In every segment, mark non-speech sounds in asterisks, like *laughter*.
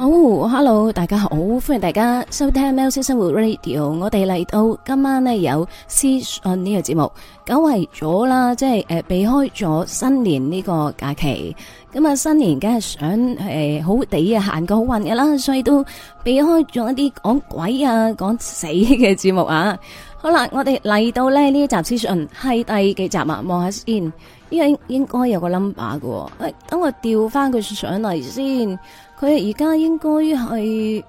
好、oh，hello，大家好，歡迎大家收聽《L C 生活 Radio》，我哋嚟到今晚呢，有資 n 呢個節目，久違咗啦，即係誒避開咗新年呢個假期，咁啊新年梗係想誒、欸、好地啊行個好運嘅啦，所以都避開咗一啲講鬼啊講死嘅節目啊。好啦，我哋嚟到呢一集資訊係第幾集啊？望下先，依個應該有個 number 嘅、哦，誒、欸、等我調翻佢上嚟先。佢而家應該係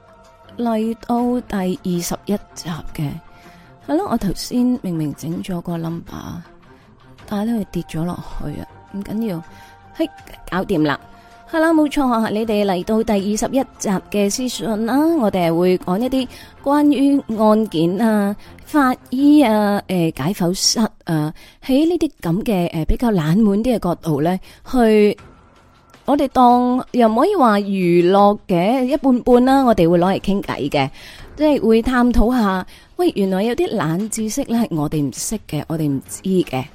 嚟到第二十一集嘅，係咯？我頭先明明整咗個冧巴，但係都係跌咗落去啊！唔緊要，嘿，搞掂啦！係啦，冇錯啊！你哋嚟到第二十一集嘅屍訊啦，我哋係會講一啲關於案件啊、法醫啊、誒解剖室啊，喺呢啲咁嘅誒比較冷門啲嘅角度咧，去。我哋當又唔可以話娛樂嘅一半半啦，我哋會攞嚟傾偈嘅，即係會探討下，喂，原來有啲冷知識咧，係我哋唔識嘅，我哋唔知嘅。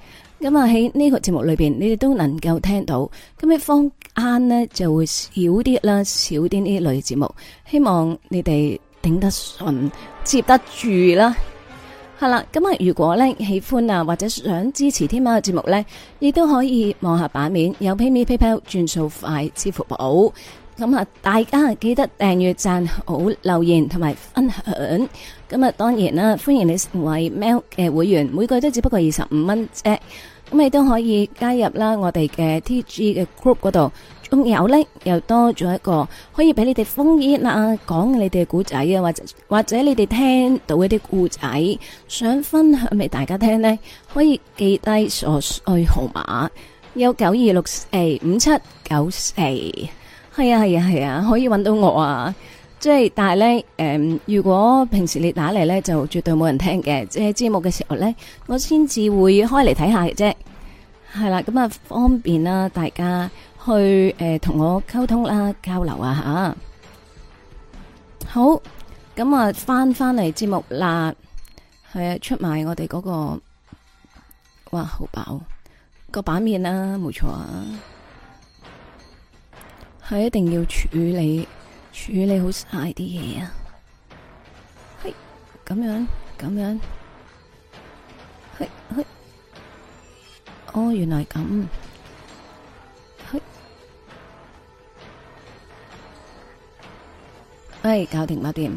咁啊喺呢個節目裏邊，你哋都能夠聽到。咁啲坊間呢，就會少啲啦，少啲呢類節目。希望你哋頂得順，接得住啦。係啦，咁啊，如果咧喜歡啊或者想支持天喵嘅節目咧，亦都可以望下版面有 PayMePayPal 轉數快支付寶。咁啊，大家記得訂閱、讚好、留言同埋分享。咁啊，當然啦，歡迎你成為 Mel 嘅會員，每個月都只不過二十五蚊啫。咁你都可以加入啦，我哋嘅 TG 嘅 group 嗰度。仲有呢，又多咗一個可以俾你哋 phone in 啊，講你哋古仔啊，或者或者你哋聽到一啲古仔想分享俾大家聽呢，可以記低所需號碼，有九二六四五七九四係啊，係啊，係啊，可以搵到我啊。即係但係呢，誒、呃，如果平時你打嚟呢，就絕對冇人聽嘅。即係節目嘅時候呢，我先至會開嚟睇下嘅啫。係啦，咁啊，方便啦，啊，大家。去誒，同、呃、我溝通啦，交流啊，吓好咁啊，翻翻嚟節目啦，係啊，出埋我哋嗰、嗰個哇，好飽、這個版面啦，冇錯啊，係一定要處理處理好晒啲嘢啊，係咁樣咁樣，係係哦，原來咁。誒、哎，搞掂，搞掂。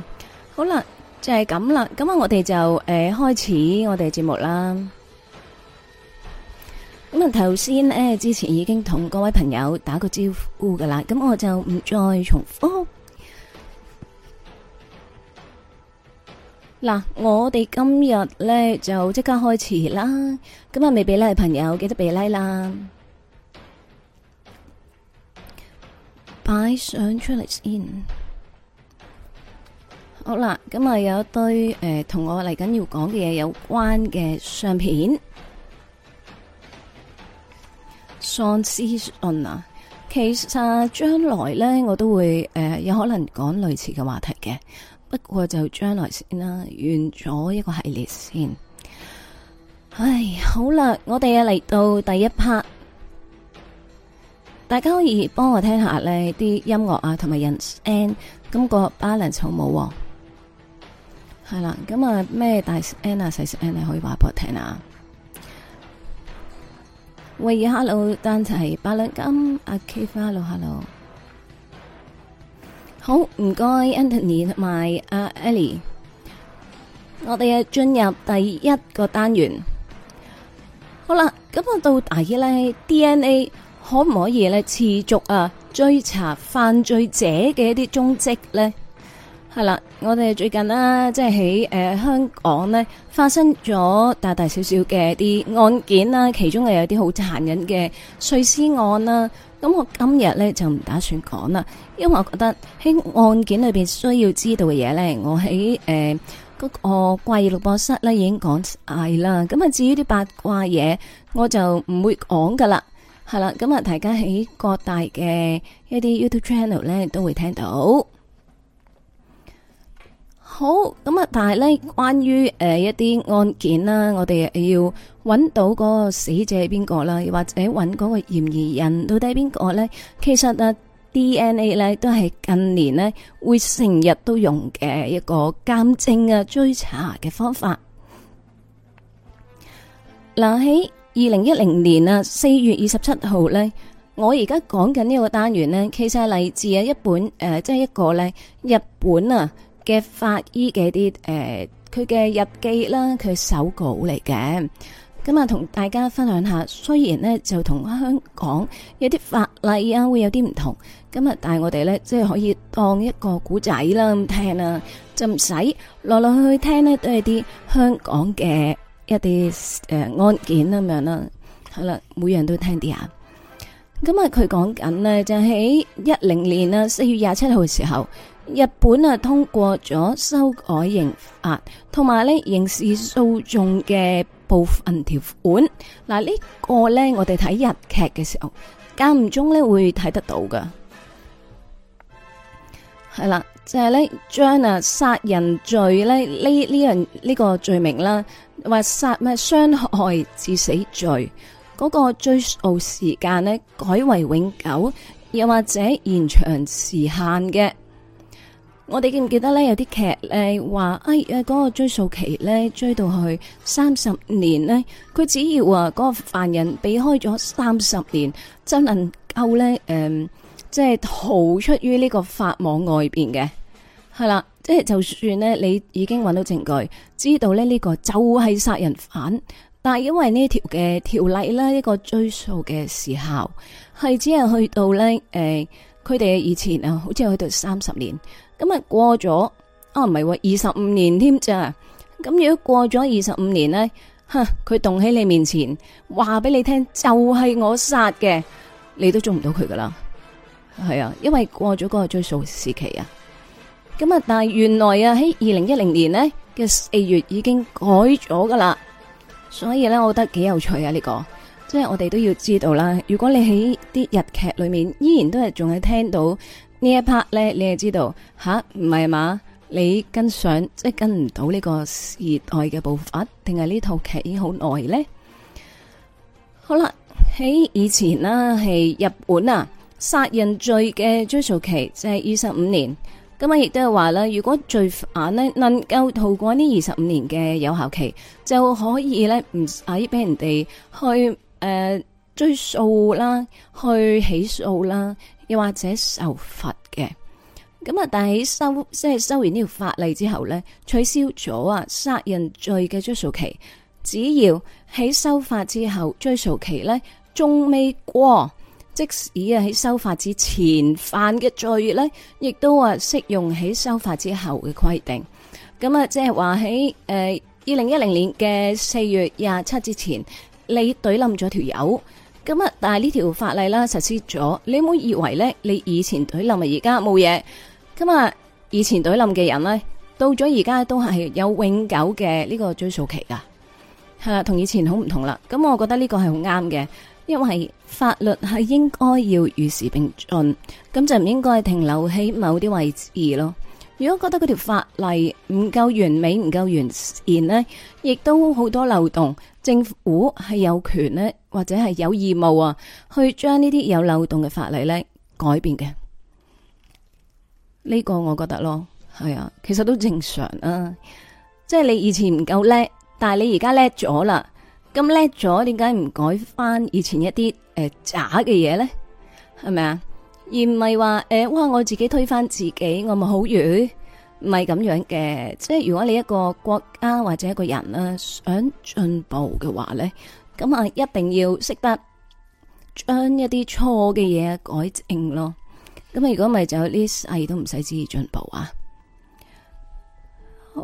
好啦，就係咁啦，咁啊，我哋就誒開始我哋節目啦。咁啊，頭、呃、先之前已經同各位朋友打個招呼噶啦，咁我就唔再重複。嗱、哦，我哋今日呢就即刻開始啦，咁啊，未俾 like 嘅朋友記得俾 like 啦，擺上出嚟先。好啦，今日有一堆誒同、呃、我嚟緊要講嘅嘢有關嘅相片。喪屍訊啊，其實將來呢我都會誒、呃、有可能講類似嘅話題嘅，不過就將來先啦，完咗一個系列先。唉，好啦，我哋啊嚟到第一 part，大家可以幫我聽一下呢啲音樂啊，同埋人聲，咁、個 balance 好冇？係啦，咁啊咩大 a n 啊？a 細 a n 你可以話俾我聽啊。Hello，單齊八兩金，阿 K 花 Hello，Hello，好，唔該 Anthony 同埋阿 Ellie，我哋啊進入第一個單元。好啦，咁、嗯、啊到底呢 DNA 可唔可以呢？持續啊追查犯罪者嘅一啲蹤跡呢？係啦，我哋最近啦，啊，即係喺誒香港呢發生咗大大小小嘅啲案件啦，啊，其中又有啲好殘忍嘅碎屍案啦，啊。咁我今日呢就唔打算講啦，因為我覺得喺案件裏邊需要知道嘅嘢，呢我喺誒嗰個怪異錄播室呢已經講晒啦。咁啊，至於啲八卦嘢，我就唔會講噶啦。係啦，咁大家喺各大嘅一啲 YouTube channel 呢都會聽到。好咁啊！但係咧，關於誒一啲案件啦，我哋要揾到嗰個死者係邊個啦，或者揾嗰個嫌疑人到底係邊個咧？其實啊，DNA 咧都係近年咧會成日都用嘅一個鑑證啊、追查嘅方法。嗱喺二零一零年啊四月二十七號咧，我而家講緊呢個單元咧，其實係嚟自啊一本誒，即係一個咧日本啊。嘅法醫嘅啲誒，佢嘅日記啦，佢手稿嚟嘅。咁啊，同大家分享下。雖然咧就同香港有啲法例啊會有啲唔同，咁啊，但係我哋咧即係可以當一個古仔啦咁聽啊，就唔使來來去去聽咧都係啲香港嘅一啲誒案件咁樣啦。係啦，每樣都聽啲啊。咁啊，佢講緊咧就喺一零年啊四月廿七號嘅時候。日本啊，通過咗修改刑法同埋呢刑事訴訟嘅部分條款。嗱，呢個呢，我哋睇日劇嘅時候，間唔中呢會睇得到噶。係啦，就係呢，將啊殺人罪呢呢呢樣呢個罪名啦，話殺咩傷害致死罪嗰個追訴時間呢，改為永久，又或者延長時限嘅。我哋記唔記得咧？有啲劇誒話，哎誒嗰、嗰個追訴期咧追到去三十年咧。佢只要啊，嗰個犯人避開咗三十年，真能夠咧誒，即係逃出於呢個法網外邊嘅係啦。即係就算咧，你已經搵到證據，知道咧呢個就係殺人犯，但係因為呢條嘅條例啦，呢、呢個追訴嘅時效係只係去到咧誒，佢、呃、哋以前啊，好似去到三十年。咁啊，過咗啊，唔係喎，二十五年添咋？咁如果過咗二十五年呢，哼，佢動喺你面前，話俾你聽就係、是、我殺嘅，你都捉唔到佢噶啦，係啊，因為過咗嗰個追訴時期啊。咁啊，但係原來啊喺二零一零年呢，嘅四月已經改咗噶啦，所以呢，我覺得幾有趣啊呢個，即、就、係、是、我哋都要知道啦。如果你喺啲日劇裏面依然都係仲係聽到。一呢一 part 咧，你係知道吓唔係嘛？你跟上即係跟唔到呢個時代嘅步伐，定係呢套劇好耐呢？好啦，喺以前啦，啊，係日本啊，殺人罪嘅追訴期即係二十五年。咁日亦都係話啦，如果罪犯呢能夠逃過呢二十五年嘅有效期，就可以咧唔使俾人哋去誒、呃、追訴啦，去起訴啦。又或者受罰嘅，咁啊，但係修即係、就是、修完呢條法例之後呢，取消咗啊殺人罪嘅追訴期。只要喺修法之後追訴期呢仲未過，即使啊喺修法之前犯嘅罪，呢，亦都啊適用喺修法之後嘅規定。咁、就、啊、是，即係話喺誒二零一零年嘅四月廿七之前，你懟冧咗條友。咁啊！但係呢條法例啦實施咗，你有冇以為呢，你以前隊冧啊，而家冇嘢。咁啊，以前隊冧嘅人呢，到咗而家都係有永久嘅呢個追訴期噶係啦，同以前好唔同啦。咁我覺得呢個係好啱嘅，因為法律係應該要與時並進，咁就唔應該停留喺某啲位置咯。如果覺得嗰條法例唔夠完美，唔夠完善呢，亦都好多漏洞，政府係有權呢，或者係有義務啊，去將呢啲有漏洞嘅法例呢改變嘅。呢個我覺得咯，係啊，其實都正常啊。即係你以前唔夠叻，但係你而家叻咗啦，咁叻咗，點解唔改翻以前一啲誒渣嘅嘢呢？係咪啊？而唔係話誒，哇！我自己推翻自己，我咪好弱，唔係咁樣嘅。即係如果你一個國家或者一個人啦、啊，想進步嘅話咧，咁啊一定要識得將一啲錯嘅嘢改正咯。咁啊，如果咪就呢世都唔使指意進步啊。好，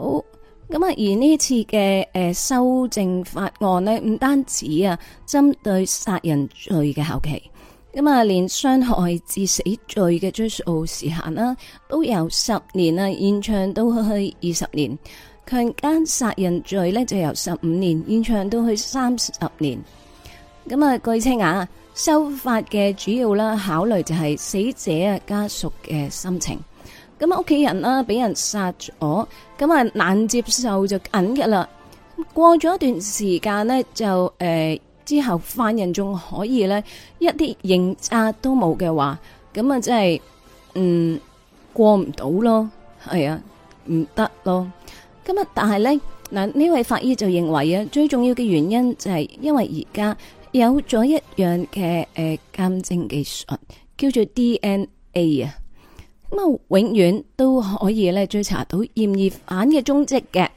咁啊，而呢次嘅誒修正法案呢，唔單止啊，針對殺人罪嘅效期。咁啊，連傷害致死罪嘅追訴時限啦，都由十年啊，延長到去二十年；強姦殺人罪咧，就由十五年延長到去三十年。咁啊，據稱啊，修法嘅主要啦，考慮就係死者啊家屬嘅心情。咁啊，屋企人啦，俾人殺咗，咁啊難接受就緊嘅啦。過咗一段時間呢，就誒。之後犯人仲可以咧一啲刑責都冇嘅話，咁啊真係嗯過唔到咯，係啊唔得咯。咁啊，但係咧嗱呢位法醫就認為啊，最重要嘅原因就係因為而家有咗一樣嘅誒鑒證技術叫做 DNA 啊，咁啊永遠都可以咧追查到嫌疑犯嘅蹤跡嘅。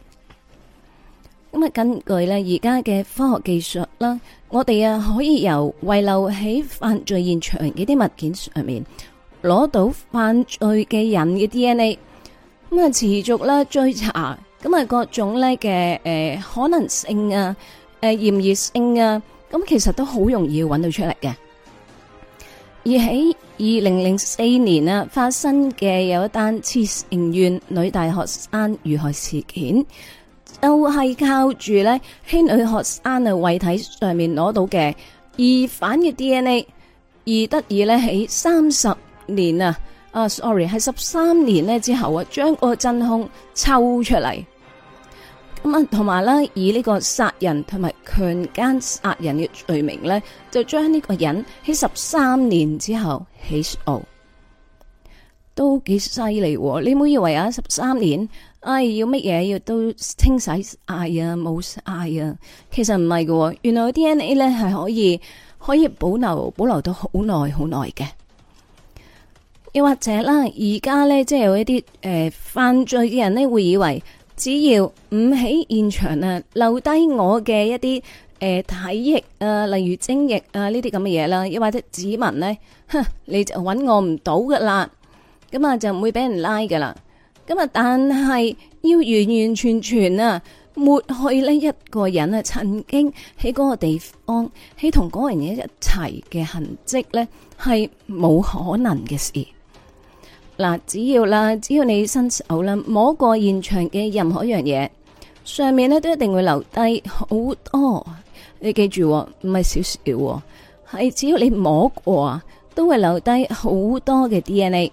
咁啊，根據咧而家嘅科學技術啦，我哋啊可以由遺留喺犯罪現場嘅啲物件上面攞到犯罪嘅人嘅 DNA，咁啊持續啦追查，咁啊各種咧嘅誒可能性啊，誒嫌疑性啊，咁其實都好容易揾到出嚟嘅。而喺二零零四年啊發生嘅有一單癡情怨女大學生遇害事件。就係靠住咧，輕女學生嘅遺體上面攞到嘅疑犯嘅 DNA，而得以咧喺三十年啊，啊，sorry 係十三年咧之後啊，將個真空抽出嚟。咁啊，同埋咧以呢個殺人同埋強奸殺人嘅罪名呢就將呢個人喺十三年之後起訴，都幾犀利。你唔好以為啊，十三年。唉、哎，要乜嘢要都清洗嗌啊，冇嗌啊，其實唔係喎。原來 DNA 咧係可以可以保留保留到好耐好耐嘅。又或者啦，而家咧即係有一啲誒、呃、犯罪嘅人咧會以為只要唔喺現場啊留低我嘅一啲誒、呃、體液啊，例如精液啊呢啲咁嘅嘢啦，又或者指紋咧，哼，你就搵我唔到噶啦，咁啊就唔會俾人拉噶啦。咁啊！但係要完完全全啊，抹去呢一個人啊，曾經喺嗰個地方，喺同嗰個人一齊嘅痕跡呢，係冇可能嘅事。嗱，只要啦，只要你伸手啦，摸過現場嘅任何一樣嘢，上面呢都一定會留低好多。你記住喎，唔係少少，係只要你摸過啊，都會留低好多嘅 DNA。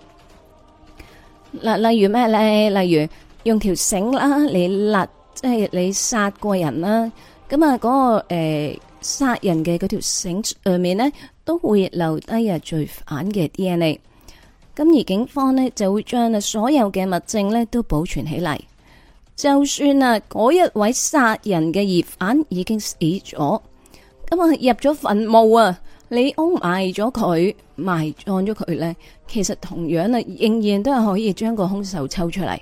嗱，例如咩咧？例如用條繩啦，你勒，即係你殺過人啦。咁啊，嗰個誒殺人嘅嗰條繩上面呢，都會留低啊罪犯嘅 DNA。咁而警方呢，就會將啊所有嘅物證呢都保存起嚟，就算啊嗰一位殺人嘅疑犯已經死咗，咁啊入咗墳墓啊。你安埋咗佢，埋葬咗佢咧，其實同樣啊，仍然都係可以將個凶手抽出嚟。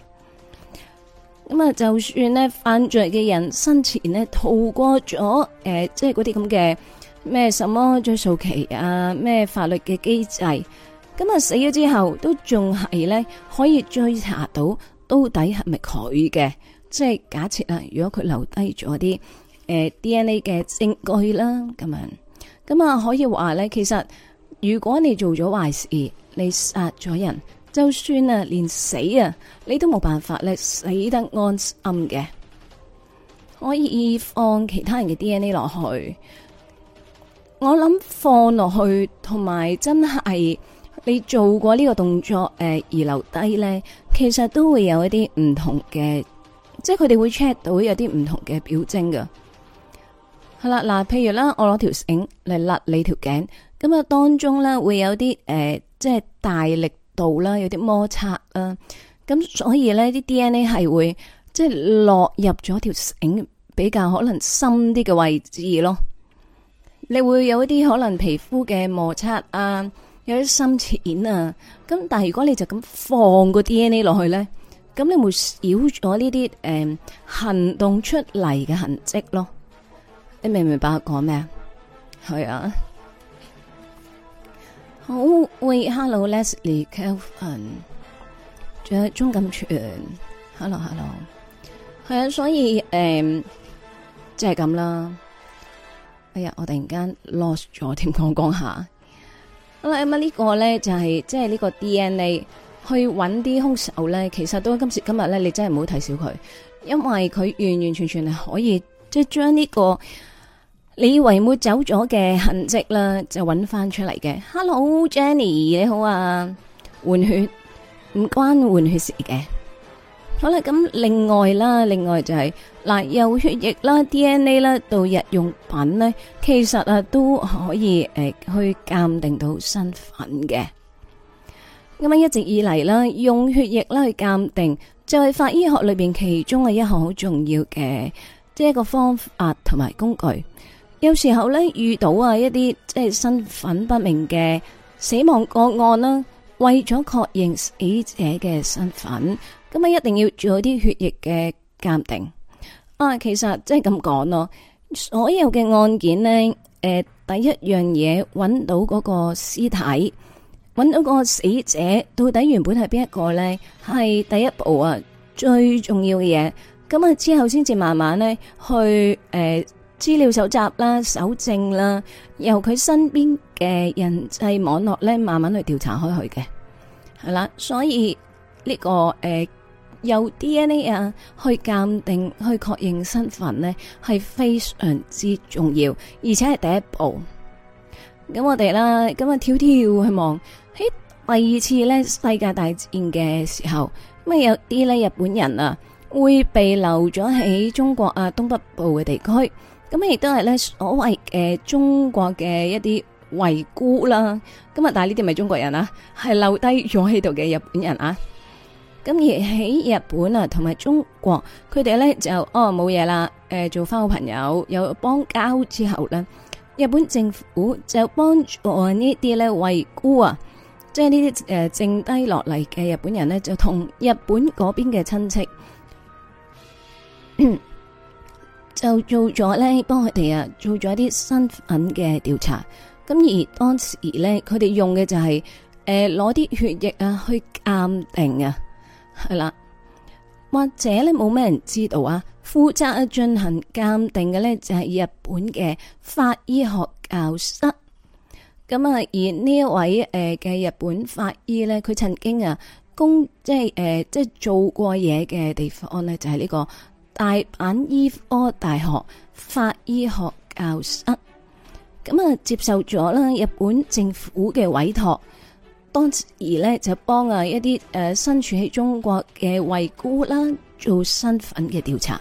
咁啊，就算呢犯罪嘅人生前呢逃過咗，誒、呃，即係嗰啲咁嘅咩什麼追訴期啊，咩法律嘅機制，咁啊死咗之後都仲係咧可以追查到到底係咪佢嘅？即係假設啊，如果佢留低咗啲誒 D N A 嘅證據啦，咁樣。咁啊，可以話咧，其實如果你做咗壞事，你殺咗人，就算啊，連死啊，你都冇辦法咧，死得安心嘅。可以放其他人嘅 DNA 落去，我諗放落去，同埋真係你做過呢個動作誒、呃、而留低呢，其實都會有一啲唔同嘅，即係佢哋會 check 到有啲唔同嘅表徵㗎。係啦，嗱，譬如啦，我攞條繩嚟甩你條頸，咁啊當中咧會有啲誒、呃，即係大力度啦，有啲摩擦啦，咁、啊、所以咧啲 D N A 係會即係落入咗條繩比較可能深啲嘅位置咯。你會有一啲可能皮膚嘅摩擦啊，有啲深淺啊。咁但係如果你就咁放個 D N A 落去咧，咁你會少咗呢啲誒行動出嚟嘅痕迹咯。你明唔明白我講咩？係啊，好喂，Hello，Leslie，Kelvin，仲有鐘錦泉，Hello，Hello，係啊，所以誒，即係咁啦。哎呀，我突然間 lost 咗，添講講下。咁啊，嗯呢個、呢、就係就係、個咧就係即係呢個 DNA 去揾啲凶手咧，其實都今時今日咧，你真係唔好睇小佢，因為佢完完全全係可以即係將呢個。你以為抹走咗嘅痕跡啦，就揾翻出嚟嘅。Hello，Jenny，你好啊。換血唔關換血事嘅。好啦，咁另外啦，另外就係嗱，由血液啦、DNA 啦，到日用品呢，其實啊都可以誒去鑑定到身份嘅。咁啊，一直以嚟啦，用血液啦去鑑定就係法醫學裏邊其中啊一項好重要嘅，即係一個方法同埋工具。有時候咧遇到啊一啲即係身份不明嘅死亡個案啦，為咗確認死者嘅身份，咁啊一定要做啲血液嘅鑑定。啊，其實即係咁講咯，所有嘅案件呢，誒第一樣嘢揾到嗰個屍體，揾到個死者到底原本係邊一個呢？係第一步啊最重要嘅嘢。咁啊之後先至慢慢呢去誒。呃資料搜集啦、搜證啦，由佢身邊嘅人際網絡咧，慢慢去調查開去嘅，係啦。所以呢、呢個誒、呃，有 DNA 啊，去鑑定、去確認身份呢，係非常之重要，而且係第一步。咁我哋啦，咁啊跳跳去望喺第二次咧世界大戰嘅時候，咩有啲咧日本人啊會被留咗喺中國啊東北部嘅地區。咁亦都係咧，所謂誒中國嘅一啲遺孤啦。咁日但係呢啲咪中國人啊，係留低咗喺度嘅日本人啊。咁而喺日本啊，同埋中國，佢哋咧就哦冇嘢啦，誒做翻好朋友，有邦交之後呢，日本政府就幫助呢啲咧遺孤啊，即係呢啲誒剩低落嚟嘅日本人呢，就同日本嗰邊嘅親戚。就做咗咧，幫佢哋啊做咗啲身份嘅調查。咁而當時咧，佢哋用嘅就係誒攞啲血液啊去鑒定啊，係啦，或者咧冇咩人知道啊。負責進行鑒定嘅咧就係、是、日本嘅法醫學教室。咁啊，而呢一位誒嘅，呃、日本法醫咧，佢曾經啊公即係誒，呃、即係做過嘢嘅地方咧，就係、是、呢、這個。大阪醫科大學法醫學教室。咁啊，接受咗啦日本政府嘅委託，當時咧就幫啊一啲誒、呃、身處喺中國嘅遺孤啦做身份嘅調查。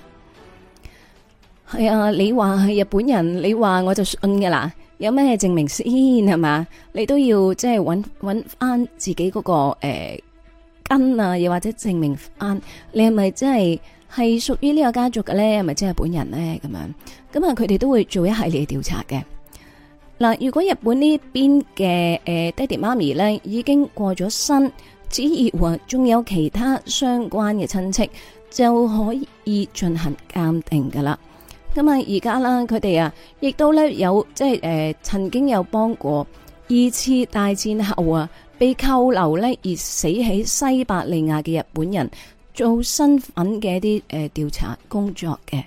係、哎、啊，你話係日本人，你話我就信噶啦，有咩證明先係嘛？你都要即係搵搵翻自己嗰、嗰個誒、呃、根啊，又或者證明翻你係咪真係？係屬於呢個家族嘅呢，係咪即係日本人呢？咁樣，咁啊，佢哋都會做一系列嘅調查嘅。嗱，如果日本呢邊嘅誒爹哋媽咪呢已經過咗身，只要仲有其他相關嘅親戚，就可以進行鑑定噶啦。咁啊，而家啦，佢哋啊，亦都呢有即係誒，曾經有幫過二次大戰後啊被扣留呢，而死喺西伯利亞嘅日本人。做身份嘅一啲誒調查工作嘅，係、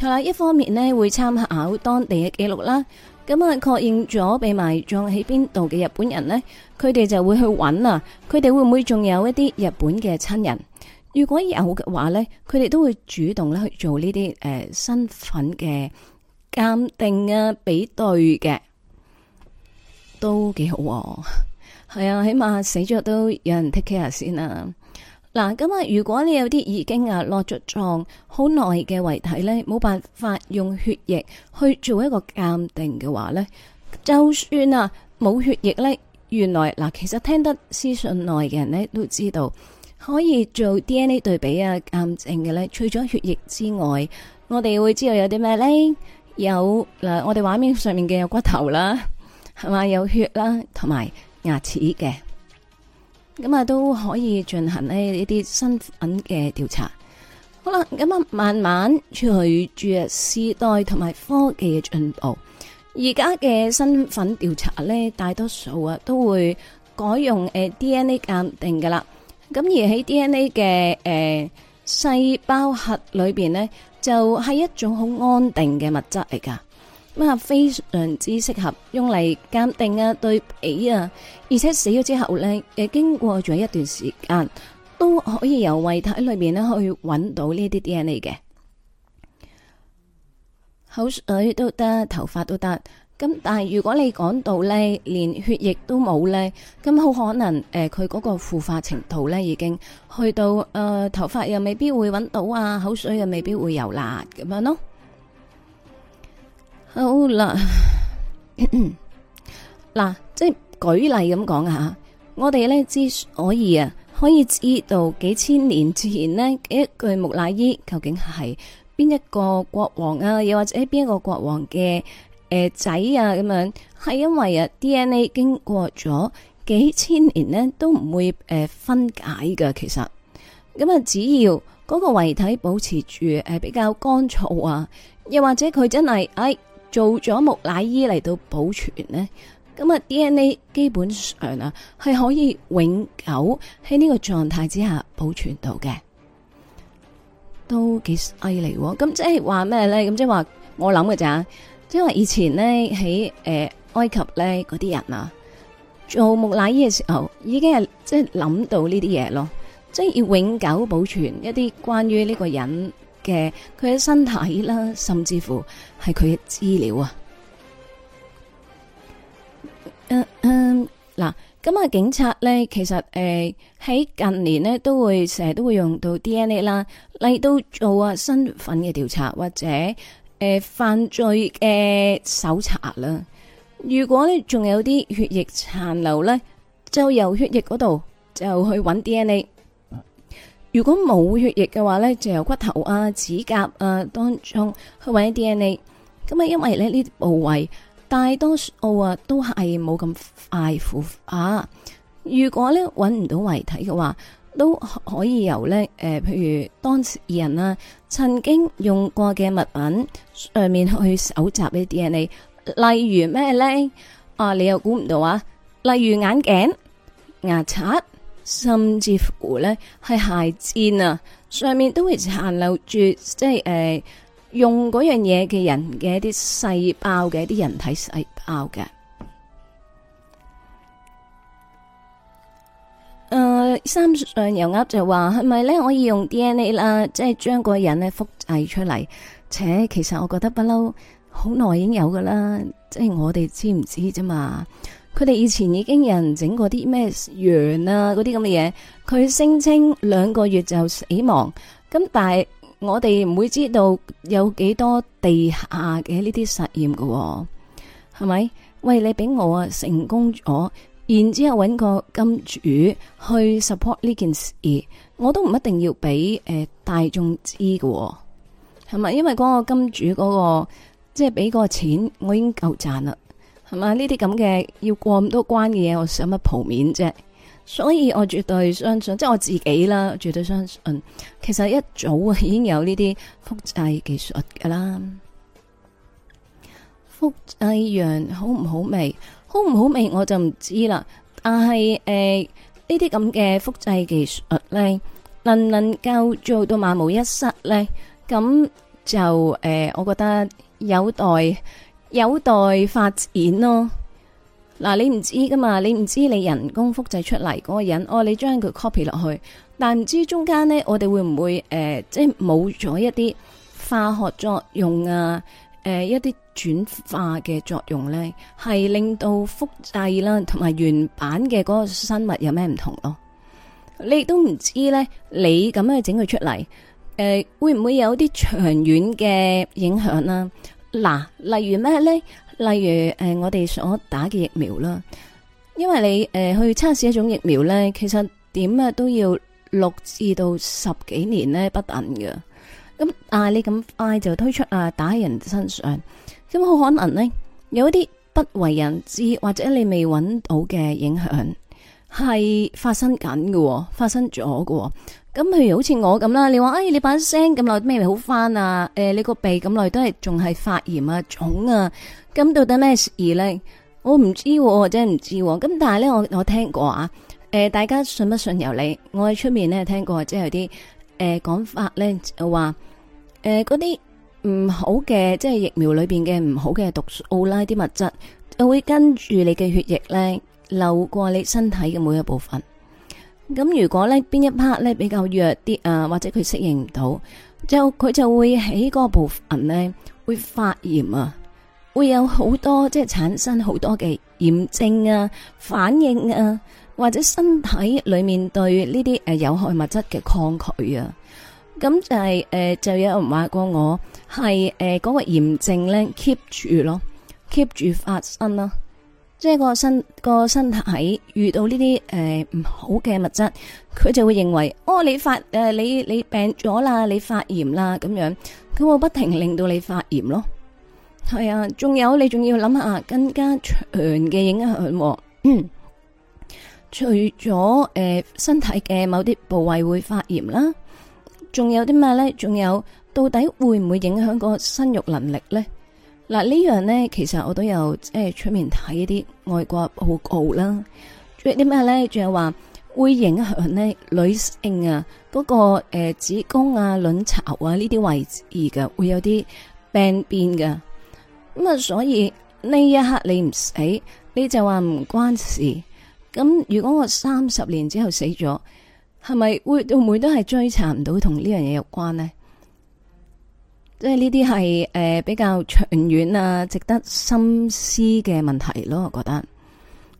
嗯、啦，一方面呢會參考當地嘅記錄啦，咁啊確認咗被埋葬喺邊度嘅日本人呢，佢哋就會去揾啊，佢哋會唔會仲有一啲日本嘅親人？如果有嘅話呢，佢哋都會主動咧去做呢啲誒身份嘅鑑定啊比對嘅，都幾好，係啊， *laughs* 嗯、起碼死咗都有人 take care 先啊。嗱，咁啊，如果你有啲已經啊落咗葬好耐嘅遺體咧，冇辦法用血液去做一個鑑定嘅話咧，就算啊冇血液咧，原來嗱，其實聽得屍訊耐嘅人咧都知道，可以做 DNA 對比啊鑑證嘅咧，除咗血液之外，我哋會知道有啲咩咧？有嗱，我哋畫面上面嘅有骨頭啦，係嘛有血啦，同埋牙齒嘅。咁啊都可以進行呢一啲身份嘅調查。好啦，咁啊，慢慢隨住時代同埋科技嘅進步，而家嘅身份調查咧，大多數啊都會改用誒 D N A 鑑定噶啦。咁而喺 D N A 嘅誒細胞核裏面呢，就係一種好安定嘅物質嚟噶。咁啊，非常之適合用嚟鑑定啊、對比啊，而且死咗之後呢，誒，經過咗一段時間，都可以由遺體裏面去搵到呢啲 D N A 嘅，口水都得，頭髮都得，咁但係如果你講到呢，連血液都冇呢，咁好可能誒，佢、呃、嗰個腐化程度呢，已經去到誒、呃，頭髮又未必會搵到啊，口水又未必會有啦，咁樣咯。好啦，嗱咳咳，即係舉例咁講下。我哋呢之所以啊，可以知道幾千年前呢，一具木乃伊究竟係邊一個國王啊，又或者邊一個國王嘅誒、呃、仔啊，咁樣係因為啊 DNA 經過咗幾千年呢，都唔會誒、呃、分解噶。其實咁啊，只要嗰個遺體保持住誒、呃、比較乾燥啊，又或者佢真係誒。哎做咗木乃伊嚟到保存呢，咁啊 DNA 基本上啊係可以永久喺呢個狀態之下保存到嘅，都幾犀利喎！咁即係話咩呢？咁即係話我諗嘅咋，即係話以前呢，喺誒、呃、埃及呢嗰啲人啊，做木乃伊嘅時候，已經係即係諗到呢啲嘢咯，即係要永久保存一啲關於呢個人。嘅佢嘅身體啦，甚至乎係佢嘅資料啊。嗱、呃，咁、呃、啊，警察呢，其實誒喺、呃、近年呢，都會成日都會用到 D N A 啦，嚟到做啊身份嘅調查或者誒、呃、犯罪嘅搜查啦。如果咧仲有啲血液殘留呢，就由血液嗰度就去揾 D N A。如果冇血液嘅話咧，就由骨頭啊、指甲啊當中去搵啲 DNA。咁啊，因為咧呢啲部位大多數啊都係冇咁快腐化。如果咧搵唔到遺體嘅話，都可以由咧誒，譬如當事人啊曾經用過嘅物品上面去搜集啲 DNA。例如咩咧？啊，你又估唔到啊！例如眼鏡、牙刷。甚至乎咧，係鞋尖啊，上面都會殘留住，即係誒、呃，用嗰樣嘢嘅人嘅一啲細胞嘅一啲人體細胞嘅。誒、呃，三上油鴨就話係咪咧？是是可以用 D N A 啦，即係將個人咧複製出嚟。且其實我覺得不嬲，好耐已經有噶啦，即係我哋知唔知啫嘛？佢哋以前已經有人整過啲咩羊啊嗰啲咁嘅嘢，佢聲稱兩個月就死亡，咁但係我哋唔會知道有幾多地下嘅呢啲實驗嘅喎、哦，係咪？喂，你俾我成功咗，然之後揾個金主去 support 呢件事，我都唔一定要俾誒、呃、大眾知嘅喎、哦，係咪？因為嗰個金主嗰、嗰個即係俾嗰個錢，我已經夠賺啦。係嘛？呢啲咁嘅要過咁多關嘅嘢，我使乜蒲面啫？所以我絕對相信，即係我自己啦，我絕對相信。其實一早啊已經有呢啲複製技術噶啦。複製羊好唔好味？好唔好味我就唔知啦。但係誒、呃、呢啲咁嘅複製技術咧，能唔能夠做到萬無一失咧？咁就誒、呃，我覺得有待。有待發展咯。嗱、啊，你唔知噶嘛？你唔知你人工複製出嚟嗰個人，我、哦，你將佢 copy 落去，但唔知中間呢，我哋會唔會誒、呃，即係冇咗一啲化學作用啊？誒、呃，一啲轉化嘅作用呢，係令到複製啦同埋原版嘅嗰個生物有咩唔同咯？你都唔知呢，你咁樣整佢出嚟，誒、呃，會唔會有啲長遠嘅影響啦、啊？嗱，例如咩咧？例如誒，我哋所打嘅疫苗啦，因為你誒、呃、去測試一種疫苗咧，其實點啊都要六至到十幾年咧不等嘅。咁但係你咁快就推出啊，打喺人身上，咁好可能咧有一啲不為人知或者你未揾到嘅影響係發生緊嘅、發生咗嘅。咁譬如好似我咁啦，你話哎你把聲咁耐咩好翻啊？誒、呃，你個鼻咁耐都係仲係發炎啊、腫啊，咁到底咩事呢？我唔知、啊，真係唔知、啊。咁但係咧，我我聽過啊，誒、呃，大家信不信由你。我喺出面咧聽過就有，即係有啲誒講法咧就話，誒嗰啲唔好嘅，即、就、係、是、疫苗裏邊嘅唔好嘅毒素拉啲物質，就會跟住你嘅血液咧流過你身體嘅每一部分。咁如果咧邊一 part 咧比較弱啲啊，或者佢適應唔到，就佢就會喺嗰部分咧會發炎啊，會有好多即係產生好多嘅炎症啊、反應啊，或者身體裏面對呢啲誒有害物質嘅抗拒啊，咁就係、是、誒、呃、就有人話過我係誒嗰個炎症咧 keep 住咯，keep 住發生咯。即係個身個身體遇到呢啲誒唔好嘅物質，佢就會認為哦你發誒、呃、你你病咗啦，你發炎啦咁樣，咁我不停令到你發炎咯。係啊，仲有你仲要諗下更加長嘅影響。 *coughs* 除咗誒、呃、身體嘅某啲部位會發炎啦，仲有啲咩咧？仲有到底會唔會影響個生育能力咧？嗱、這個、呢樣咧，其實我都有即係出面睇啲。外國報告啦，仲有啲咩咧？仲有話會影響女性啊，嗰個誒子宮啊、卵巢啊、呢啲位置嘅會有啲病變嘅。咁啊，所以呢一刻你唔死，你就話唔關事。咁如果我三十年之後死咗，係咪會唔會都係追查唔到同呢樣嘢有關呢？即係呢啲係誒比較長遠啊，值得深思嘅問題咯，我覺得。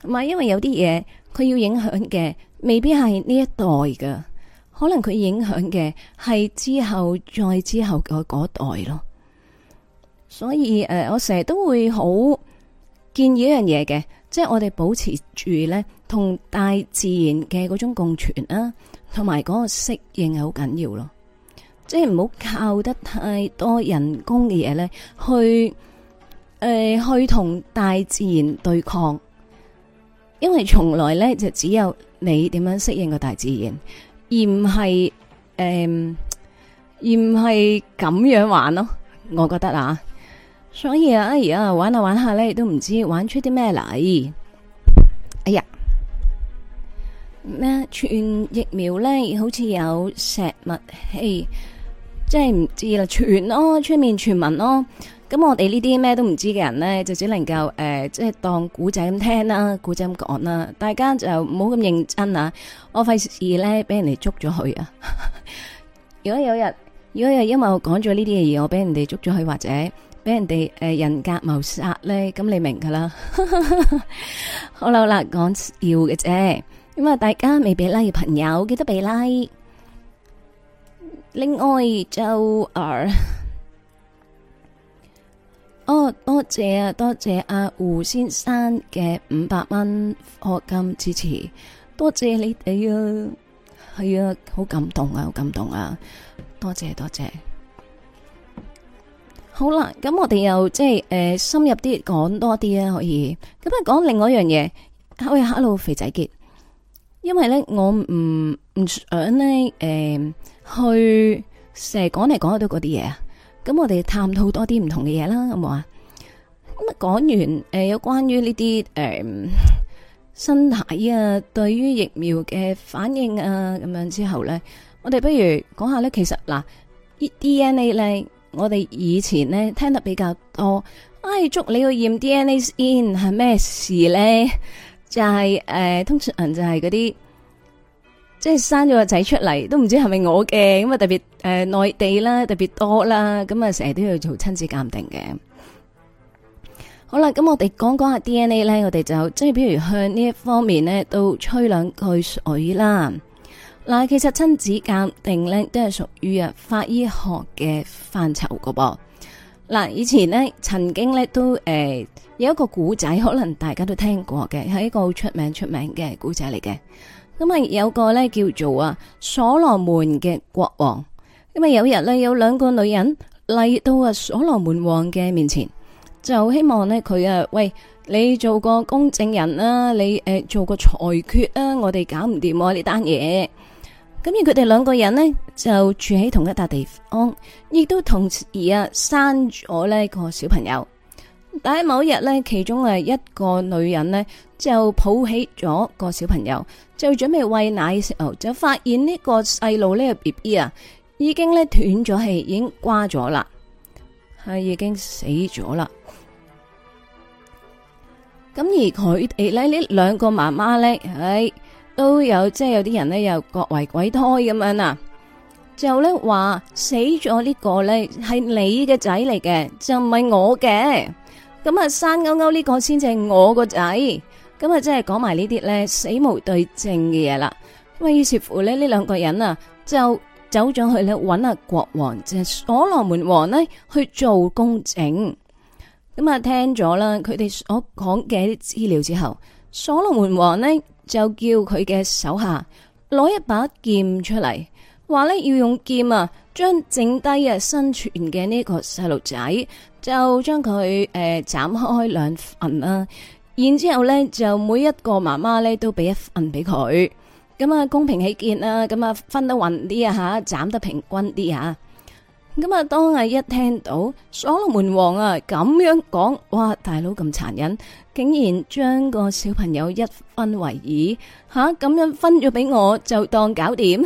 唔係因為有啲嘢，佢要影響嘅未必係呢一代噶，可能佢影響嘅係之後再之後嘅嗰代咯。所以誒、呃，我成日都會好建議一樣嘢嘅，即係我哋保持住呢同大自然嘅嗰種共存啊，同埋嗰個適應好緊要咯。即係唔好靠得太多人工嘅嘢咧，去誒去同大自然對抗，因為從來咧，就只有你點樣適應個大自然，而唔係誒而唔係咁樣玩咯。我覺得啊，所以啊，而家玩下玩下咧，都唔知玩出啲咩嚟。哎呀，咩全，啊啊哎、疫苗咧，好似有石墨。氣。即係唔知啦，傳咯、哦，出面傳聞咯。咁我哋呢啲咩都唔知嘅人咧，就只能夠誒、呃，即係當古仔咁聽啦、啊，古仔咁講啦。大家就唔好咁認真啊！我費事咧，俾人哋捉咗去啊 *laughs* 如、！如果有日，如果有因為我講咗呢啲嘅嘢，我俾人哋捉咗去，或者俾人哋誒、呃、人格謀殺咧，咁你明噶啦。 *laughs* 好啦好啦，講笑嘅啫。咁啊，大家未俾拉嘅朋友，記得俾拉、like。另外，周二、 *laughs* 哦，哦，多謝啊，多謝阿胡先生嘅五百蚊課金支持，多謝你哋啊，係啊，好感動啊，好感動啊，多謝多謝。好啦，咁我哋又即係誒、呃、深入啲講多啲啊，可以。咁啊，講另外一樣嘢，我有 hello 肥仔傑，因為咧我唔唔想呢。誒、呃。去成日講嚟講去都嗰啲嘢啊，咁我哋探討多啲唔同嘅嘢啦，好冇啊？咁啊講完誒，有、呃、關於呢啲誒身體啊，對於疫苗嘅反應啊，咁樣之後咧，我哋不如講下咧，其實嗱、呃、，DNA 咧，我哋以前咧聽得比較多，唉、哎，祝你去驗 DNA 先係咩事咧？就係、是、誒、呃，通常就係嗰啲。即係生咗個仔出嚟，都唔知係咪我嘅。咁啊特別誒內地啦，特別多啦，咁啊成日都要做親子鑑定嘅。好啦，咁我哋講講下 DNA 呢，我哋就即係比如向呢一方面呢都吹兩句水啦啦。嗱，其實親子鑑定呢都係屬於啊法醫學嘅範疇噶噃。嗱，以前呢曾經呢都誒、呃、有一個古仔，可能大家都聽過嘅，係一個好出名出名嘅古仔嚟嘅。咁係有個咧叫做啊所羅門嘅國王。咁啊有日咧有兩個女人嚟到啊所羅門王嘅面前，就希望咧佢啊，喂你做個公證人啦，你誒做個裁決啊，我哋搞唔掂呢單嘢。咁而佢哋兩個人呢，就住喺同一笪地方，亦都同時啊生咗呢個小朋友。但喺某日呢，其中誒一個女人呢，就抱起咗個小朋友，就準備餵奶嘅時候，就發現呢個細路呢個 BB 啊，已經呢斷咗氣，已經瓜咗啦，係已經死咗啦。咁而佢哋呢兩個媽媽呢，誒、哎、都有即係有啲人呢，又各為鬼胎咁樣啊，就呢話死咗呢個呢，係你嘅仔嚟嘅，就唔係我嘅。咁啊，生勾勾呢個先至係我個仔，咁啊，即係講埋呢啲咧死無對證嘅嘢啦。咁啊，於是乎咧，呢兩個人啊，就走咗去咧揾下國王，即係所羅門王呢去做公證。咁啊，聽咗啦，佢哋所講嘅資料之後，所羅門王呢，就叫佢嘅手下攞一把劍出嚟，話咧要用劍啊，將剩低呀生存嘅呢個細路仔。就將佢誒斬開兩份啦、啊，然之後咧就每一個媽媽咧都俾一份俾佢，咁啊公平起見啦、啊，咁啊分得匀啲啊吓，斬得平均啲啊，咁啊當係一聽到所羅門王啊咁樣講，哇大佬咁殘忍，竟然將個小朋友一分為二吓，咁、啊、樣分咗俾我就當搞掂，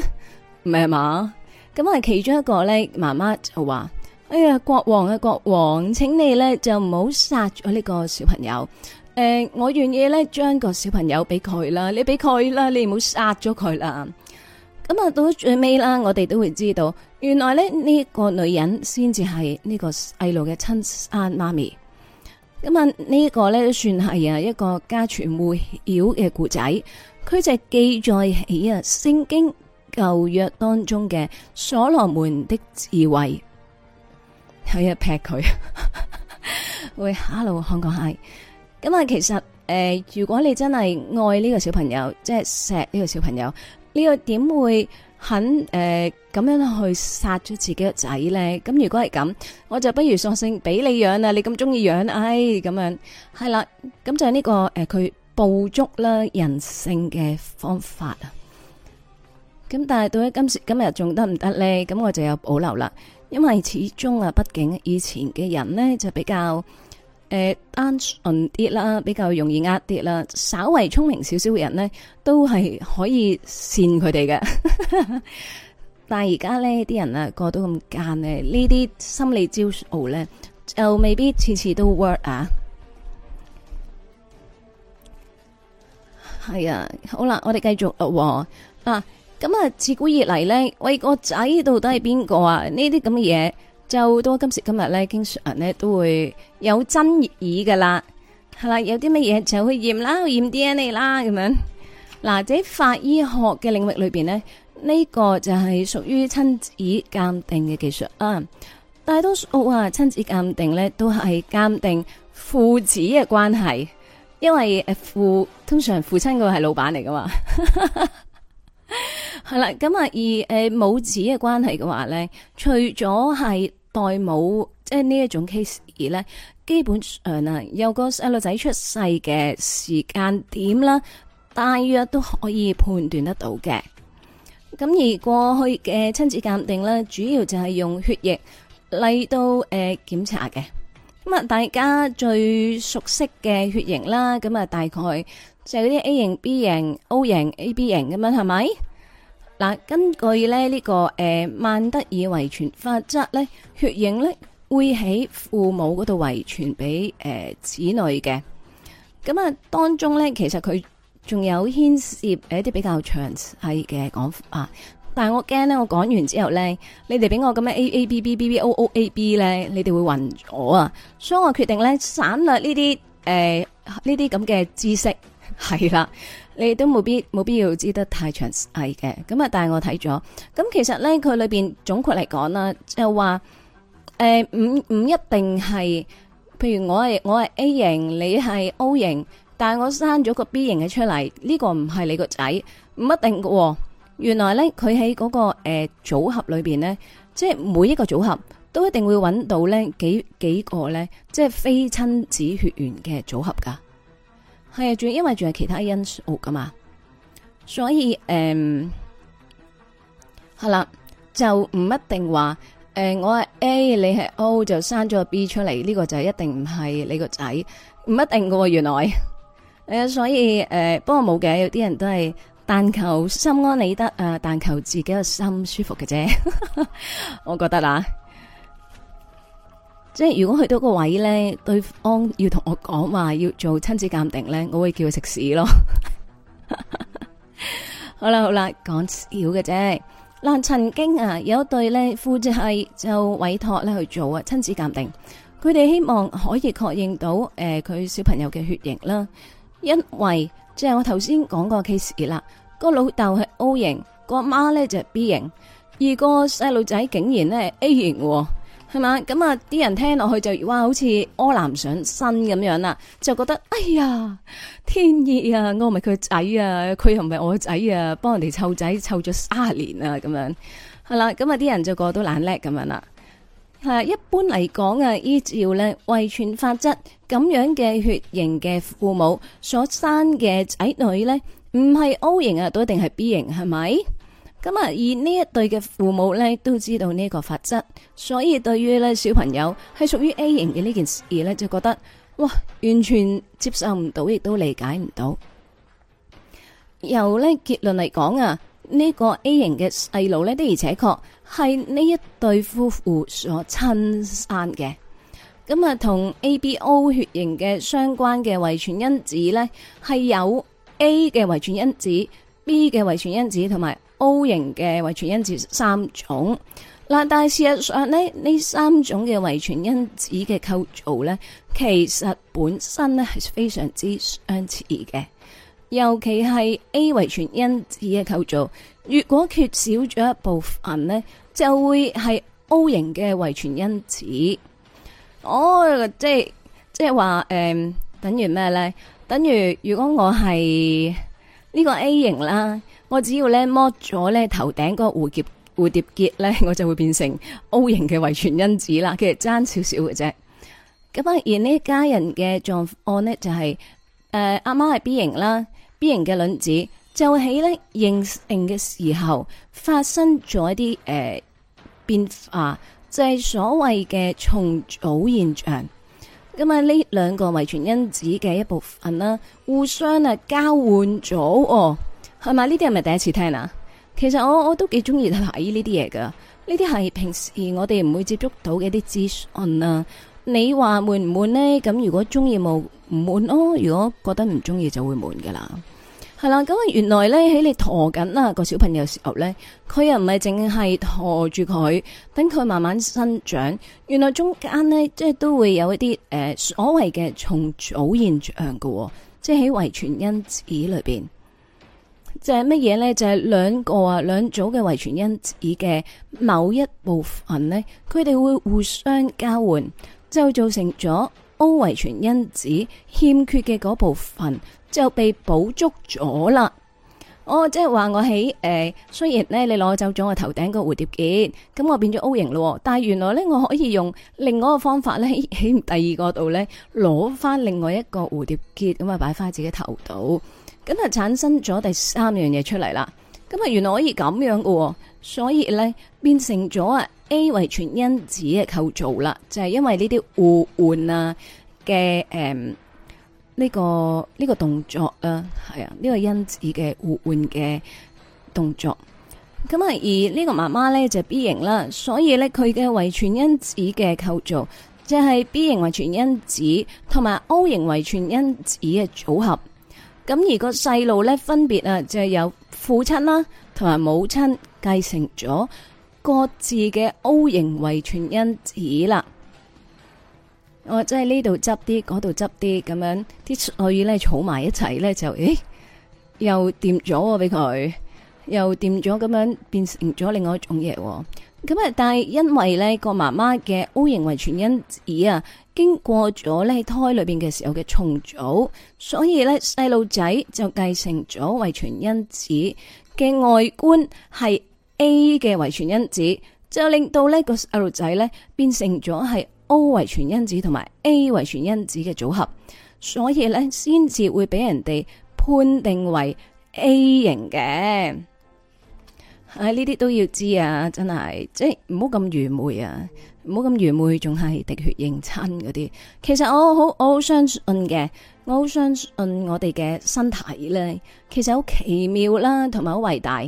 咩嘛？咁啊其中一個咧媽媽就話。哎呀，國王啊，國王，請你呢就唔好殺咗呢個小朋友。誒、呃，我願意呢將個小朋友俾佢啦，你俾佢啦，你唔好殺咗佢啦。咁啊，到最尾啦，我哋都會知道，原來呢呢、這個女人先至係呢個細路嘅親生媽咪。咁啊，呢個咧都算係啊一個家傳戶曉嘅故仔，佢就記載起啊聖經舊約當中嘅所羅門的智慧。去一劈佢，會 hello 香港 hi，咁啊其實誒，如果你真係愛呢個小朋友，即係錫呢個小朋友，呢個點會肯誒咁樣去殺咗自己個仔呢？咁如果係咁，我就不如索性俾你養啦，你咁中意養，哎咁樣係啦，咁就係呢個誒佢捕捉啦人性嘅方法啊！咁但係到咗今時今日仲得唔得呢？咁我就有保留啦。因為始終啊，畢竟以前嘅人呢就比較誒單純啲啦，呃、it, 比較容易呃啲啦。稍微聰明少少嘅人呢都係可以扇佢哋嘅。但係而家呢啲人啊過到咁奸誒，呢啲心理招數咧，就未必次次都 work 啊。係啊，好啦，我哋繼續啊。咁啊，自古以嚟咧，喂個仔到底係邊個啊？呢啲咁嘅嘢，就多今時今日咧，經常人咧都會有爭議噶啦，係啦，有啲乜嘢就會驗啦，驗 DNA 啦，咁樣。嗱，喺法醫學嘅領域裏邊咧，呢個就係屬於親子鑑定嘅技術啊。大多數啊，親子鑑定咧都係鑑定父子嘅關係，因為誒父通常父親個係老闆嚟噶嘛。 *laughs* 係啦，咁啊， *laughs* 而誒母子嘅關係嘅話咧，除咗係代母即係呢一種 case 而咧，基本上啊，有個細路仔出世嘅時間點啦，大約都可以判斷得到嘅。咁而過去嘅親子鑑定咧，主要就係用血液嚟到誒檢查嘅。咁啊，大家最熟悉嘅血型啦，咁啊，大概。就嗰啲 A 型、B 型、O 型、A B 型咁樣，係咪嗱？根據咧、這、呢個誒萬德爾遺傳法則咧，血型咧會喺父母嗰度遺傳俾誒子女嘅。咁啊，當中咧其實佢仲有牽涉誒一啲比較詳細嘅講法啊，但係我驚咧，我講完之後咧，你哋俾我咁樣 A A B B B B O O A B 咧，你哋會暈我啊，所以我決定咧省略呢啲誒呢啲咁嘅知識。係啦，你都冇必冇必要知得太詳細嘅，咁啊，但係我睇咗，咁其實呢，佢裏邊總括嚟講啦，就話誒，唔唔一定係，譬如我係我係 A 型，你係 O 型，但係我生咗個 B 型嘅出嚟，呢個唔係你個仔，唔一定嘅，哦。原來呢，佢喺嗰個誒、呃、組合裏邊呢，即係每一個組合都一定會揾到呢幾幾個呢，即係非親子血緣嘅組合噶。係啊，仲因為仲有其他因素噶嘛，所以誒，係、嗯、啦，就唔一定話誒、嗯，我係 A 你係 O 就生咗個 B 出嚟，呢、這個就一定唔係你個仔，唔一定噶喎原來，嗯、所以誒，不過冇嘅，有啲人都係，但求心安理得啊，但求自己個心舒服嘅啫， *laughs* 我覺得啦。即係如果去到個位呢，對方要同我講話要做親子鑑定呢，我會叫佢食屎咯 *laughs* 好。好啦好啦，講笑嘅啫。嗱，曾經啊有一對咧夫妻就委託呢去做啊親子鑑定，佢哋希望可以確認到誒佢、呃、小朋友嘅血型啦，因為即係、就是、我頭先講過 case 啦，個老豆係 O 型，個媽呢就係、是、B 型，而個細路仔竟然呢 A 型。係嘛？咁啊，啲人聽落去就哇，好似柯南上身咁樣啦，就覺得哎呀，天意啊，我唔係佢仔啊，佢又唔係我仔啊，幫人哋湊仔湊咗三十年啊，咁樣係啦。咁啊，啲人就個個都懶叻咁樣啦。係啊，一般嚟講啊，依照咧遺傳法則，咁樣嘅血型嘅父母所生嘅仔女咧，唔係 O 型啊，都一定係 B 型，係咪？咁啊，而呢一對嘅父母呢都知道呢個法則，所以對於呢小朋友係屬於 A 型嘅呢件事呢就覺得哇，完全接受唔到，亦都理解唔到。由呢結論嚟講啊，呢個 A 型嘅細路呢的而且確係呢一對夫婦所親生嘅。咁啊，同 A、B、O 血型嘅相關嘅遺傳因子呢係有 A 嘅遺傳因子、B 嘅遺傳因子同埋 O 型嘅遺傳因子三種，嗱，但係事實上咧，呢三種嘅遺傳因子嘅構造咧，其實本身咧係非常之相似嘅，尤其係 A 遺傳因子嘅構造，如果缺少咗一部分咧，就會係 O 型嘅遺傳因子。哦，oh，即係即係話誒，等於咩咧？等於如果我係呢個 A 型啦。我只要咧摸咗咧頭頂嗰個蝴蝶蝴蝶結咧，我就會變成 O 型嘅遺傳因子啦，其實爭少少嘅啫。咁、啊、而呢家人嘅狀況咧就係誒阿媽係 B 型啦，B 型嘅卵子，就喺咧形成嘅時候發生咗一啲誒、呃、變化，就係、是、所謂嘅重組現象。咁啊呢兩個遺傳因子嘅一部分啦，互相啊交換咗、啊。係咪呢啲係咪第一次聽啊？其實我我都幾中意睇呢啲嘢噶，呢啲係平時我哋唔會接觸到嘅啲資訊啊。你話悶唔悶呢？咁如果中意冇唔悶咯，如果覺得唔中意就會悶噶啦。係啦，咁、 *music* 嗯、原來呢，喺你陀緊啦個小朋友時候呢，佢又唔係淨係陀住佢，等佢慢慢生長。原來中間呢，即係都會有一啲誒、呃、所謂嘅重組現象噶，即係喺遺傳因子裏邊。就係乜嘢呢？就係、是、兩個啊兩組嘅遺傳因子嘅某一部分呢，佢哋會互相交換，就造成咗 O 遺傳因子欠缺嘅嗰部分就被補足咗啦。哦、即我即係話我喺誒，雖然呢，你攞走咗我頭頂個蝴蝶結，咁我變咗 O 型咯，但係原來呢，我可以用另外一個方法呢，喺第二個度呢，攞翻另外一個蝴蝶結咁啊擺翻自己頭度。咁啊，就產生咗第三樣嘢出嚟啦！咁啊，原來可以咁樣喎、哦，所以咧變成咗啊 A 遺傳因子嘅構造啦，就係、是、因為呢啲互換啊嘅誒呢個呢、呢個動作啊，係啊呢個因子嘅互換嘅動作。咁啊，而呢個媽媽咧就是、B 型啦，所以咧佢嘅遺傳因子嘅構造即係 B 型遺傳因子同埋 O 型遺傳因子嘅組合。咁而個細路咧，分別啊，就係由父親啦，同埋母親繼承咗各自嘅 O 型遺傳因子啦。我即係呢度執啲，嗰度執啲，咁樣啲所以咧，儲埋一齊咧，就誒，又掂咗俾佢，又掂咗咁樣，變成咗另外一種嘢。咁啊，但係因為咧個媽媽嘅 O 型遺傳因子啊。經過咗呢胎裏邊嘅時候嘅重組，所以呢細路仔就繼承咗遺傳因子嘅外觀係 A 嘅遺傳因子，就令到呢個細路仔呢變成咗係 O 遺傳因子同埋 A 遺傳因子嘅組合，所以呢，先至會俾人哋判定為 A 型嘅。唉，呢啲、哎、都要知啊，真係即係唔好咁愚昧啊，唔好咁愚昧，仲係滴血認親嗰啲。其實我好我好相信嘅，我好相信我哋嘅身體咧，其實好奇妙啦，同埋好偉大。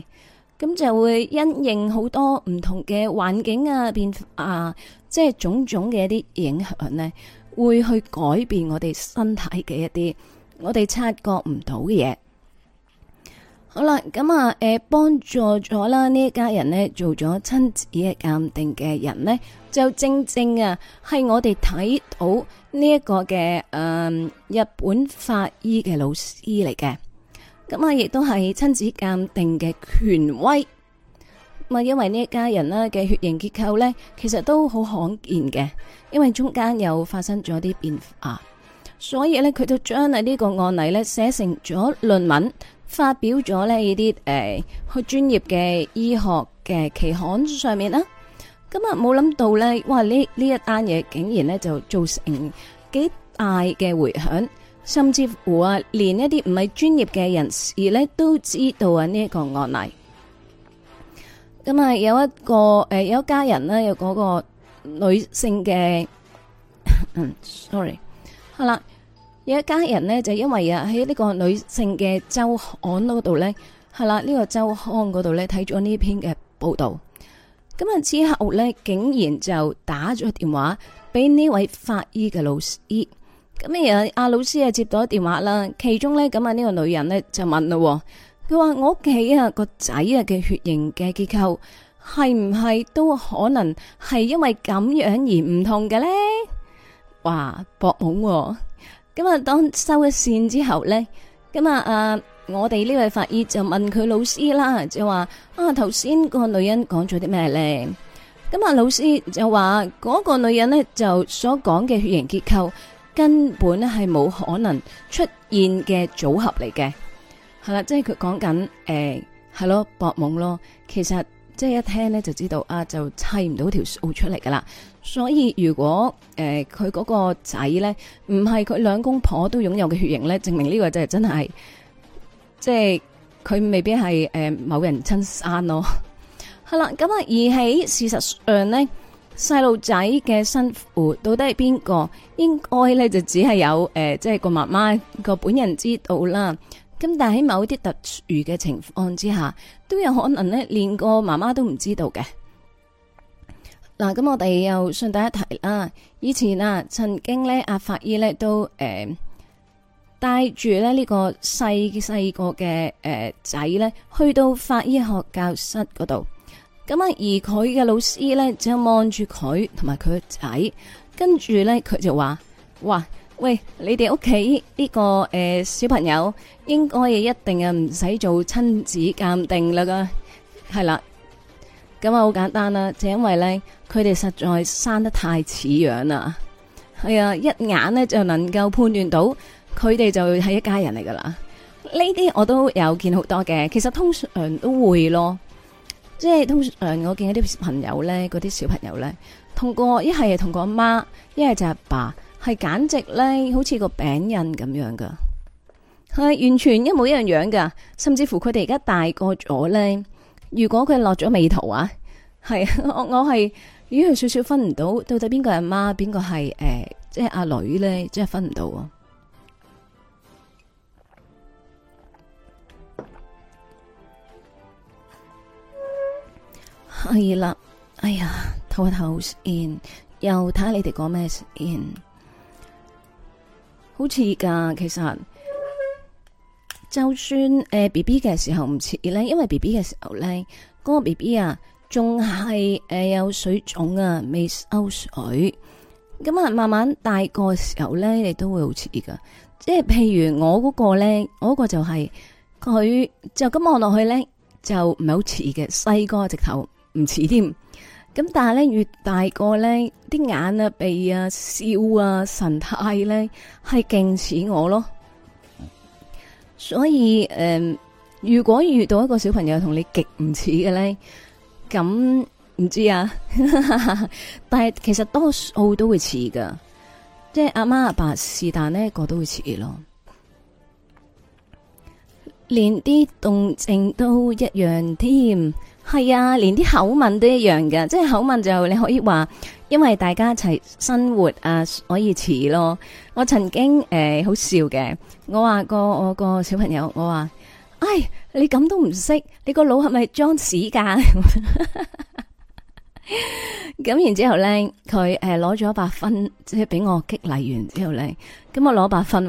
咁就會因應好多唔同嘅環境啊變化啊，即係種種嘅一啲影響咧，會去改變我哋身體嘅一啲我哋察覺唔到嘅嘢。好啦，咁、嗯、啊，誒，幫助咗啦呢一家人呢，做咗親子嘅鑑定嘅人呢，就正正啊，係我哋睇到呢一個嘅誒日本法醫嘅老師嚟嘅。咁、嗯、啊，亦都係親子鑑定嘅權威。咁、嗯、啊，因為呢一家人呢嘅血型結構呢，其實都好罕見嘅，因為中間又發生咗啲變化。所以呢，佢就將啊呢個案例呢，寫成咗論文。發表咗咧呢啲誒，呃、專業嘅醫學嘅期刊上面啦，咁啊冇諗到咧，哇呢呢一單嘢，竟然咧就造成幾大嘅回響，甚至乎啊，連一啲唔係專業嘅人士咧都知道啊呢一個案例。咁啊有一個誒、呃、有一家人咧有嗰個女性嘅，嗯 *laughs* ，sorry，好啦。有一家人咧，就因為啊喺呢個女性嘅周刊嗰度咧，係啦、這個、那裡呢個周刊嗰度咧睇咗呢一篇嘅報道，咁啊之後咧竟然就打咗電話俾呢位法醫嘅老師，咁啊阿老師啊接到電話啦，其中咧咁啊呢、這個女人咧就問啦，佢話我屋企啊個仔啊嘅血型嘅結構係唔係都可能係因為咁樣而唔同嘅咧？哇，博懵、喔！咁啊，當收咗線之後呢，咁啊，誒，我哋呢位法醫就問佢老師啦，就話啊，頭先個女人講咗啲咩呢？咁啊，老師就話嗰個女人呢，就所講嘅血型結構根本係冇可能出現嘅組合嚟嘅，係啦，即係佢講緊誒，係咯，博懵咯，其實即係一聽呢就知道啊，就砌唔到條數出嚟噶啦。所以如果誒佢嗰個仔呢，唔係佢兩公婆都擁有嘅血型呢，證明呢個就真係即係佢未必係誒、呃、某人親生咯。係 *laughs* 啦，咁啊而喺事實上呢，細路仔嘅生父到底係邊個，應該呢，就只係有誒即係個媽媽個本人知道啦。咁但係喺某啲特殊嘅情況之下，都有可能呢，連個媽媽都唔知道嘅。嗱，咁我哋又順帶一提啦，以前啊，曾經咧，阿法醫咧都誒帶住咧呢個細嘅細個嘅誒仔咧，去到法醫學教室嗰度，咁啊，而佢嘅老師咧就望住佢同埋佢個仔，跟住咧佢就話：，哇，喂，你哋屋企呢個誒小朋友，應該啊一定係唔使做親子鑒定啦，噶係啦。咁啊，好簡單啦，就因為咧，佢哋實在生得太似樣啦，係啊，一眼咧就能夠判斷到，佢哋就係一家人嚟噶啦。呢啲我都有見好多嘅，其實通常都會咯，即係通常我見一啲朋友咧，嗰啲小朋友咧，同過一係同個阿媽，一係就阿爸，係簡直咧好似個餅印咁樣噶，係完全一模一樣樣噶，甚至乎佢哋而家大個咗咧。如果佢落咗尾頭啊，係我我係，有少少分唔到到底邊個係媽，邊個係誒，即係阿女咧，即係分唔到啊。係啦， *noise* 哎呀，投一投 in 又睇下你哋講咩先，好似噶，其實。就算誒 B B 嘅時候唔似咧，因為 B B 嘅時候咧，嗰個 B B 啊，仲係誒有水腫啊，未收水。咁啊，慢慢大個嘅時候咧，你都會好似噶。即係譬如我嗰個咧，我嗰個就係佢就咁望落去咧，就唔係好似嘅，細個直頭唔似添。咁但係咧，越大個咧，啲眼啊、鼻啊、笑啊、神態咧，係勁似我咯。所以誒、呃，如果遇到一個小朋友同你極唔似嘅咧，咁唔知啊， *laughs* 但係其實多數都會似噶，即係阿媽阿爸是但咧個都會似咯，連啲動靜都一樣添。係啊，連啲口吻都一樣嘅，即係口吻就你可以話，因為大家一齊生活啊，可以似咯。我曾經誒、呃、好笑嘅，我話個我個小朋友，我話，唉，你咁都唔識，你個腦係咪裝屎噶？咁 *laughs* 然之後咧，佢誒攞咗一百分，即係俾我激勵完之後咧，咁我攞百分，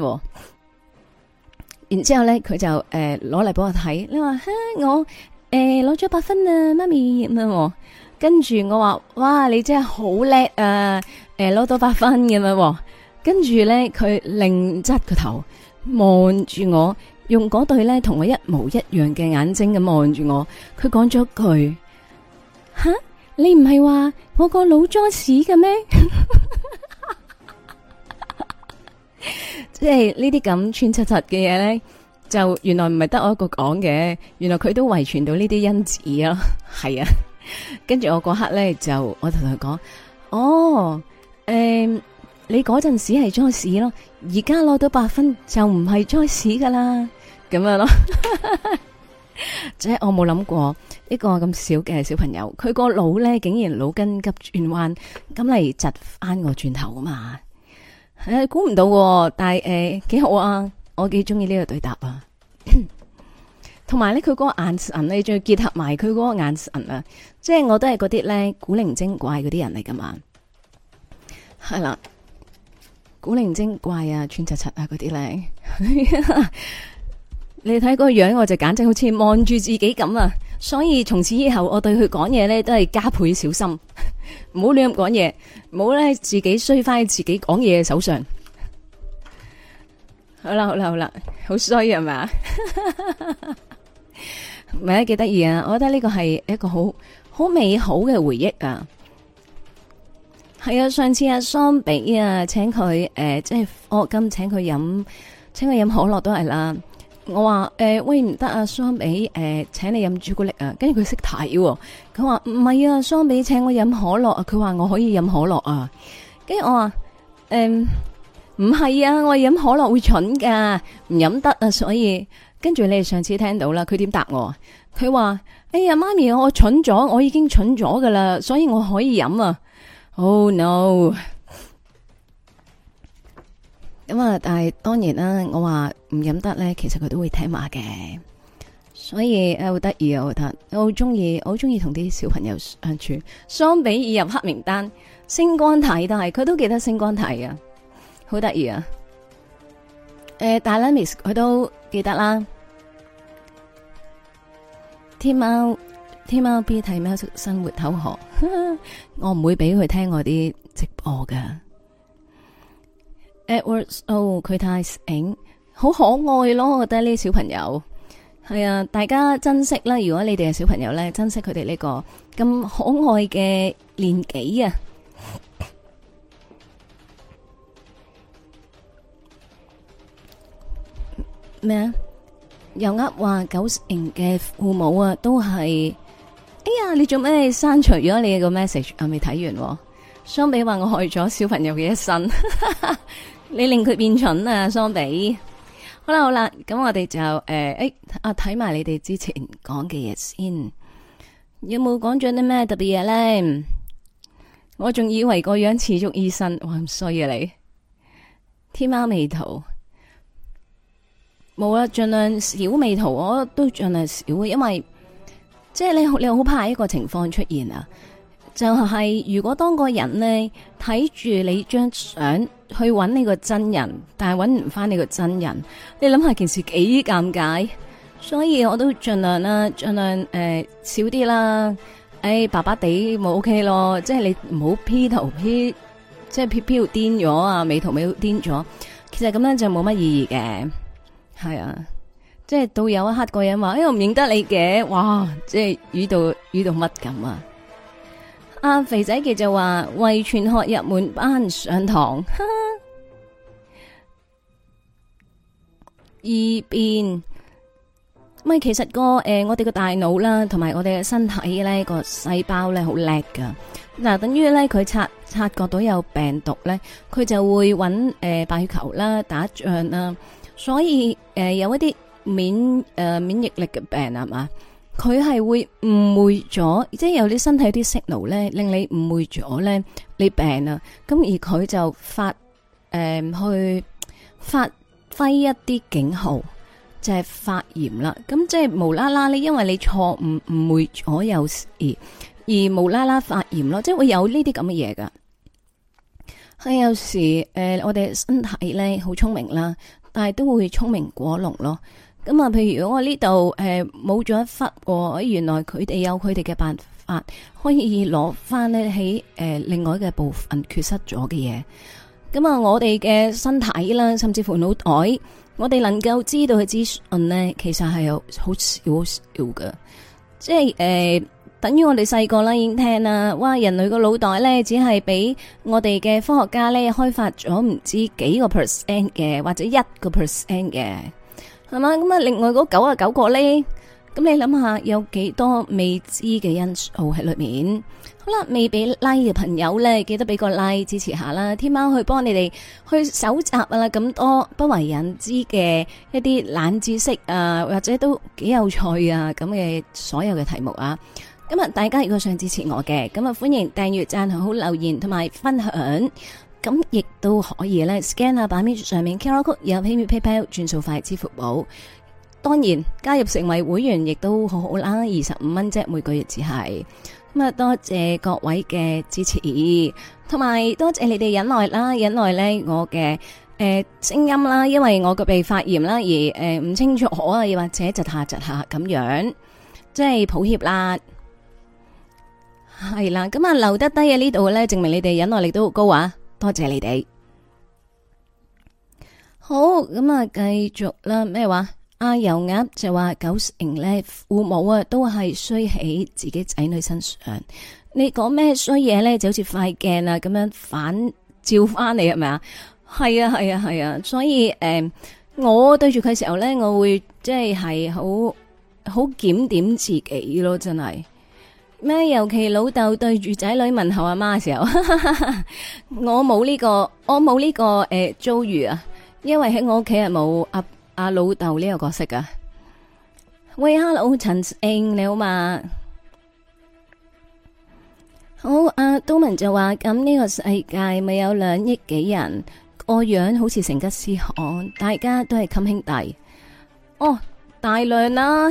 然之後咧佢就誒攞嚟俾我睇，你話吓我。誒，攞咗、欸、八分啊，媽咪咁樣、哦，跟住我話，哇，你真係好叻啊！誒、欸，攞到八分咁樣、哦，跟住咧，佢擰側個頭望住我，用嗰對咧同我一模一樣嘅眼睛咁望住我，佢講咗句：吓，你唔係話我個腦裝屎嘅咩？ *laughs* *laughs* 即係呢啲咁串柒柒嘅嘢咧。就原來唔係得我一個講嘅，原來佢都遺傳到呢啲因子囉，係啊。跟 *laughs* 住我嗰刻咧就我同佢講，哦，誒、嗯，你嗰陣時係裝屎咯，而家攞到八分就唔係裝屎噶啦，咁樣咯。即 *laughs* 係 *laughs* 我冇諗過呢、這個咁小嘅小朋友，佢個腦咧竟然腦筋急轉彎，咁嚟窒翻我轉頭啊嘛。誒、哎，估唔到、啊，但係誒，幾、呃、好啊。我幾中意呢個對答啊，同 *coughs* 埋呢，佢嗰個眼神呢，仲要結合埋佢嗰個眼神啊，即係我都係嗰啲呢，古靈精怪嗰啲人嚟噶嘛，係啦，古靈精怪啊，串七七啊嗰啲呢。 *laughs* 你睇嗰個樣我就簡直好似望住自己咁啊，所以從此以後我對佢講嘢呢，都係加倍小心，唔好亂咁講嘢，唔好呢，自己衰翻喺自己講嘢嘅手上。好啦好啦好啦，好衰啊嘛，唔係幾得意啊！我覺得呢個係一個好好美好嘅回憶啊！係啊，上次阿、啊、桑比啊，請佢誒、呃，即係我今請佢飲，請佢飲可樂都係啦。我話誒、呃，喂唔得啊，桑比誒、呃，請你飲朱古力啊！跟住佢識睇、啊，佢話唔係啊，桑比請我飲可樂啊，佢話我可以飲可樂啊。跟住我話誒。嗯唔係啊！我飲可樂會蠢噶，唔飲得啊。所以跟住你哋上次聽到啦，佢點答我？佢話：哎、欸、呀，媽咪，我蠢咗，我已經蠢咗噶啦，所以我可以飲啊。Oh no！咁啊，但係當然啦，我話唔飲得咧，其實佢都會聽話嘅。所以誒，好得意啊，我覺得我好中意，我好中意同啲小朋友相處。相比已入黑名單，星光睇，但係佢都記得星光睇啊。好得意啊！誒、欸，大 lamis 佢都記得啦。貓天貓，天貓 B 睇咩生活口號？ *laughs* 我唔會俾佢聽我啲直播噶。Edward O，、哦、佢太醒，好可愛咯！我覺得呢啲小朋友係啊，大家珍惜啦。如果你哋嘅小朋友咧，珍惜佢哋呢個咁可愛嘅年紀啊！ *laughs* 咩啊？又呃話九成嘅父母啊，都係哎呀！你做咩刪除咗你個 message 啊？未睇完，相比話我害咗小朋友嘅一生， *laughs* 你令佢變蠢啊！相比，好啦好啦，咁我哋就誒，誒、欸、啊，睇埋你哋之前講嘅嘢先，有冇講咗啲咩特別嘢咧？我仲以為個樣似足醫生，哇！衰啊你，天貓未圖。冇啦，盡量少美圖，我都盡量少，因為即係你你好怕一個情況出現啊，就係、是、如果當個人呢，睇住你張相去揾你個真人，但係揾唔翻你個真人，你諗下件事幾尷尬，所以我都盡量啦，盡量誒、呃、少啲啦，誒、哎、爸爸地冇 ok 咯，即係你唔好 p 圖 p，即係 p p 癲咗啊，美圖美癲咗，其實咁樣就冇乜意義嘅。係啊，即係到有一刻，黑個人話，因為我唔認得你嘅。哇！即係遇到遇到乜咁啊？阿肥仔嘅就話，遺傳學入門班上堂，哈哈，易變咪其實個誒、呃，我哋個大腦啦，同埋我哋嘅身體咧，個細胞咧好叻噶。嗱，等於咧佢察察覺到有病毒咧，佢就會搵誒、呃、白血球啦打仗啦。所以誒、呃，有一啲免誒、呃、免疫力嘅病啊嘛，佢係會誤會咗，即係有啲身體啲 signal 咧，令你誤會咗咧，你病啦。咁而佢就發誒、呃、去發揮一啲警號，就係、是、發炎啦。咁即係無啦啦咧，因為你錯誤誤會咗，有事，有時而無啦啦發炎咯，即係會有呢啲咁嘅嘢噶。係有時誒，我哋身體咧好聰明啦。但係都會聰明過龍咯，咁啊，譬如我呢度誒冇咗一忽過，原來佢哋有佢哋嘅辦法，可以攞翻咧喺誒另外嘅部分缺失咗嘅嘢。咁啊，我哋嘅身體啦，甚至乎腦袋，我哋能夠知道嘅資訊呢，其實係有好少少嘅，即係誒。呃等於我哋細個啦已經聽啦，哇！人類個腦袋咧，只係俾我哋嘅科學家咧開發咗唔知幾個 percent 嘅，或者一個 percent 嘅，係嘛？咁啊，另外嗰九啊九個咧，咁你諗下有幾多未知嘅因素喺裏面？好啦，未俾 like 嘅朋友咧，記得俾個 like 支持下啦。天貓去幫你哋去搜集，啊啦，咁多不為人知嘅一啲冷知識啊，或者都幾有趣啊，咁嘅所有嘅題目啊～今日大家如果想支持我嘅，咁啊歡迎訂閱、讚好、留言同埋分享。咁亦都可以咧，scan 下版面上面 QR code 入 PayPal 轉數快、支付寶。當然加入成為會員亦都好好啦，二十五蚊啫，每個月只係咁啊！多謝各位嘅支持，同埋多謝你哋忍耐啦，忍耐呢，我嘅誒聲音啦，因為我個鼻發炎啦，而誒唔清楚啊，又或者窒下窒下咁樣，即係抱歉啦。係啦，咁啊留得低嘅呢度咧，證明你哋忍耐力都好高啊！多謝你哋。好，咁啊，繼續啦。咩話？阿油鴨就話九成咧，父母啊都係衰喺自己仔女身上。你講咩衰嘢咧，就好似塊鏡啊咁樣反照翻你係咪啊？係啊，係啊，係啊。所以誒、嗯，我對住佢時候咧，我會即係係好好檢點自己咯，真係。咩？尤其老豆對住仔女問候阿媽嘅時候， *laughs* 我冇呢、這個，我冇呢、這個誒、欸、遭遇啊！因為喺我屋企係冇阿阿老豆呢個角色啊。喂，hello，陳生你好嘛？好，阿、啊、東文就話咁呢個世界咪有兩億幾人個樣好似成吉思汗，大家都係襟兄弟。哦，大量啦！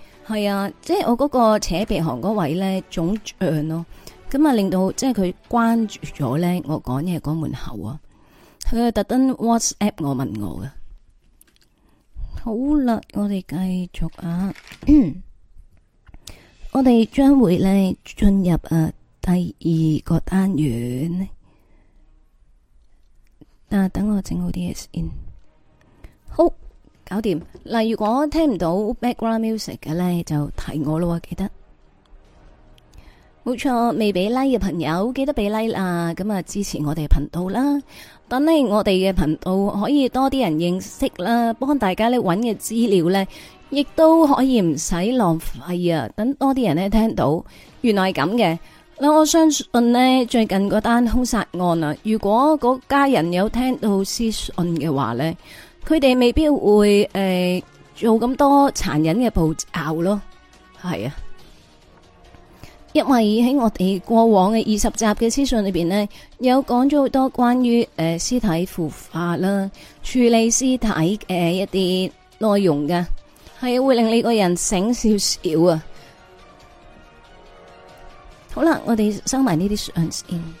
係啊，即係我嗰個扯鼻鼾嗰位咧腫脹咯，咁啊令到即係佢關住咗咧，我講嘢嗰門口啊，佢就特登 WhatsApp 我問我噶。好啦，我哋繼續啊， *coughs* 我哋將會咧進入誒、啊、第二個單元，但、啊、係等我整好啲嘢先。搞掂嗱，如果聽唔到 background music 嘅呢，就提我咯，記得。冇錯，未俾 like 嘅朋友記得俾 like 啦，咁啊支持我哋嘅頻道啦。等你我哋嘅頻道可以多啲人認識啦，幫大家揾嘅資料呢，亦都可以唔使浪費啊。等多啲人呢聽到，原來係咁嘅。嗱，我相信呢，最近嗰單凶殺案啊，如果嗰家人有聽到屍訊嘅話呢。佢哋未必會誒、呃、做咁多殘忍嘅步驟咯，係啊，因為喺我哋過往嘅二十集嘅資訊裏邊呢，有講咗好多關於誒屍體腐化啦，處理屍體誒一啲內容噶係會令你個人醒少少啊。好啦，我哋收埋呢啲相先。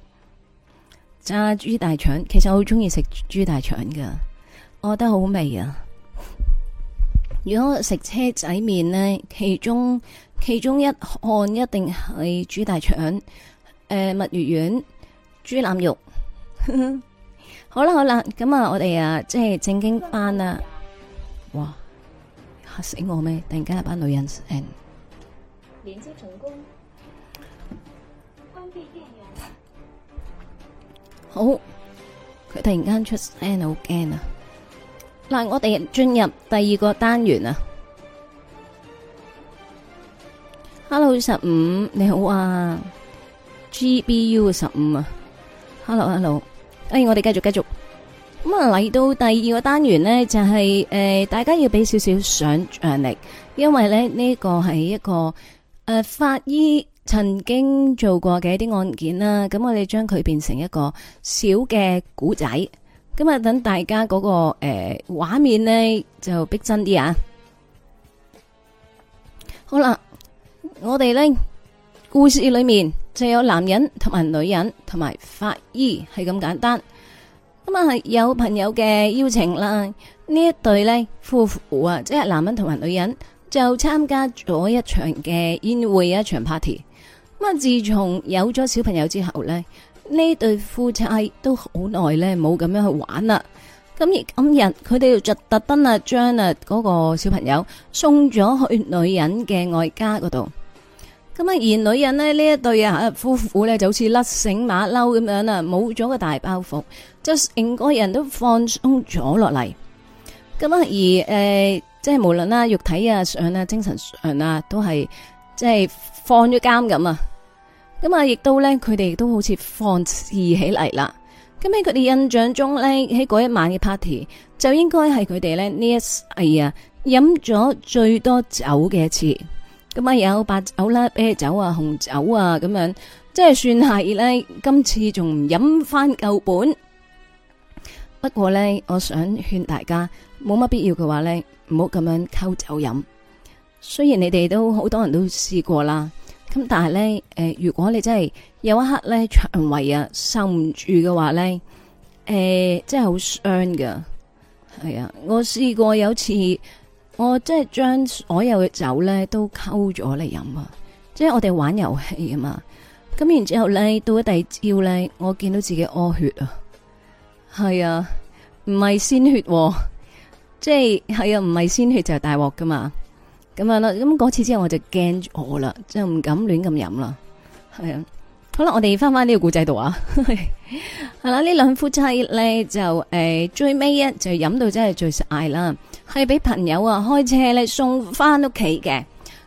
炸豬大腸，其實我好中意食豬大腸噶，我覺得好味啊！如果食車仔麵呢，其中其中一項一定係豬大腸，誒、呃，蜜月丸，豬腩肉。好 *laughs* 啦好啦，咁啊，我哋啊，即係正經班啦。哇！吓死我咩？突然間有，班女人。嗯好，佢突然間出聲，好驚啊！嗱，我哋進入第二個單元啊。Hello 十五，你好啊，G B U 十五啊。Hello hello，哎，我哋繼續繼續。咁啊嚟到第二個單元呢，就係、是、誒、呃，大家要俾少少想象力，因為咧呢、呢個係一個誒、呃、法醫。曾經做過嘅一啲案件啦，咁我哋將佢變成一個小嘅古仔，咁咪等大家嗰、那個誒畫、呃、面呢，就逼真啲啊！好啦，我哋呢故事裏面就有男人同埋女人同埋法醫係咁簡單。咁啊，係有朋友嘅邀請啦，這一呢一對呢夫婦啊，即係男人同埋女人就參加咗一場嘅宴會一場 party。咁啊！自從有咗小朋友之後呢，呢對夫妻都好耐呢冇咁樣去玩啦。咁而今日佢哋就特特登啊，將啊嗰個小朋友送咗去女人嘅外家嗰度。咁啊，而女人呢，呢一對啊夫婦呢，就好似甩繩馬騮咁樣啊，冇咗個大包袱，就係整個人都放鬆咗落嚟。咁啊，而誒，即係無論啦，肉體啊上啊，精神上啊，都係即係放咗監咁啊。咁啊，亦都咧，佢哋都好似放肆起嚟啦。咁喺佢哋印象中咧，喺嗰一晚嘅 party 就應該係佢哋咧呢一世呀飲咗最多酒嘅一次。咁啊有白酒啦，啤酒啊，紅酒啊咁樣，即係算係咧今次仲飲翻夠本。不過咧，我想勸大家冇乜必要嘅話咧，唔好咁樣溝酒飲。雖然你哋都好多人都試過啦。咁但係咧，誒、呃，如果你真係有一刻咧，腸胃啊受唔住嘅話咧，誒、呃，真係好傷噶。係啊，我試過有次，我即係將所有嘅酒咧都溝咗嚟飲啊，即係我哋玩遊戲啊嘛。咁然之後咧，到咗第二朝咧，我見到自己屙血啊，係、哦、啊，唔係鮮血，即係係啊，唔係鮮血就係大鑊噶嘛。咁樣啦咁嗰次之後我就驚住我啦，就唔敢亂咁飲啦。係啊，好啦，我哋翻翻呢個故仔度啊，係啦，呢兩夫妻咧就誒、呃、最尾一就飲到真係醉死嗌啦，係俾朋友啊開車咧送翻屋企嘅，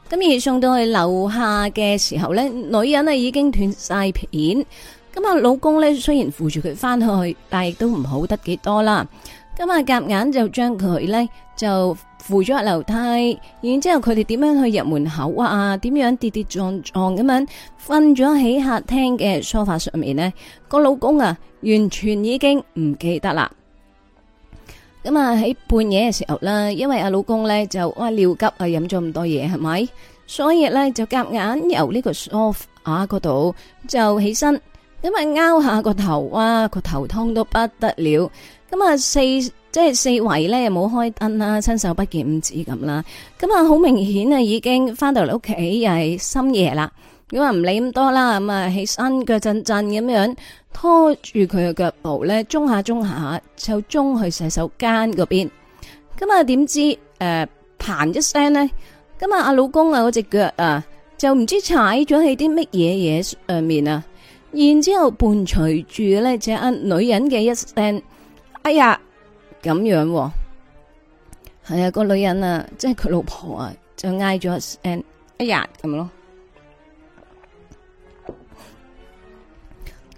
咁而送到去樓下嘅時候咧，女人啊已經斷晒片，咁啊老公咧雖然扶住佢翻去，但係亦都唔好得幾多啦，咁啊夾硬就將佢咧就。扶咗下樓梯，然之後佢哋點樣去入門口啊？點樣跌跌撞撞咁樣瞓咗喺客廳嘅梳化上面呢？個老公啊，完全已經唔記得啦。咁啊喺半夜嘅時候啦，因為阿老公呢就屙尿急啊，飲咗咁多嘢係咪？所以呢就夾硬由呢個梳化嗰度就起身。因為拗下個頭啊，個頭痛到不得了。咁啊，四即係四圍咧，冇開燈啦，伸手不見五指咁啦。咁、嗯、啊，好明顯啊，已經翻到嚟屋企又係深夜啦。咁、嗯、啊，唔理咁多啦，咁、嗯、啊，起身腳震震咁樣拖住佢嘅腳步咧，中下中下，下就中去洗手間嗰邊。咁、嗯、啊，點知誒、呃、彈一聲咧，咁、嗯、啊，阿老公啊，嗰隻腳啊，就唔知踩咗喺啲乜嘢嘢上面啊？然之後伴隨住咧，隻女人嘅一聲，哎呀咁樣、哦，係啊個女人啊，即係佢老婆啊，就嗌咗一聲，哎呀咁咯。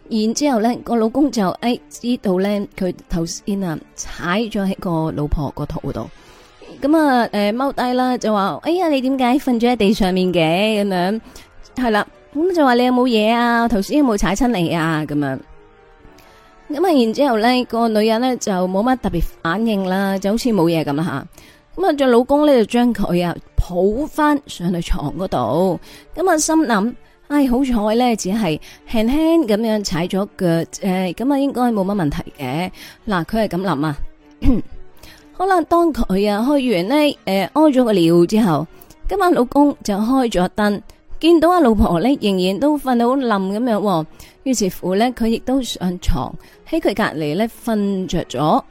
然之後咧，個老公就誒、哎、知道咧，佢頭先啊踩咗喺個老婆個肚度，咁啊誒踎低啦，就話，哎呀你點解瞓咗喺地上面嘅，咁樣，係啦、啊。咁就話你有冇嘢啊？頭先有冇踩親你啊？咁樣咁啊，然之後呢個女人呢，就冇乜特別反應啦，就好似冇嘢咁啦吓。咁啊，隻老公呢，就將佢啊抱翻上去床嗰度。咁啊，心諗唉，哎、好彩呢，只係輕輕咁樣踩咗腳誒，咁、呃、啊應該冇乜問題嘅。嗱、呃，佢係咁諗啊。好啦，當佢啊開完呢，誒、呃，屙咗個尿之後，今晚老公就開咗燈。見到阿老婆咧，仍然都瞓到冧咁樣，於是乎咧，佢亦都上床喺佢隔籬咧瞓着咗。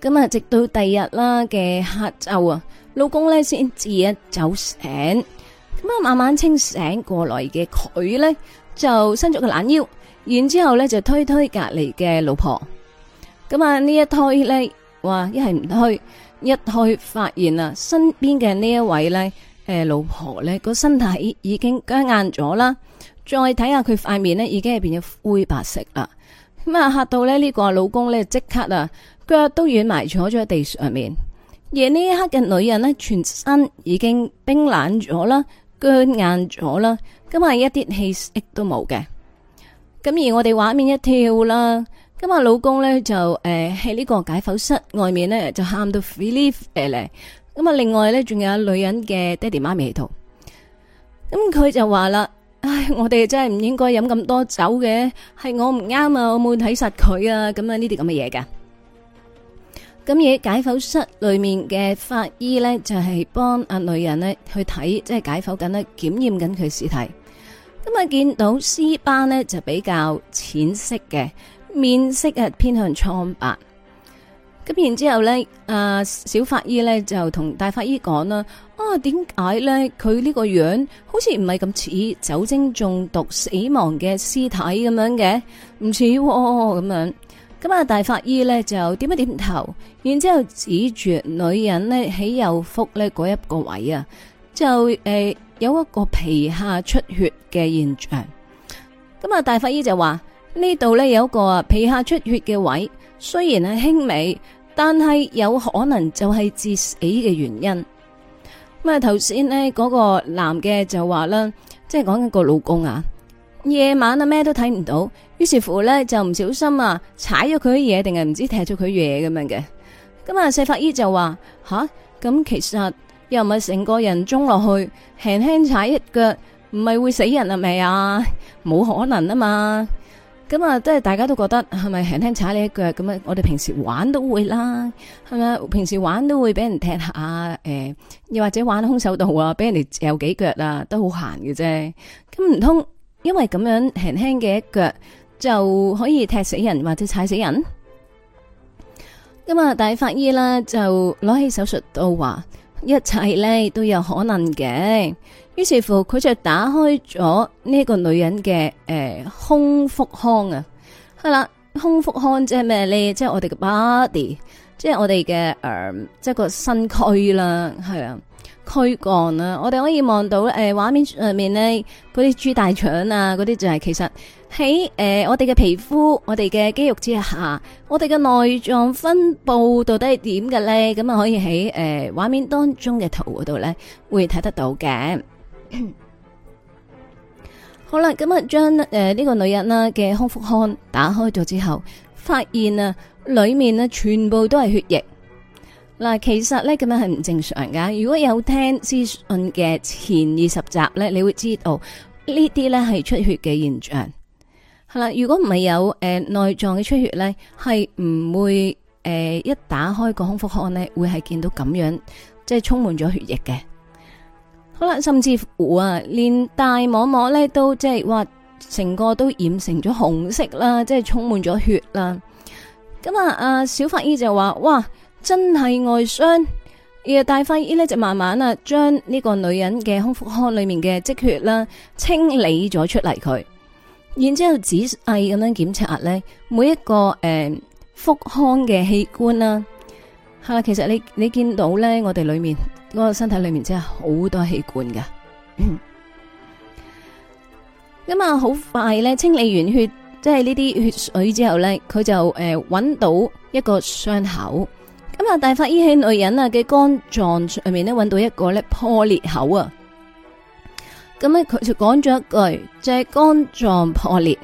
咁啊，直到第二日啦嘅黑晝啊，老公咧先至一走醒，咁啊慢慢清醒過來嘅佢咧就伸咗個懶腰，然之後咧就推推隔籬嘅老婆。咁啊呢一推咧，哇一係唔推，一推發現啊身邊嘅呢一位咧。誒，老婆咧，個身體已經僵硬咗啦。再睇下佢塊面呢，已經變咗灰白色啦。咁啊嚇到咧呢個老公咧，即刻啊腳都軟埋，坐咗喺地上面。而呢一刻嘅女人呢，全身已經冰冷咗啦，僵硬咗啦，咁啊一啲氣息都冇嘅。咁而我哋畫面一跳啦，咁啊老公咧就誒喺呢個解剖室外面呢，就喊到 relief 咁啊，另外呢，仲有女人嘅爹哋媽咪喺度。咁佢就話啦：唉，我哋真係唔應該飲咁多酒嘅，係我唔啱啊，我冇睇實佢啊，咁啊呢啲咁嘅嘢噶。咁而解剖室裏面嘅法醫呢，就係幫阿女人呢去睇，即係解剖緊呢，檢驗緊佢屍體。咁啊，見到屍斑呢，就比較淺色嘅，面色係偏向蒼白。然之後咧，啊小法醫咧就同大法醫講啦，啊點解咧佢呢個樣好似唔係咁似酒精中毒死亡嘅屍體咁樣嘅，唔似咁樣。咁啊大法醫咧就點一點頭，然之後指住女人咧喺右腹咧嗰一個位啊，就誒有一個皮下出血嘅現象。咁啊大法醫就話呢度咧有一個啊皮下出血嘅位，雖然係輕微。但係有可能就係致死嘅原因。咁啊，頭先咧嗰個男嘅就話啦，即係講緊個老公啊，夜晚啊咩都睇唔到，於是乎呢就唔小心啊踩咗佢嘢，定係唔知道踢咗佢嘢咁樣嘅。咁啊，細法醫就話吓，咁其實又唔係成個人衝落去，輕輕踩一腳，唔係會死人啊？未啊，冇可能啊嘛。咁啊，即係大家都覺得係咪輕輕踩你一腳咁啊？我哋平時玩都會啦，係咪？平時玩都會俾人踢一下，誒、呃，又或者玩空手道啊，俾人哋有幾腳啊，都好閒嘅啫。咁唔通因為咁樣輕輕嘅一腳就可以踢死人或者踩死人？咁啊，大法醫咧就攞起手術刀話，一切咧都有可能嘅。於是乎，佢就打開咗呢個女人嘅誒、呃、胸腹腔啊，係啦，胸腹腔即係咩咧？即、就、係、是、我哋嘅 body，即係我哋嘅誒，即、呃、係、就是、個身軀啦，係啊，軀幹啦。我哋可以望到誒，畫面上面咧，嗰啲豬大腸啊，嗰啲就係其實喺誒我哋嘅皮膚、我哋嘅肌肉之下，我哋嘅內臟分布到底係點嘅咧？咁啊，可以喺誒畫面當中嘅圖嗰度咧，會睇得到嘅。 *laughs* 好啦，咁啊，將誒呢個女人啦嘅胸腹腔打開咗之後，發現啊裏面呢全部都係血液。嗱，其實呢，咁樣係唔正常噶。如果有聽屍訊嘅前二十集呢，你會知道呢啲呢係出血嘅現象。係啦，如果唔係有誒內臟嘅出血呢，係唔會誒一打開個胸腹腔呢，會係見到咁樣即係充滿咗血液嘅。好啦，甚至乎啊，連大網膜咧都即係話成個都染成咗紅色啦，即係充滿咗血啦。咁啊，阿小法醫就話：哇，真係外傷。而大法醫咧就慢慢啊，將呢個女人嘅胸腹腔裏面嘅積血啦清理咗出嚟佢，然之後仔細咁樣檢查咧，每一個誒、呃、腹腔嘅器官啦、啊。係啦，其實你你見到咧，我哋裏面嗰個身體裏面真係好多器官噶。咁 *coughs* 啊，好快咧，清理完血，即係呢啲血水之後咧，佢就誒搵、呃、到一個傷口。咁啊，大法醫喺女人啊嘅肝臟上面咧搵到一個咧破裂口啊。咁咧，佢就講咗一句，就係、是、肝臟破裂。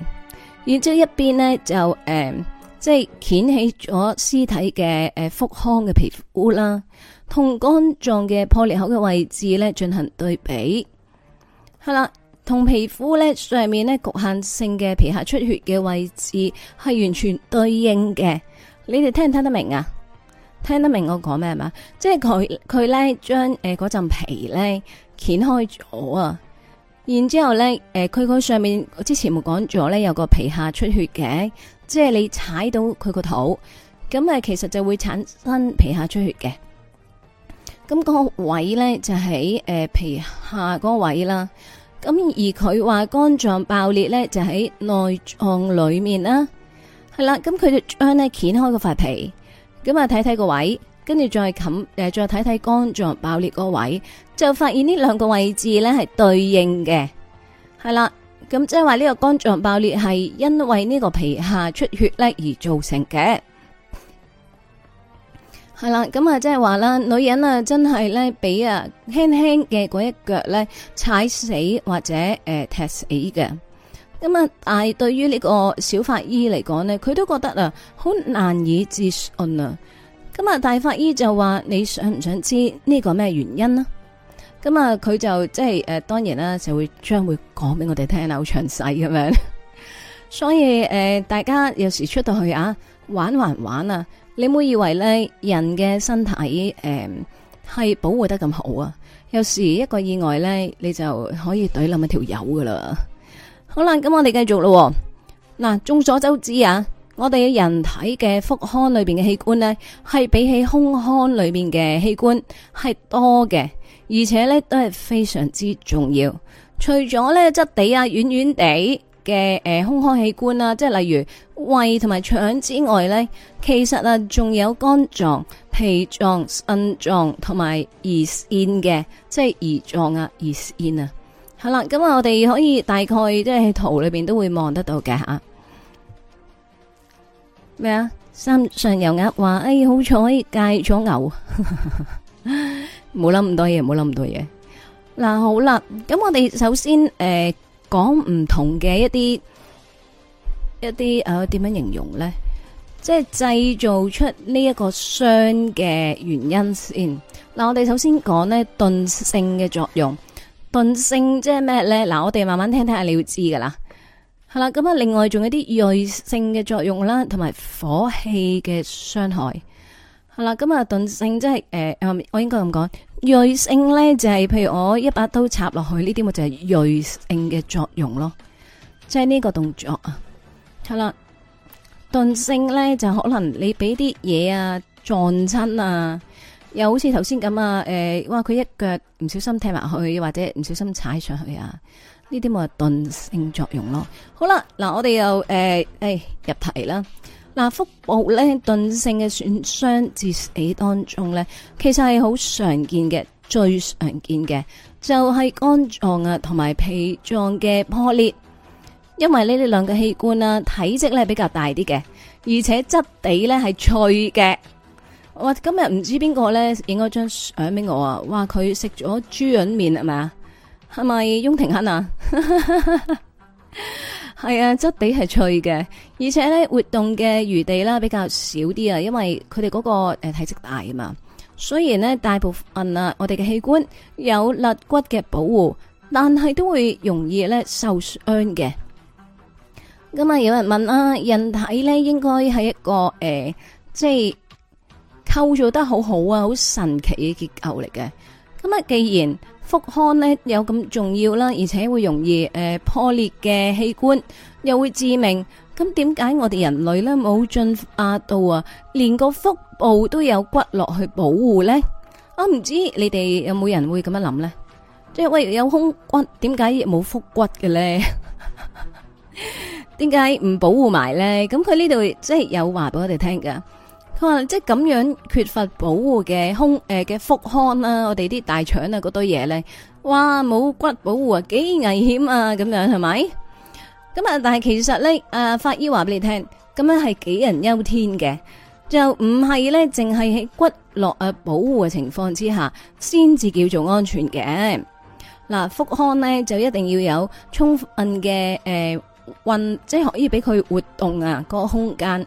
然之後一邊呢，就、呃、誒。即係掀起咗屍體嘅誒腹腔嘅皮膚啦，同肝臟嘅破裂口嘅位置咧進行對比，係啦，同皮膚咧上面咧局限性嘅皮下出血嘅位置係完全對應嘅。你哋聽唔聽得明啊？聽得明我講咩係嘛？即係佢佢咧將誒嗰陣皮咧掀開咗啊，然之後咧誒佢佢上面我之前冇講咗咧有個皮下出血嘅。即係你踩到佢個肚，咁誒其實就會產生皮下出血嘅。咁、那個位呢，就喺誒、呃、皮下個位啦。咁而佢話肝臟爆裂呢，就喺內臟裏面啦。係啦，咁佢就將呢掀開個塊皮，咁啊睇睇個位，跟住再冚誒、呃、再睇睇肝臟爆裂個位，就發現呢兩個位置呢係對應嘅，係啦。咁即係話呢個肝臟爆裂係因為呢個皮下出血咧而造成嘅，係啦，咁啊即係話啦，女人啊真係咧俾啊輕輕嘅嗰一腳咧踩死或者誒踢死嘅，咁啊但係對於呢個小法醫嚟講呢，佢都覺得啊好難以置信啊，咁啊大法醫就話，你想唔想知呢個咩原因呢？咁啊，佢、嗯、就即係誒，當然啦，就會將會講俾我哋聽，好詳細咁樣。 *laughs* 所以誒、呃，大家有時出到去啊玩還玩啊，你唔好以為咧人嘅身體誒係、呃、保護得咁好啊，有時一個意外咧，你就可以懟冧一條友噶啦。 *laughs* 好啦，咁我哋繼續咯。嗱、呃，眾所周知啊，我哋人體嘅腹腔裏邊嘅器官咧，係比起胸腔裏邊嘅器官係多嘅。而且呢，都係非常之重要，除咗呢質地啊軟軟地嘅，誒，空腔器官啦、啊，即係例如胃同埋腸之外呢，其實啊仲有肝臟、脾臟、腎臟同埋胰腺嘅，即係胰臟啊胰腺啊，好啦，咁啊我哋可以大概即係喺圖裏邊都會望得到嘅吓。咩啊？三上游鴨話：，哎，好彩戒咗牛。 *laughs* 冇諗咁多嘢，冇諗咁多嘢。嗱、啊，好啦，咁我哋首先誒講唔同嘅一啲一啲誒點樣形容咧，即係製造出呢一個傷嘅原因先。嗱、啊，我哋首先講呢，鈍性嘅作用，鈍性即係咩咧？嗱、啊，我哋慢慢聽聽下，看看你會知噶啦。係啦，咁啊，另外仲有啲銳性嘅作用啦，同埋火氣嘅傷害。係啦，咁啊鈍性即係誒，我應該咁講，銳性咧就係、是、譬如我一把刀插落去呢啲，咪就係銳性嘅作用咯，即係呢個動作啊。係啦了，鈍性咧就可能你俾啲嘢啊撞親啊，又好似頭先咁啊，誒、呃，哇佢一腳唔小心踢埋去，或者唔小心踩上去啊，呢啲咪係鈍性作用咯。好啦，嗱、呃、我哋又誒，誒、呃哎、入題啦。嗱、啊，腹部咧鈍性嘅損傷致死當中咧，其實係好常見嘅，最常見嘅就係肝臟啊同埋脾臟嘅破裂，因為呢啲兩個器官啊體積咧比較大啲嘅，而且質地咧係脆嘅。哇，今日唔知邊個咧影咗張相俾我啊！哇，佢食咗豬膶麵係咪啊？係咪雍庭亨啊？係啊，質地係脆嘅，而且咧活動嘅餘地啦比較少啲啊，因為佢哋嗰個誒體積大啊嘛。雖然咧大部分啊，我哋嘅器官有肋骨嘅保護，但係都會容易咧受傷嘅。咁啊，有人問啊，人體咧應該係一個誒、呃，即係構造得好好啊，好神奇嘅結構嚟嘅。咁啊，既然腹腔呢有咁重要啦，而且會容易誒破裂嘅器官，又會致命。咁點解我哋人類呢冇進化到啊，連個腹部都有骨骼去保護呢？我唔知你哋有冇人會咁樣諗呢？即係喂，有胸骨，點解冇腹骨嘅呢？點解唔保護埋呢？咁佢呢度即係有話俾我哋聽噶。佢話即係咁樣缺乏保護嘅胸誒嘅腹腔啦，我哋啲大腸啊嗰堆嘢咧，哇冇骨保護啊，幾危險啊咁樣係咪？咁啊，但係其實咧，誒、呃、法醫話俾你聽，咁樣係杞人憂天嘅。就唔係咧淨係喺骨骼啊保護嘅情況之下，先至叫做安全嘅。嗱，腹腔咧就一定要有充分嘅誒運，即係可以俾佢活動啊個空間。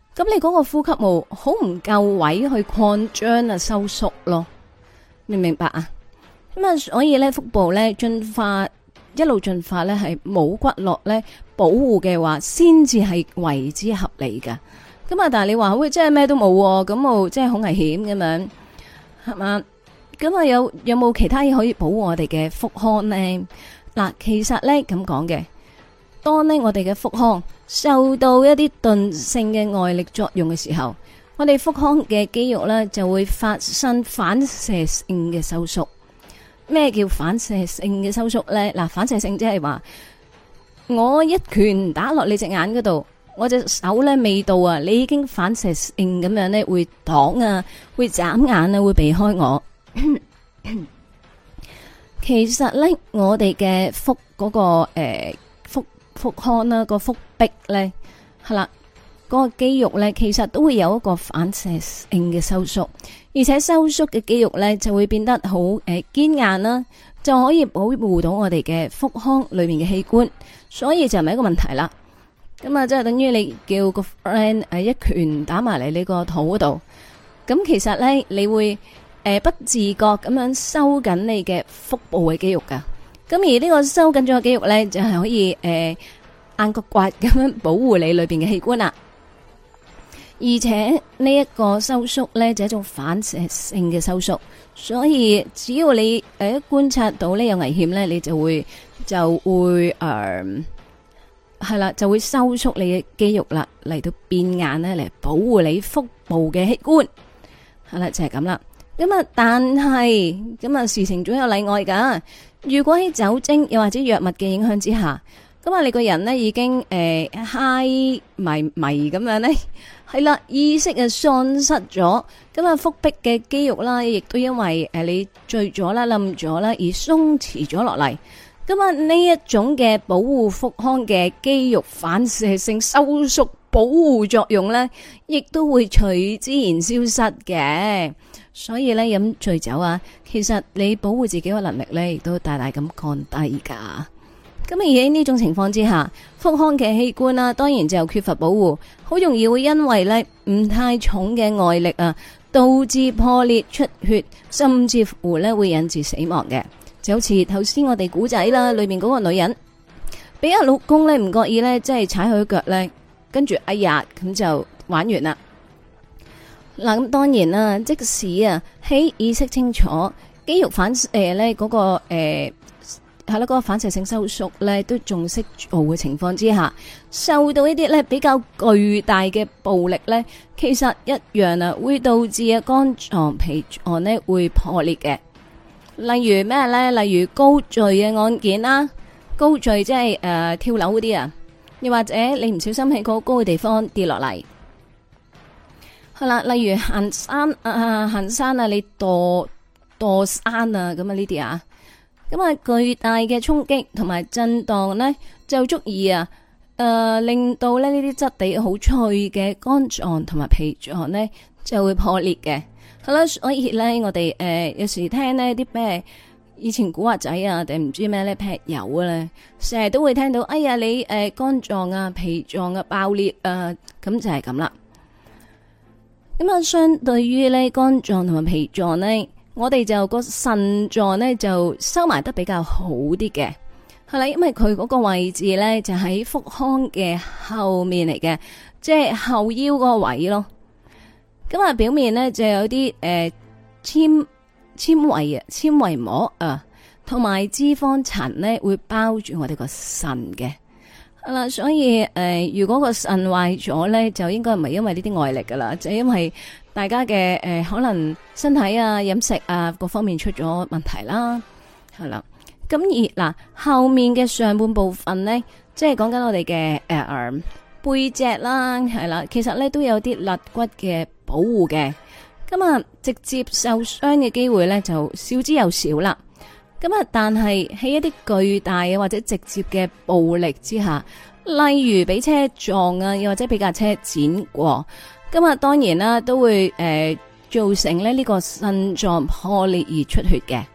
咁你嗰個呼吸冇好唔夠位去擴張啊收縮咯，明唔明白啊？咁啊，所以咧腹部咧進化一路進化咧係冇骨骼咧保護嘅話，先至係為之合理㗎。咁啊，但係你話好，即係咩都冇，咁冇即係好危險咁樣係嘛？咁啊，有有冇其他嘢可以保護我哋嘅腹腔呢？嗱，其實咧咁講嘅，當呢，我哋嘅腹腔。受到一啲鈍性嘅外力作用嘅時候，我哋腹腔嘅肌肉呢就會發生反射性嘅收縮。咩叫反射性嘅收縮呢？嗱，反射性即係話我一拳打落你隻眼嗰度，我隻手呢未到啊，你已經反射性咁樣呢會擋啊，會眨眼啊，會避開我。其實呢，我哋嘅腹嗰個誒。腹腔啦，個腹壁咧，係啦，嗰個肌肉咧，其實都會有一個反射性嘅收縮，而且收縮嘅肌肉咧就會變得好誒堅硬啦，就可以保護到我哋嘅腹腔裏面嘅器官，所以就唔係一個問題啦。咁啊，即係等於你叫個 friend 誒一拳打埋嚟你個肚嗰度，咁其實咧你會誒不自覺咁樣收緊你嘅腹部嘅肌肉噶。咁而呢個收緊咗嘅肌肉呢，就係可以誒、呃、硬骨骨咁樣保護你裏邊嘅器官啦。而且呢一個收縮呢，就係、是、一種反射性嘅收縮。所以只要你誒觀察到呢有危險呢，你就會就會誒係啦，就會收縮你嘅肌肉啦，嚟到變硬呢，嚟保護你腹部嘅器官。係啦，就係咁啦。咁啊！但係咁啊，事情總有例外噶。如果喺酒精又或者藥物嘅影響之下，咁啊，你個人呢已經誒嗨迷迷咁樣呢，係啦，意識啊喪失咗，咁啊，腹壁嘅肌肉啦，亦都因為誒你醉咗啦、冧咗啦而鬆弛咗落嚟。咁啊，呢一種嘅保護腹腔嘅肌肉反射性收縮保護作用呢，亦都會隨之然消失嘅。所以咧，飲醉酒啊，其實你保護自己個能力呢，亦都大大咁降低噶。咁而喺呢種情況之下，腹腔嘅器官啊，當然就缺乏保護，好容易會因為呢唔太重嘅外力啊，導致破裂出血，甚至乎呢會引致死亡嘅。就好似頭先我哋古仔啦，裏面嗰個女人俾阿老公呢，唔覺意呢，即係踩佢腳呢，跟住哎呀咁就玩完啦。嗱，咁當然啦，即使啊，喺意識清楚、肌肉反射、嗰個，咧嗰個誒，係啦嗰個反射性收縮呢，都仲識做嘅情況之下，受到一啲呢比較巨大嘅暴力呢，其實一樣啊，會導致啊肝臟、脾臟呢會破裂嘅。例如咩呢？例如高墜嘅案件啦，高墜即係誒、呃、跳樓嗰啲啊，又或者你唔小心喺個高嘅地方跌落嚟。好啦，例如行山啊，行山，墮墮山啊，你墮墮山啊，咁啊呢啲啊，咁啊巨大嘅衝擊同埋震盪咧，就足以啊，誒令到咧呢啲質地好脆嘅肝臟同埋脾臟咧，就會破裂嘅。好、啊、啦，所以咧，我哋誒、呃、有時聽呢啲咩以前古惑仔啊，定唔知咩咧劈油啊咧，成日都會聽到，哎呀你誒、呃、肝臟啊、脾臟呀爆裂啊，咁就係咁啦。咁啊，相對於呢肝臟同埋脾臟呢，我哋就個腎臟呢就收埋得比較好啲嘅，係啦。因為佢嗰個位置呢，就喺腹腔嘅後面嚟嘅，即係後腰嗰個位咯。咁啊，表面呢，就有啲誒纖纖維啊纖維膜啊，同埋脂肪層呢會包住我哋個腎嘅。啊啦，所以誒、呃，如果個腎壞咗咧，就應該唔係因為呢啲外力噶啦，就係、因為大家嘅誒、呃、可能身體啊、飲食啊各方面出咗問題啦，係啦。咁而嗱、呃、後面嘅上半部分呢，即係講緊我哋嘅誒背脊啦，係啦，其實咧都有啲肋骨嘅保護嘅，咁、嗯、啊、呃、直接受傷嘅機會咧就少之又少啦。咁啊，但係喺一啲巨大嘅或者直接嘅暴力之下，例如俾車撞啊，又或者俾架車剪過，咁啊，當然啦，都會誒、呃、造成咧呢個腎臟破裂而出血嘅。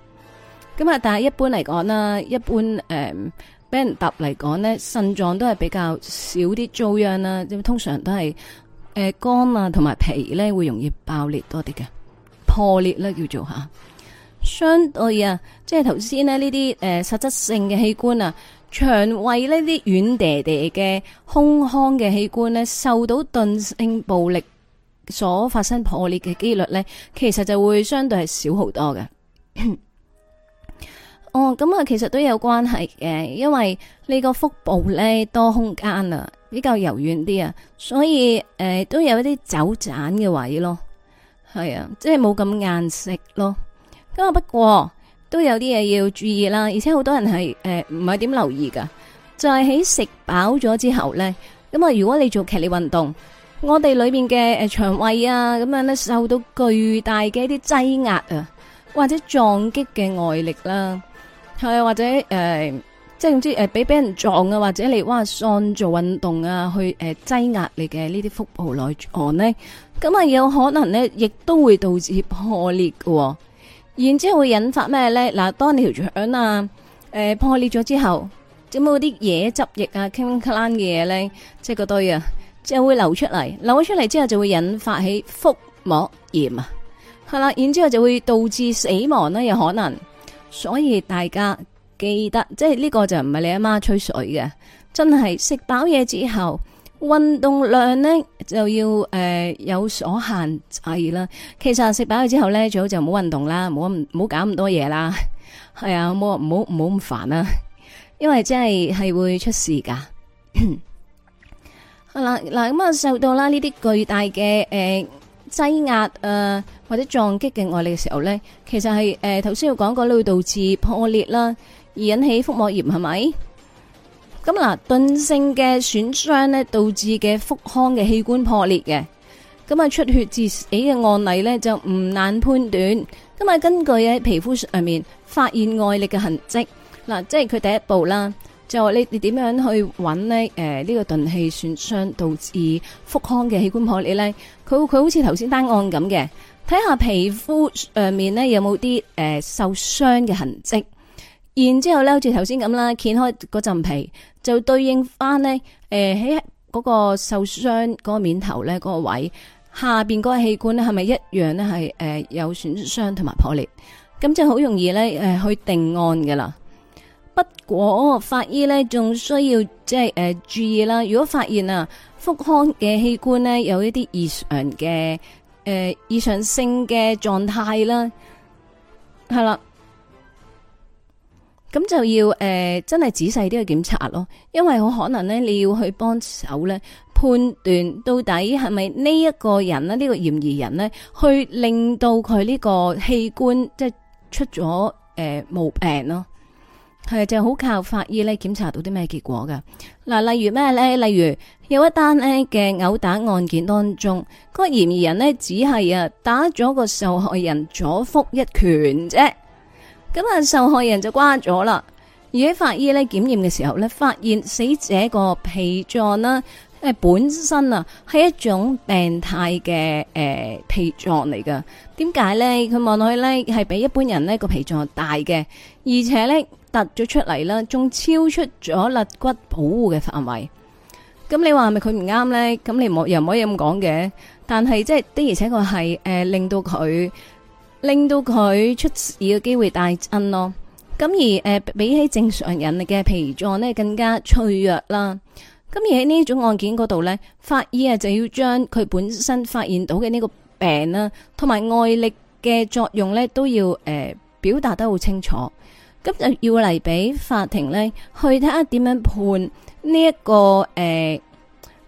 咁啊，但係一般嚟講啦，一般誒俾人揼嚟講呢，腎臟都係比較少啲遭殃啦，咁通常都係誒、呃、肝啊同埋脾咧會容易爆裂多啲嘅，破裂咧叫做吓。相對啊，即係頭先呢啲誒實質性嘅器官啊，腸胃呢啲軟嗲嗲嘅空腔嘅器官呢，受到鈍性暴力所發生破裂嘅幾率呢，其實就會相對係少好多嘅。 *coughs* 哦，咁啊，其實都有關係嘅，因為呢個腹部呢，多空間啊，比較柔軟啲啊，所以誒、呃、都有一啲走盞嘅位咯。係啊，即係冇咁硬食咯。咁啊，不過都有啲嘢要注意啦。而且好多人係誒唔係點留意噶。就係喺食飽咗之後咧，咁、呃、啊，如果你做劇烈運動，我哋裏面嘅誒腸胃啊，咁樣咧受到巨大嘅一啲擠壓啊，或者撞擊嘅外力啦、啊，係或者誒、呃、即係總之誒俾俾人撞啊，或者你哇，算做運動啊，去誒擠壓你嘅呢啲腹部內臟咧，咁啊，有可能咧亦都會導致破裂噶、啊。然之後會引發咩咧？嗱，當你條腸啊，誒、呃、破裂咗之後，咁嗰啲嘢汁液啊、黏黏黏嘅嘢咧，即係嗰堆啊，即係會流出嚟。流出嚟之後就會引發起腹膜炎啊，係啦，然之後就會導致死亡啦、啊，有可能。所以大家記得，即係呢個就唔係你阿媽、媽吹水嘅，真係食飽嘢之後。運動量呢就要誒、呃、有所限制啦。其實食飽咗之後呢，最好就唔好運動啦，唔好唔好搞咁多嘢啦。係啊，唔好唔好唔好咁煩啦，因為真係係會出事噶。嗱嗱咁啊，受到啦呢啲巨大嘅誒擠壓誒或者撞擊嘅外力嘅時候呢，其實係誒頭先要講過咧，會、呃、導致破裂啦，而引起腹膜炎係咪？是咁嗱，鈍性嘅損傷呢，導致嘅腹腔嘅器官破裂嘅，咁啊出血致死嘅案例呢，就唔難判斷。咁啊，根據喺皮膚上面發現外力嘅痕跡，嗱，即係佢第一步啦。就話你你點樣去揾呢？誒，呢個鈍器損傷導致腹腔嘅器官破裂呢，佢佢好似頭先單案咁嘅，睇下皮膚上面呢，有冇啲誒受傷嘅痕跡。然之後咧，好似頭先咁啦，揭開嗰陣皮，就對應翻呢。誒喺嗰個受傷嗰個面頭咧嗰、嗰個位下邊嗰個器官呢，係咪一樣呢？係、呃、誒有損傷同埋破裂？咁就好容易咧誒、呃、去定案噶啦。不過法醫呢仲需要即係誒注意啦，如果發現啊腹腔嘅器官呢，有一啲異常嘅誒異常性嘅狀態啦，係啦。咁就要誒、呃，真係仔細啲去檢查咯，因為好可能咧，你要去幫手咧判斷到底係咪呢一個人呢？呢、呢個嫌疑人呢，去令到佢呢個器官即係出咗誒毛病咯，係就好、係、靠法醫咧檢查到啲咩結果噶。嗱、啊，例如咩咧？例如有一單呢嘅毆打案件當中，個嫌疑人呢，只係啊打咗個受害人左腹一拳啫。咁啊，受害人就瓜咗啦。而喺法醫咧檢驗嘅時候咧，發現死者個脾臟啦，誒、呃、本身啊係一種病態嘅誒脾臟嚟噶。點解咧？佢望落去咧係比一般人呢個脾臟大嘅，而且咧凸咗出嚟啦，仲超出咗肋骨保護嘅範圍。咁你話係咪佢唔啱咧？咁你冇又唔可以咁講嘅。但係即係的而且確係誒令到佢。令到佢出事嘅機會大增咯，咁而誒比起正常人嘅脾臟呢更加脆弱啦。咁而喺呢種案件嗰度呢法醫啊就要將佢本身發現到嘅呢個病啦、啊，同埋外力嘅作用呢，都要誒、呃、表達得好清楚。咁就要嚟俾法庭呢去睇下點樣判呢、這、一個誒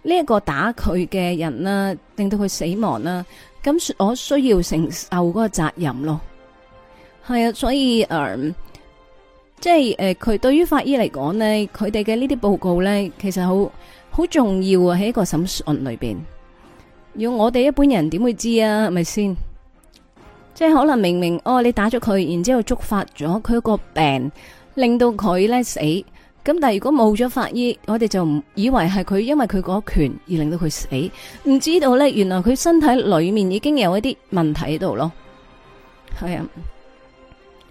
呢一個打佢嘅人啦、啊，令到佢死亡啦、啊。咁我需要承受嗰個責任咯，係啊，所以誒、呃，即係誒，佢、呃、對於法醫嚟講呢，佢哋嘅呢啲報告呢，其實好好重要啊，喺一個審訊裏邊，要我哋一般人點會知啊？係咪先？即係可能明明哦，你打咗佢，然之後觸發咗佢個病，令到佢呢死。咁但係如果冇咗法醫，我哋就唔以為係佢因為佢嗰拳而令到佢死，唔知道咧原來佢身體裏面已經有一啲問題喺度咯，係啊。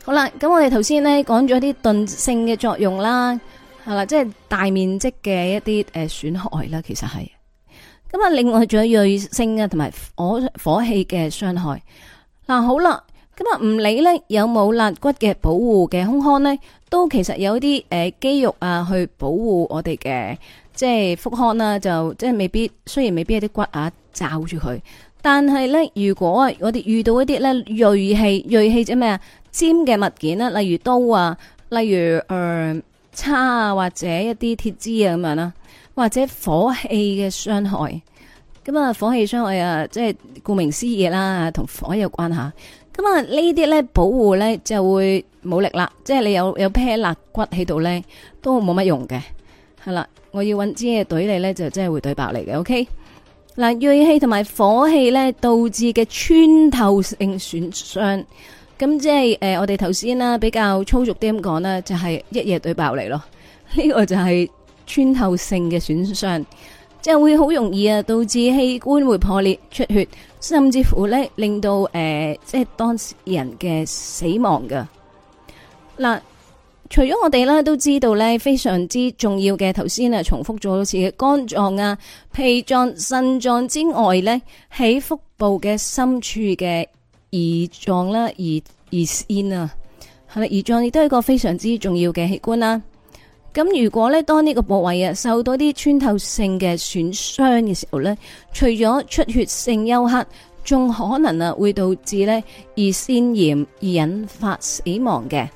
好啦，咁我哋頭先咧講咗一啲鈍性嘅作用啦，係嘛，即係大面積嘅一啲誒損害啦，其實係。咁啊，另外仲有銳性啊，同埋火火器嘅傷害。嗱，好啦。咁啊，唔理咧有冇肋骨嘅保護嘅胸腔咧，都其實有一啲誒、呃、肌肉啊，去保護我哋嘅即係腹腔啦、啊、就即係未必雖然未必有啲骨啊罩住佢，但係咧如果啊，我哋遇到一啲咧銳器銳器即咩啊尖嘅物件啦、啊，例如刀啊，例如誒、呃、叉啊，或者一啲鐵枝啊咁樣啦，或者火器嘅傷害。咁啊，火器傷害啊，即係顧名思義啦、啊，同火有關吓、啊。咁啊，呢啲咧保護咧就會冇力啦，即係你有有劈肋骨喺度咧，都冇乜用嘅，係啦。我要搵支嘢懟你咧，就真係會懟爆嚟嘅。O K，嗱，銳器同埋火器咧導致嘅穿透性損傷，咁即係誒、呃，我哋頭先啦比較粗俗啲咁講啦，就係、是、一嘢懟爆嚟咯。呢、這個就係穿透性嘅損傷，即係會好容易啊導致器官會破裂出血。甚至乎咧，令到誒、呃，即係當時人嘅死亡噶。嗱，除咗我哋咧都知道咧，非常之重要嘅，頭先啊重複咗一次嘅肝臟啊、脾臟、腎臟之外咧，喺腹部嘅深處嘅胰臟啦，胰胰腺啊，係咪？胰臟亦都係一個非常之重要嘅器官啦。咁如果咧，當呢個部位啊受到啲穿透性嘅損傷嘅時候咧，除咗出血性休克，仲可能啊會導致呢胰腺炎，而引發死亡嘅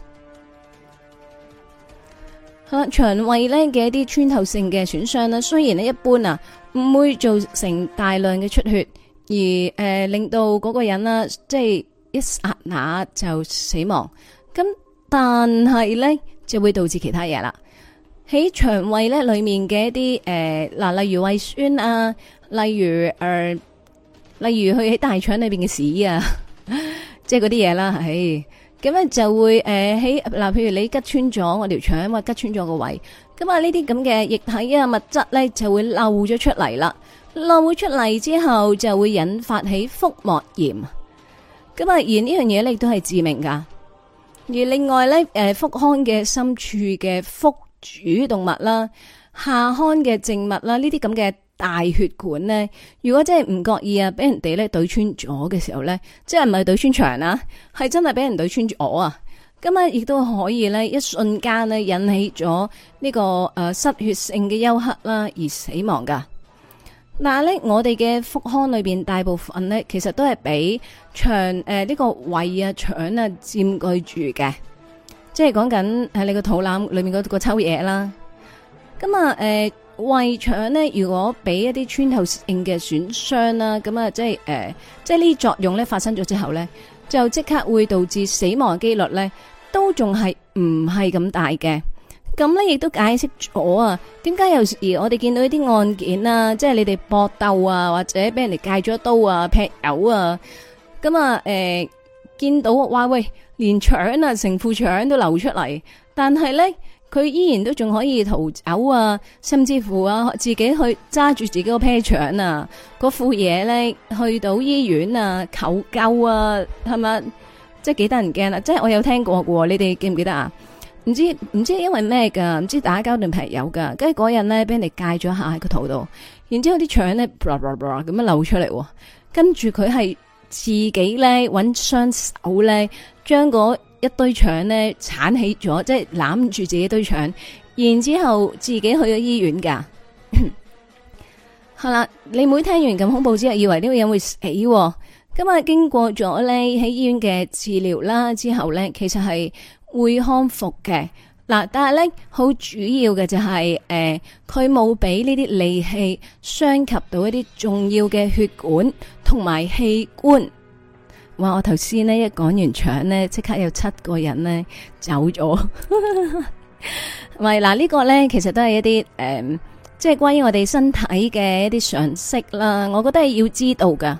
吓。腸胃咧嘅一啲穿透性嘅損傷咧，雖然咧一般啊唔會造成大量嘅出血，而誒、呃、令到嗰個人啦，即係一剎那就死亡。咁但係咧就會導致其他嘢啦。喺腸胃咧，裏面嘅一啲誒嗱，例如胃酸啊，例如誒，例如去喺大腸裏邊嘅屎啊，即係嗰啲嘢啦。唉，咁咧就會誒喺嗱，譬如你吉穿咗我條腸，咪吉穿咗個胃，咁啊呢啲咁嘅液體啊物質咧就會漏咗出嚟啦。漏咗出嚟之後就會引發起腹膜炎，咁啊，而呢樣嘢咧都係致命噶。而另外咧，誒腹腔嘅深處嘅腹。主動脈啦、下腔嘅靜脈啦，呢啲咁嘅大血管咧，如果真係唔覺意啊，俾人哋咧懟穿咗嘅時候咧，即係唔係懟穿牆啊，係真係俾人懟穿咗啊，咁啊亦都可以咧，一瞬間咧引起咗呢個誒失血性嘅休克啦而死亡噶。嗱咧，我哋嘅腹腔裏邊大部分咧，其實都係俾腸誒呢個胃啊、腸啊佔據住嘅。即係講緊喺你個肚腩裏面嗰個抽嘢啦，咁啊，誒、呃，胃腸咧，如果俾一啲穿透性嘅損傷啦，咁啊，即係誒、呃，即係呢啲作用咧發生咗之後咧，就即刻會導致死亡嘅幾率咧，都仲係唔係咁大嘅，咁咧亦都解釋咗啊，點解有時我哋見到一啲案件啊，即係你哋搏鬥啊，或者俾人哋戒咗刀啊、劈友啊，咁啊，誒、呃，見到哇喂。連腸啊，成副腸都流出嚟，但係咧，佢依然都仲可以逃走啊，甚至乎啊，自己去揸住自己個啤腸啊，個副嘢咧去到醫院啊求救啊，係咪？即係幾得人驚啦！即係我有聽過噶，你哋記唔記得啊？唔知唔知因為咩噶，唔知打交定朋友噶，跟住嗰日咧俾人哋戒咗下喺個肚度，然之後啲腸咧咁樣流出嚟，跟住佢係。自己咧搵雙手咧，將嗰一堆腸咧鏟起咗，即係攬住自己堆腸，然之後自己去咗醫院㗎。係 *laughs* 啦，你妹聽完咁恐怖之後，以為呢個人會死啊，今日經過咗咧喺醫院嘅治療啦之後咧，其實係會康復嘅。嗱，但係咧，好主要嘅就係、是，誒、呃，佢冇俾呢啲利器傷及到一啲重要嘅血管同埋器官。哇，我頭先呢一講完腸咧，即刻有七個人咧走咗。唔 *laughs* 嗱、嗯呃這個、呢個咧，其實都係一啲，誒、呃，即係關於我哋身體嘅一啲常識啦，我覺得係要知道噶。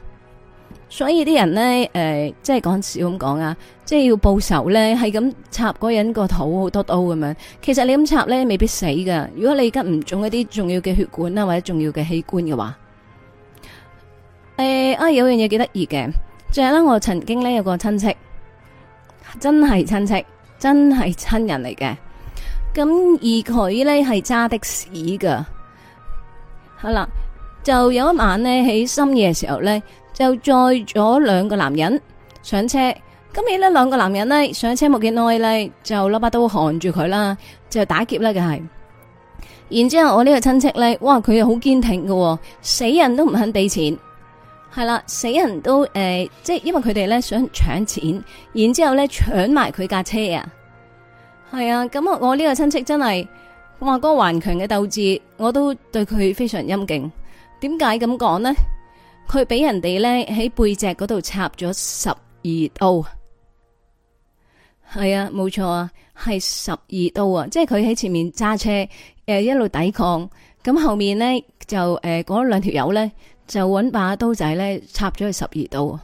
所以啲人呢，誒、呃，即係講笑咁講啊，即係要報仇呢，係咁插嗰人個肚好多刀咁樣。其實你咁插呢，未必死噶。如果你跟唔中一啲重要嘅血管啦，或者重要嘅器官嘅話，誒、呃、啊，有樣嘢幾得意嘅，就係呢。我曾經呢，有個親戚，真係親戚，真係親人嚟嘅。咁而佢呢，係揸的士噶，好啦，就有一晚呢，喺深夜嘅時候呢。就載咗兩個男人上車，咁尾呢兩個男人呢，上車冇幾耐呢就攞把刀扛住佢啦，就打劫啦嘅係。然之後我呢個親戚呢，哇佢又好堅挺嘅、哦，死人都唔肯俾錢，係啦，死人都誒、呃、即係因為佢哋呢想搶錢，然之後呢搶埋佢架車啊，係啊，咁我呢個親戚真係話嗰頑強嘅鬥志，我都對佢非常欽敬。點解咁講呢？佢俾人哋咧喺背脊嗰度插咗十二刀，係啊，冇錯啊，係十二刀啊。即係佢喺前面揸車，誒一路抵抗，咁後面咧就誒嗰兩條友咧就搵把刀仔咧插咗十二刀。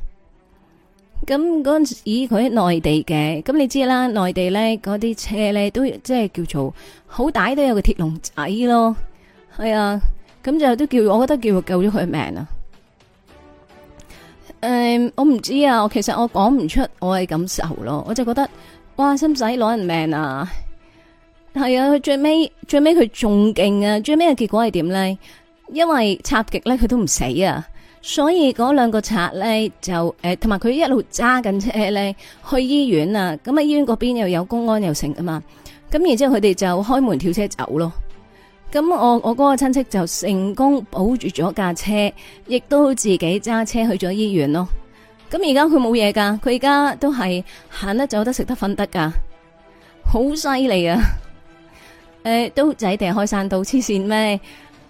咁嗰陣時佢喺內地嘅，咁你知啦，內地咧嗰啲車咧都即係叫做好歹都有個鐵籠仔咯，係啊，咁就都叫我覺得叫救咗佢命啊。誒、嗯，我唔知啊，其實我講唔出我嘅感受咯，我就覺得哇，使唔使攞人命啊，係啊，佢最尾最尾佢仲勁啊，最尾嘅結果係點咧？因為插極咧，佢都唔死啊，所以嗰兩個賊咧就誒，同埋佢一路揸緊車咧去醫院啊，咁啊醫院嗰邊又有公安又剩啊嘛，咁然之後佢哋就開門跳車走咯。咁我我嗰個親戚就成功保住咗架車，亦都自己揸車去咗醫院咯。咁而家佢冇嘢噶，佢而家都係行得走得食得瞓得噶，好犀利啊！誒、欸，刀仔定開山刀黐線咩？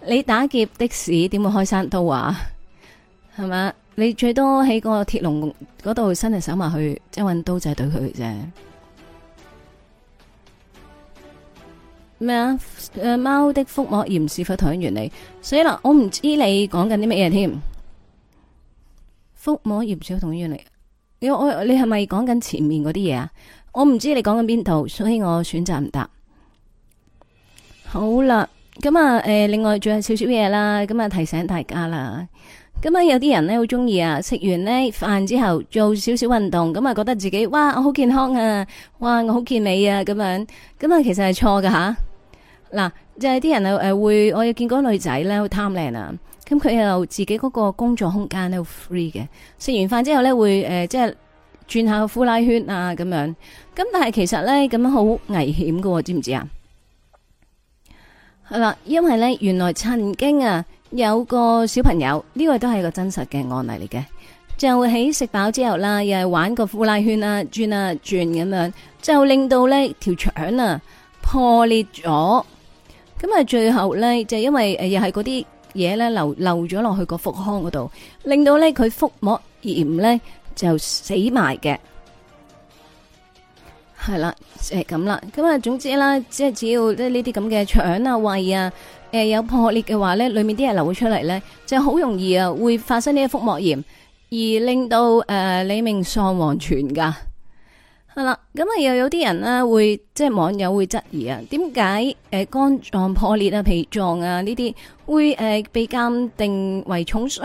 你打劫的士點會開山刀啊？係嘛？你最多喺個鐵籠嗰度伸條手埋去，即係揾刀仔對佢啫。咩啊？誒，貓的腹膜炎是否同樣原理？所以啦，我唔知你講緊啲乜嘢添。腹膜炎是否同樣原理？你我你係咪講緊前面嗰啲嘢啊？我唔知你講緊邊度，所以我選擇唔答。好啦，咁啊，誒，另外仲有少少嘢啦，咁啊，提醒大家啦。咁啊，有啲人咧好中意啊，食完呢飯之後做少少運動，咁啊，覺得自己哇，我好健康啊，哇，我好健美啊，咁樣，咁啊，其實係錯噶吓。嗱，就係、是、啲人啊，誒、呃，會，我要見嗰女仔咧，好貪靚啊，咁佢又自己嗰個工作空間咧，好 free 嘅，食完飯之後咧，會誒、呃，即係轉下呼拉圈啊，咁樣，咁但係其實咧，咁樣好危險噶，知唔知啊？啦因為咧，原來曾經啊，有個小朋友，呢個都係個真實嘅案例嚟嘅，就喺食飽之後啦，又係玩個呼拉圈啊，轉啊轉咁樣，就令到咧條腸啊破裂咗。咁啊，最後咧就係因為誒，又係嗰啲嘢咧流流咗落去個腹腔嗰度，令到咧佢腹膜炎咧就死埋嘅，係啦，即係咁啦。咁啊，總之啦，即係只要咧呢啲咁嘅腸啊、胃啊，誒有破裂嘅話咧，裏面啲嘢流出嚟咧，就好容易啊會發生呢個腹膜炎，而令到誒李明喪亡全噶。係啦，咁啊、嗯、又有啲人咧會即係網友會質疑啊，點解誒肝臟破裂啊、脾臟啊呢啲會誒、呃、被鑑定為重傷？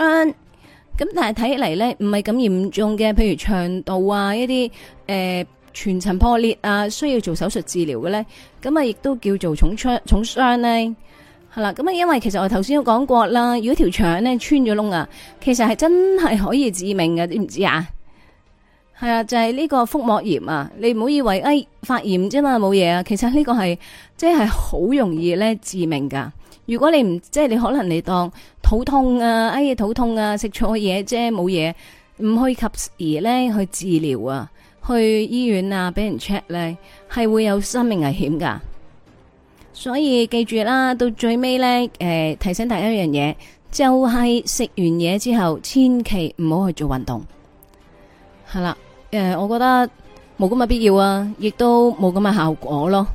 咁但係睇起嚟咧唔係咁嚴重嘅，譬如腸道啊一啲誒、呃、全層破裂啊，需要做手術治療嘅咧，咁啊亦都叫做重傷重傷咧，係、嗯、啦，咁、嗯、啊、嗯、因為其實我頭先都講過啦，如果條腸咧穿咗窿啊，其實係真係可以致命嘅，知唔知啊？係啊，就係、是、呢個腹膜炎啊！你唔好以為哎發炎啫嘛，冇嘢啊！其實呢個係即係好容易咧致命噶。如果你唔即係你可能你當肚痛啊哎肚痛啊食錯嘢啫冇嘢，唔去及時咧去治療啊，去醫院啊俾人 check 咧係會有生命危險噶。所以記住啦，到最尾咧誒提醒大家一樣嘢，就係、是、食完嘢之後，千祈唔好去做運動。係啦，誒，我覺得冇咁嘅必要啊，亦都冇咁嘅效果咯。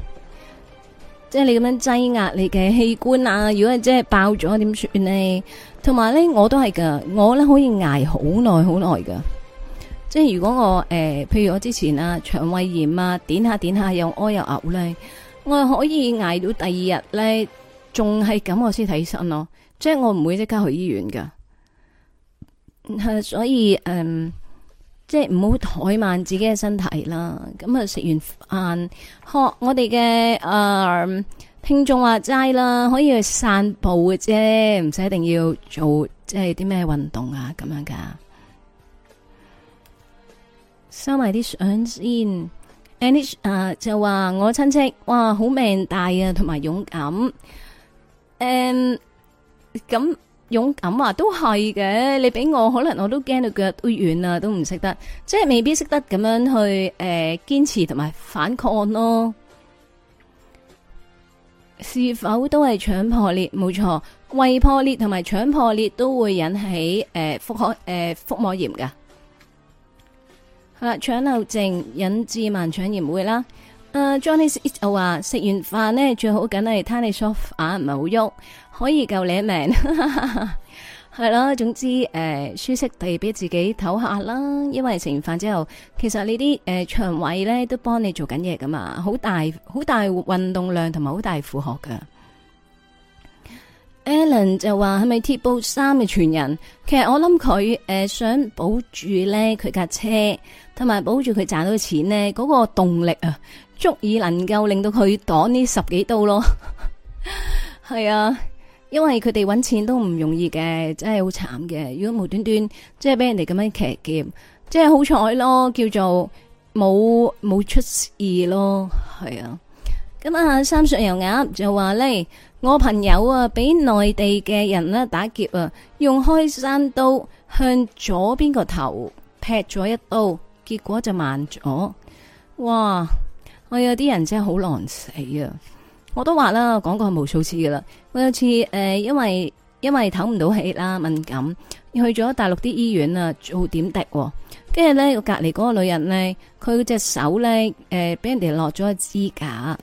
即係你咁樣擠壓你嘅器官啊，如果係即係爆咗點算呢？同埋咧，我都係噶，我咧可以挨好耐好耐噶。即係如果我誒，譬如我之前啊，腸胃炎啊，點下點下又屙又嘔咧，我可以挨、呃、到第二日咧，仲係咁我先睇身咯。即係我唔會即刻去醫院噶、嗯。所以誒。嗯即係唔好怠慢自己嘅身體啦，咁啊食完飯，學我哋嘅誒聽眾話齋啦，可以去散步嘅啫，唔使一定要做即係啲咩運動啊咁樣噶。收埋啲相先，Anish 啊、呃、就話我親戚哇好命大啊，同埋勇敢，誒、嗯、咁。勇敢啊，都係嘅。你俾我，可能我都驚到腳都軟啦，都唔識得，即係未必識得咁樣去誒堅、呃、持同埋反抗咯。是否都係腸破裂？冇錯，胃破裂同埋腸破裂都會引起誒、呃、腹可誒、呃、腹膜炎㗎。係啦，腸漏症引致盲腸炎會啦。誒、呃、Johnny 就話食完飯呢，最好緊係攤喺梳化，唔係好喐。可以救你一命，係啦。總之誒、呃，舒適地俾自己唞下啦。因為食完飯之後，其實你、呃、呢啲誒腸胃咧都幫你做緊嘢噶嘛，好大好大運動量同埋好大負荷噶。Alan 就話係咪鐵布衫嘅傳人？其實我諗佢誒想保住咧佢架車，同埋保住佢賺到嘅錢呢嗰那個動力啊，足以能夠令到佢擋呢十幾刀咯。係 *laughs* 啊。因為佢哋搵錢都唔容易嘅，真係好慘嘅。如果無端端即係俾人哋咁樣騎劫，即係好彩咯，叫做冇冇出事咯，係啊。咁啊，三水油鴨就話呢：「我朋友啊，俾內地嘅人咧打劫啊，用開山刀向左邊個頭劈咗一刀，結果就慢咗。哇！我有啲人真係好狼死啊！我都話啦，講過係無數次噶啦。我有次誒、呃，因為因為唞唔到氣啦，敏感，去咗大陸啲醫院啊，做點滴、喔。跟住咧，我隔離嗰個女人咧，佢隻手咧，誒、呃，俾人哋落咗個支架。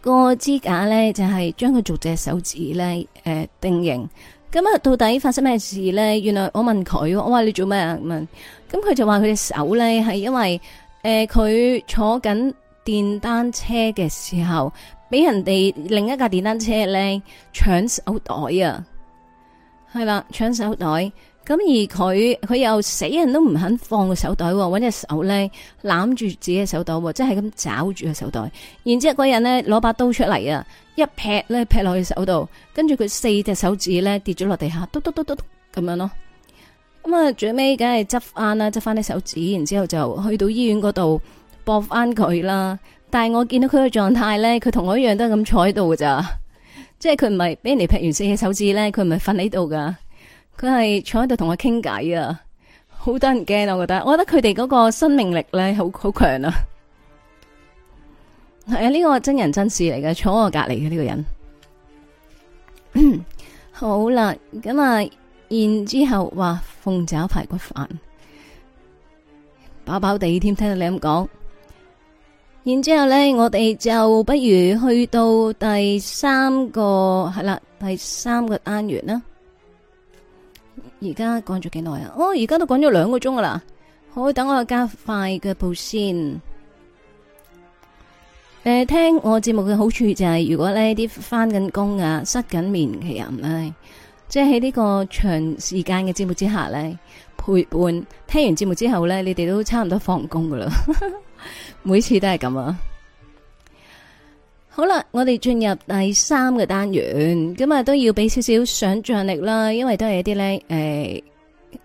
個支架咧就係將佢逐隻手指咧，誒、呃，定型。咁、嗯、啊，到底發生咩事咧？原來我問佢、喔，我話你做咩啊？問，咁佢就話佢隻手咧係因為，誒、呃，佢坐緊電單車嘅時候。俾人哋另一架電單車咧搶手袋啊，係啦，搶手袋。咁而佢佢又死人都唔肯放個手袋，搵隻手咧攬住自己嘅手袋，即係咁抓住個手袋。然之後嗰人咧攞把刀出嚟啊，一劈咧劈落去手度，跟住佢四隻手指咧跌咗落地下，嘟嘟嘟嘟咁樣咯。咁啊最尾梗係執翻啦，執翻啲手指，然之後就去到醫院嗰度駁翻佢啦。但係我見到佢嘅狀態咧，佢同我一樣都係咁坐喺度噶咋，即係佢唔係俾人哋劈完四隻手指咧，佢唔係瞓喺度噶，佢係坐喺度同我傾偈啊，好得人驚啊！我覺得，我覺得佢哋嗰個生命力咧，好好強啊！係啊，呢個真人真事嚟嘅，坐我隔籬嘅呢個人。 *coughs* 好啦，咁啊，然之後話鳳爪排骨飯飽飽地添，聽到你咁講。然之後咧，我哋就不如去到第三個係啦，第三個單元啦。而家講咗幾耐啊？哦，而家都講咗兩個鐘噶啦。好，等我加快腳步先。誒、呃，聽我節目嘅好處就係、是，如果呢啲翻緊工啊、失緊眠嘅人，唉，即係喺呢個長時間嘅節目之下呢。陪伴聽完節目之後呢，你哋都差唔多放工噶啦，每次都係咁啊。好啦，我哋進入第三個單元，咁啊都要俾少少想象力啦，因為都係一啲呢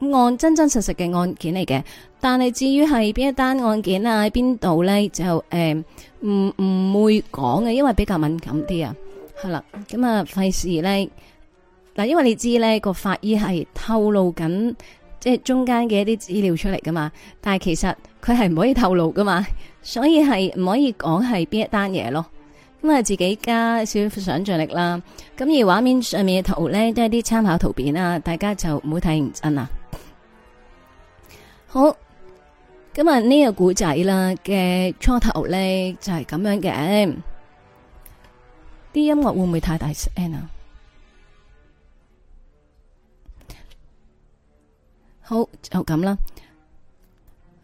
誒案真真實實嘅案件嚟嘅。但係至於係邊一單案件啊，喺邊度呢？就誒唔唔會講嘅，因為比較敏感啲啊。係、嗯、啦，咁啊費事呢。嗱，因為你知呢個法醫係透露緊，即係中間嘅一啲資料出嚟噶嘛，但係其實佢係唔可以透露噶嘛，所以係唔可以講係邊一單嘢咯。咁、嗯、啊，自己加少少想象力啦。咁而畫面上面嘅圖咧都係啲參考圖片啊，大家就唔好睇唔真啦。好，咁、嗯、啊、呢、這個古仔啦嘅初頭咧就係、是、咁樣嘅，啲音樂會唔會太大聲啊？好就咁啦。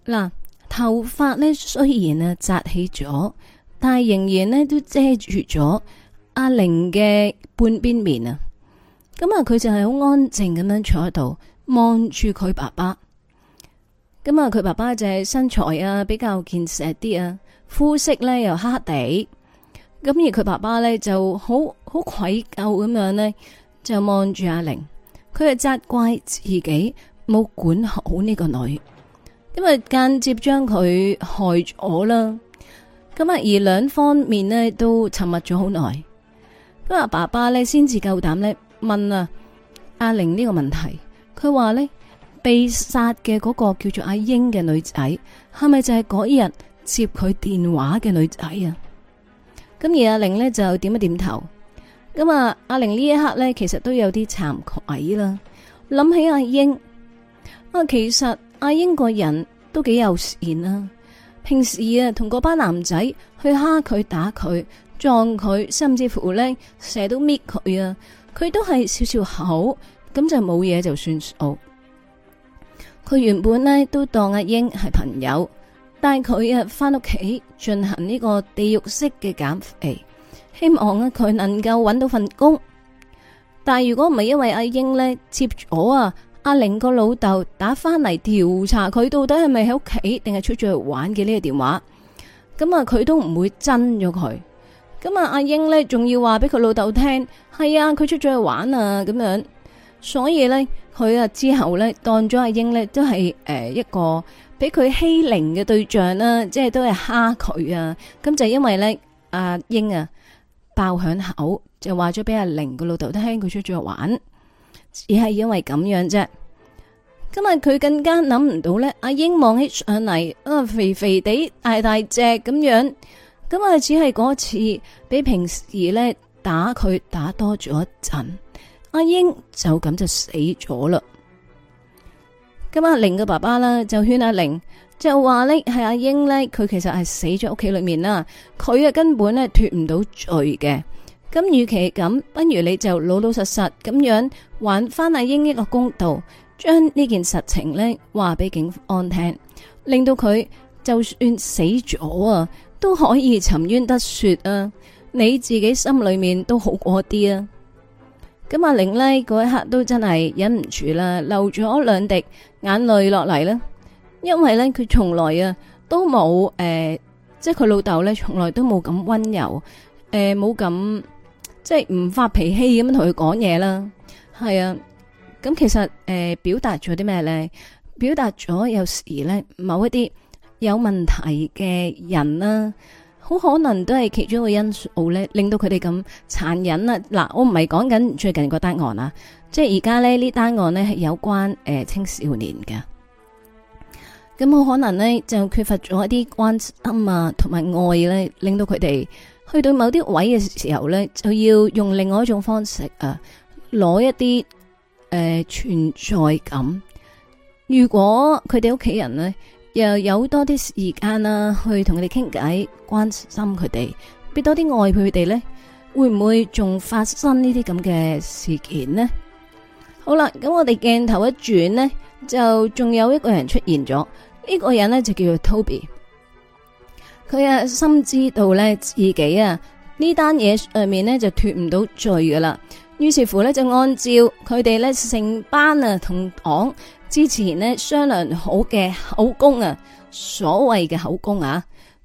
嗱，頭髮咧雖然啊紮起咗，但係仍然咧都遮住咗阿玲嘅半邊面啊。咁啊，佢就係好安靜咁樣坐喺度，望住佢爸爸。咁啊，佢爸爸就係身材啊比較健碩啲啊，膚色咧又黑黑地。咁而佢爸爸咧就好好愧疚咁樣咧，就望住阿玲，佢係責怪自己。冇管好呢個女，因為間接將佢害咗啦。咁啊，而兩方面呢都沉默咗好耐。咁啊，爸爸呢先至夠膽咧問啊阿玲呢個問題。佢話呢被殺嘅嗰個叫做阿英嘅女仔，係咪就係嗰一日接佢電話嘅女仔啊？咁而阿玲呢就點一點頭。咁啊，阿玲呢一刻呢，其實都有啲慚愧啦，諗起阿英。啊，其實阿英個人都幾友善啊。平時啊，同嗰班男仔去蝦佢，打佢，撞佢，甚至乎呢成日都搣佢啊。佢都係笑笑口，咁就冇嘢就算好。佢原本呢都當阿英係朋友，帶佢啊翻屋企進行呢個地獄式嘅減肥，希望呢、啊、佢能夠搵到份工。但係如果唔係因為阿英呢接咗啊。阿玲個老豆打翻嚟調查佢到底係咪喺屋企，定係出咗去玩嘅，呢個電話，咁啊佢都唔會真咗佢。咁啊阿英呢仲要話俾佢老豆聽，係啊，佢出咗去玩啊咁樣。所以呢，佢啊之後呢，當咗阿英呢都係誒一個俾佢欺凌嘅對象啦，即係都係蝦佢啊。咁就因為呢，阿英啊爆響口，就話咗俾阿玲個老豆聽佢出咗去玩。只係因為咁樣啫，今日佢更加諗唔到呢，阿英望起上嚟啊，肥肥地、大大隻咁樣，咁啊，只係嗰次比平時呢打佢打多咗一陣，阿英就咁就死咗嘞。咁阿玲嘅爸爸啦就勸阿玲，就話呢係阿英呢，佢其實係死咗屋企裏面啦，佢啊根本呢脫唔到罪嘅。咁，與其咁，不如你就老老實實咁樣還翻阿英一個公道，將呢件實情呢話俾警方聽，令到佢就算死咗啊，都可以沉冤得雪啊！你自己心裏面都好過啲啊！咁阿玲呢嗰一刻都真係忍唔住啦，流咗兩滴眼淚落嚟啦，因為呢，佢從來啊都冇誒，即係佢老豆呢，從來都冇咁溫柔誒，冇、呃、咁。即係唔發脾氣咁樣同佢講嘢啦，係啊，咁其實誒表達咗啲咩咧？表達咗有時咧某一啲有問題嘅人啦，好可能都係其中一個因素咧，令到佢哋咁殘忍啦。嗱，我唔係講緊最近個單案啊，即係而家咧呢單案咧係有關誒、呃、青少年嘅，咁好可能咧就缺乏咗一啲關心啊，同埋愛咧，令到佢哋。去到某啲位嘅時候呢，就要用另外一種方式啊，攞一啲誒、呃、存在感。如果佢哋屋企人呢，又有多啲時間啦，去同佢哋傾偈，關心佢哋，俾多啲愛佢哋呢，會唔會仲發生呢啲咁嘅事件呢？好啦，咁我哋鏡頭一轉呢，就仲有一個人出現咗，呢、呢個人呢，就叫做 Toby。佢啊，心知道咧自己啊呢單嘢上面呢就脫唔到罪噶啦，於是乎呢，就按照佢哋呢成班啊同黨之前呢商量好嘅口供啊，所謂嘅口供啊，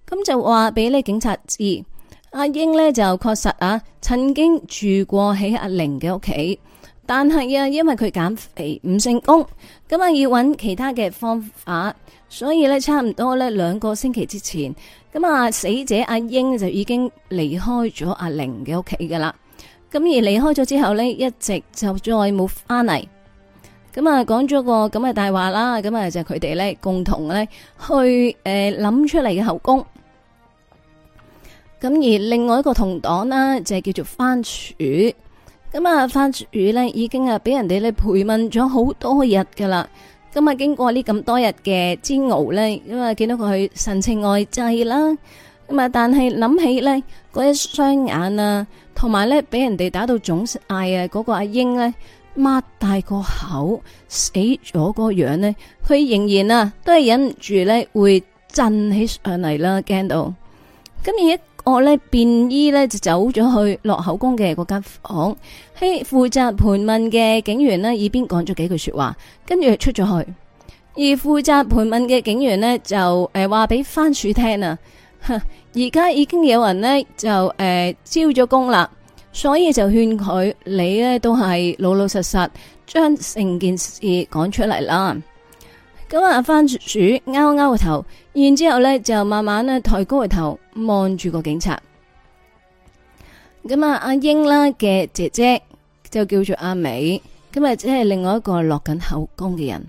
咁就話俾呢警察知。阿英呢，就確實啊，曾經住過喺阿玲嘅屋企，但係啊，因為佢減肥唔成功，咁啊要揾其他嘅方法，所以呢，差唔多呢兩個星期之前。咁啊，死者阿英就已經離開咗阿玲嘅屋企噶啦。咁而離開咗之後呢，一直就再冇翻嚟。咁啊，講咗個咁嘅大話啦。咁啊，就係佢哋呢共同呢去誒諗、呃、出嚟嘅口供。咁而另外一個同黨啦，就係叫做番薯。咁啊，番薯呢已經啊俾人哋呢陪問咗好多日噶啦。咁啊，經過呢咁多日嘅煎熬咧，咁啊見到佢神情呆滯啦，咁啊但係諗起咧嗰一雙眼啊，同埋咧俾人哋打到腫嗌啊，嗰個阿英咧擘大個口死咗個樣咧，佢仍然啊都係忍唔住咧會震起上嚟啦，驚到，咁而且。我呢便衣呢就走咗去落口供嘅嗰間房間，喺負責盤問嘅警員呢耳邊講咗幾句說話，跟住出咗去。而負責盤問嘅警員呢就誒話俾番薯聽啊，而家已經有人呢就誒、呃、招咗供啦，所以就勸佢你呢都係老老實實將成件事講出嚟啦。咁啊！番薯拗拗個頭，然之後呢就慢慢呢抬高個頭望住個警察。咁啊！阿英啦嘅姐姐就叫做阿美，咁啊只係另外一個落緊口供嘅人。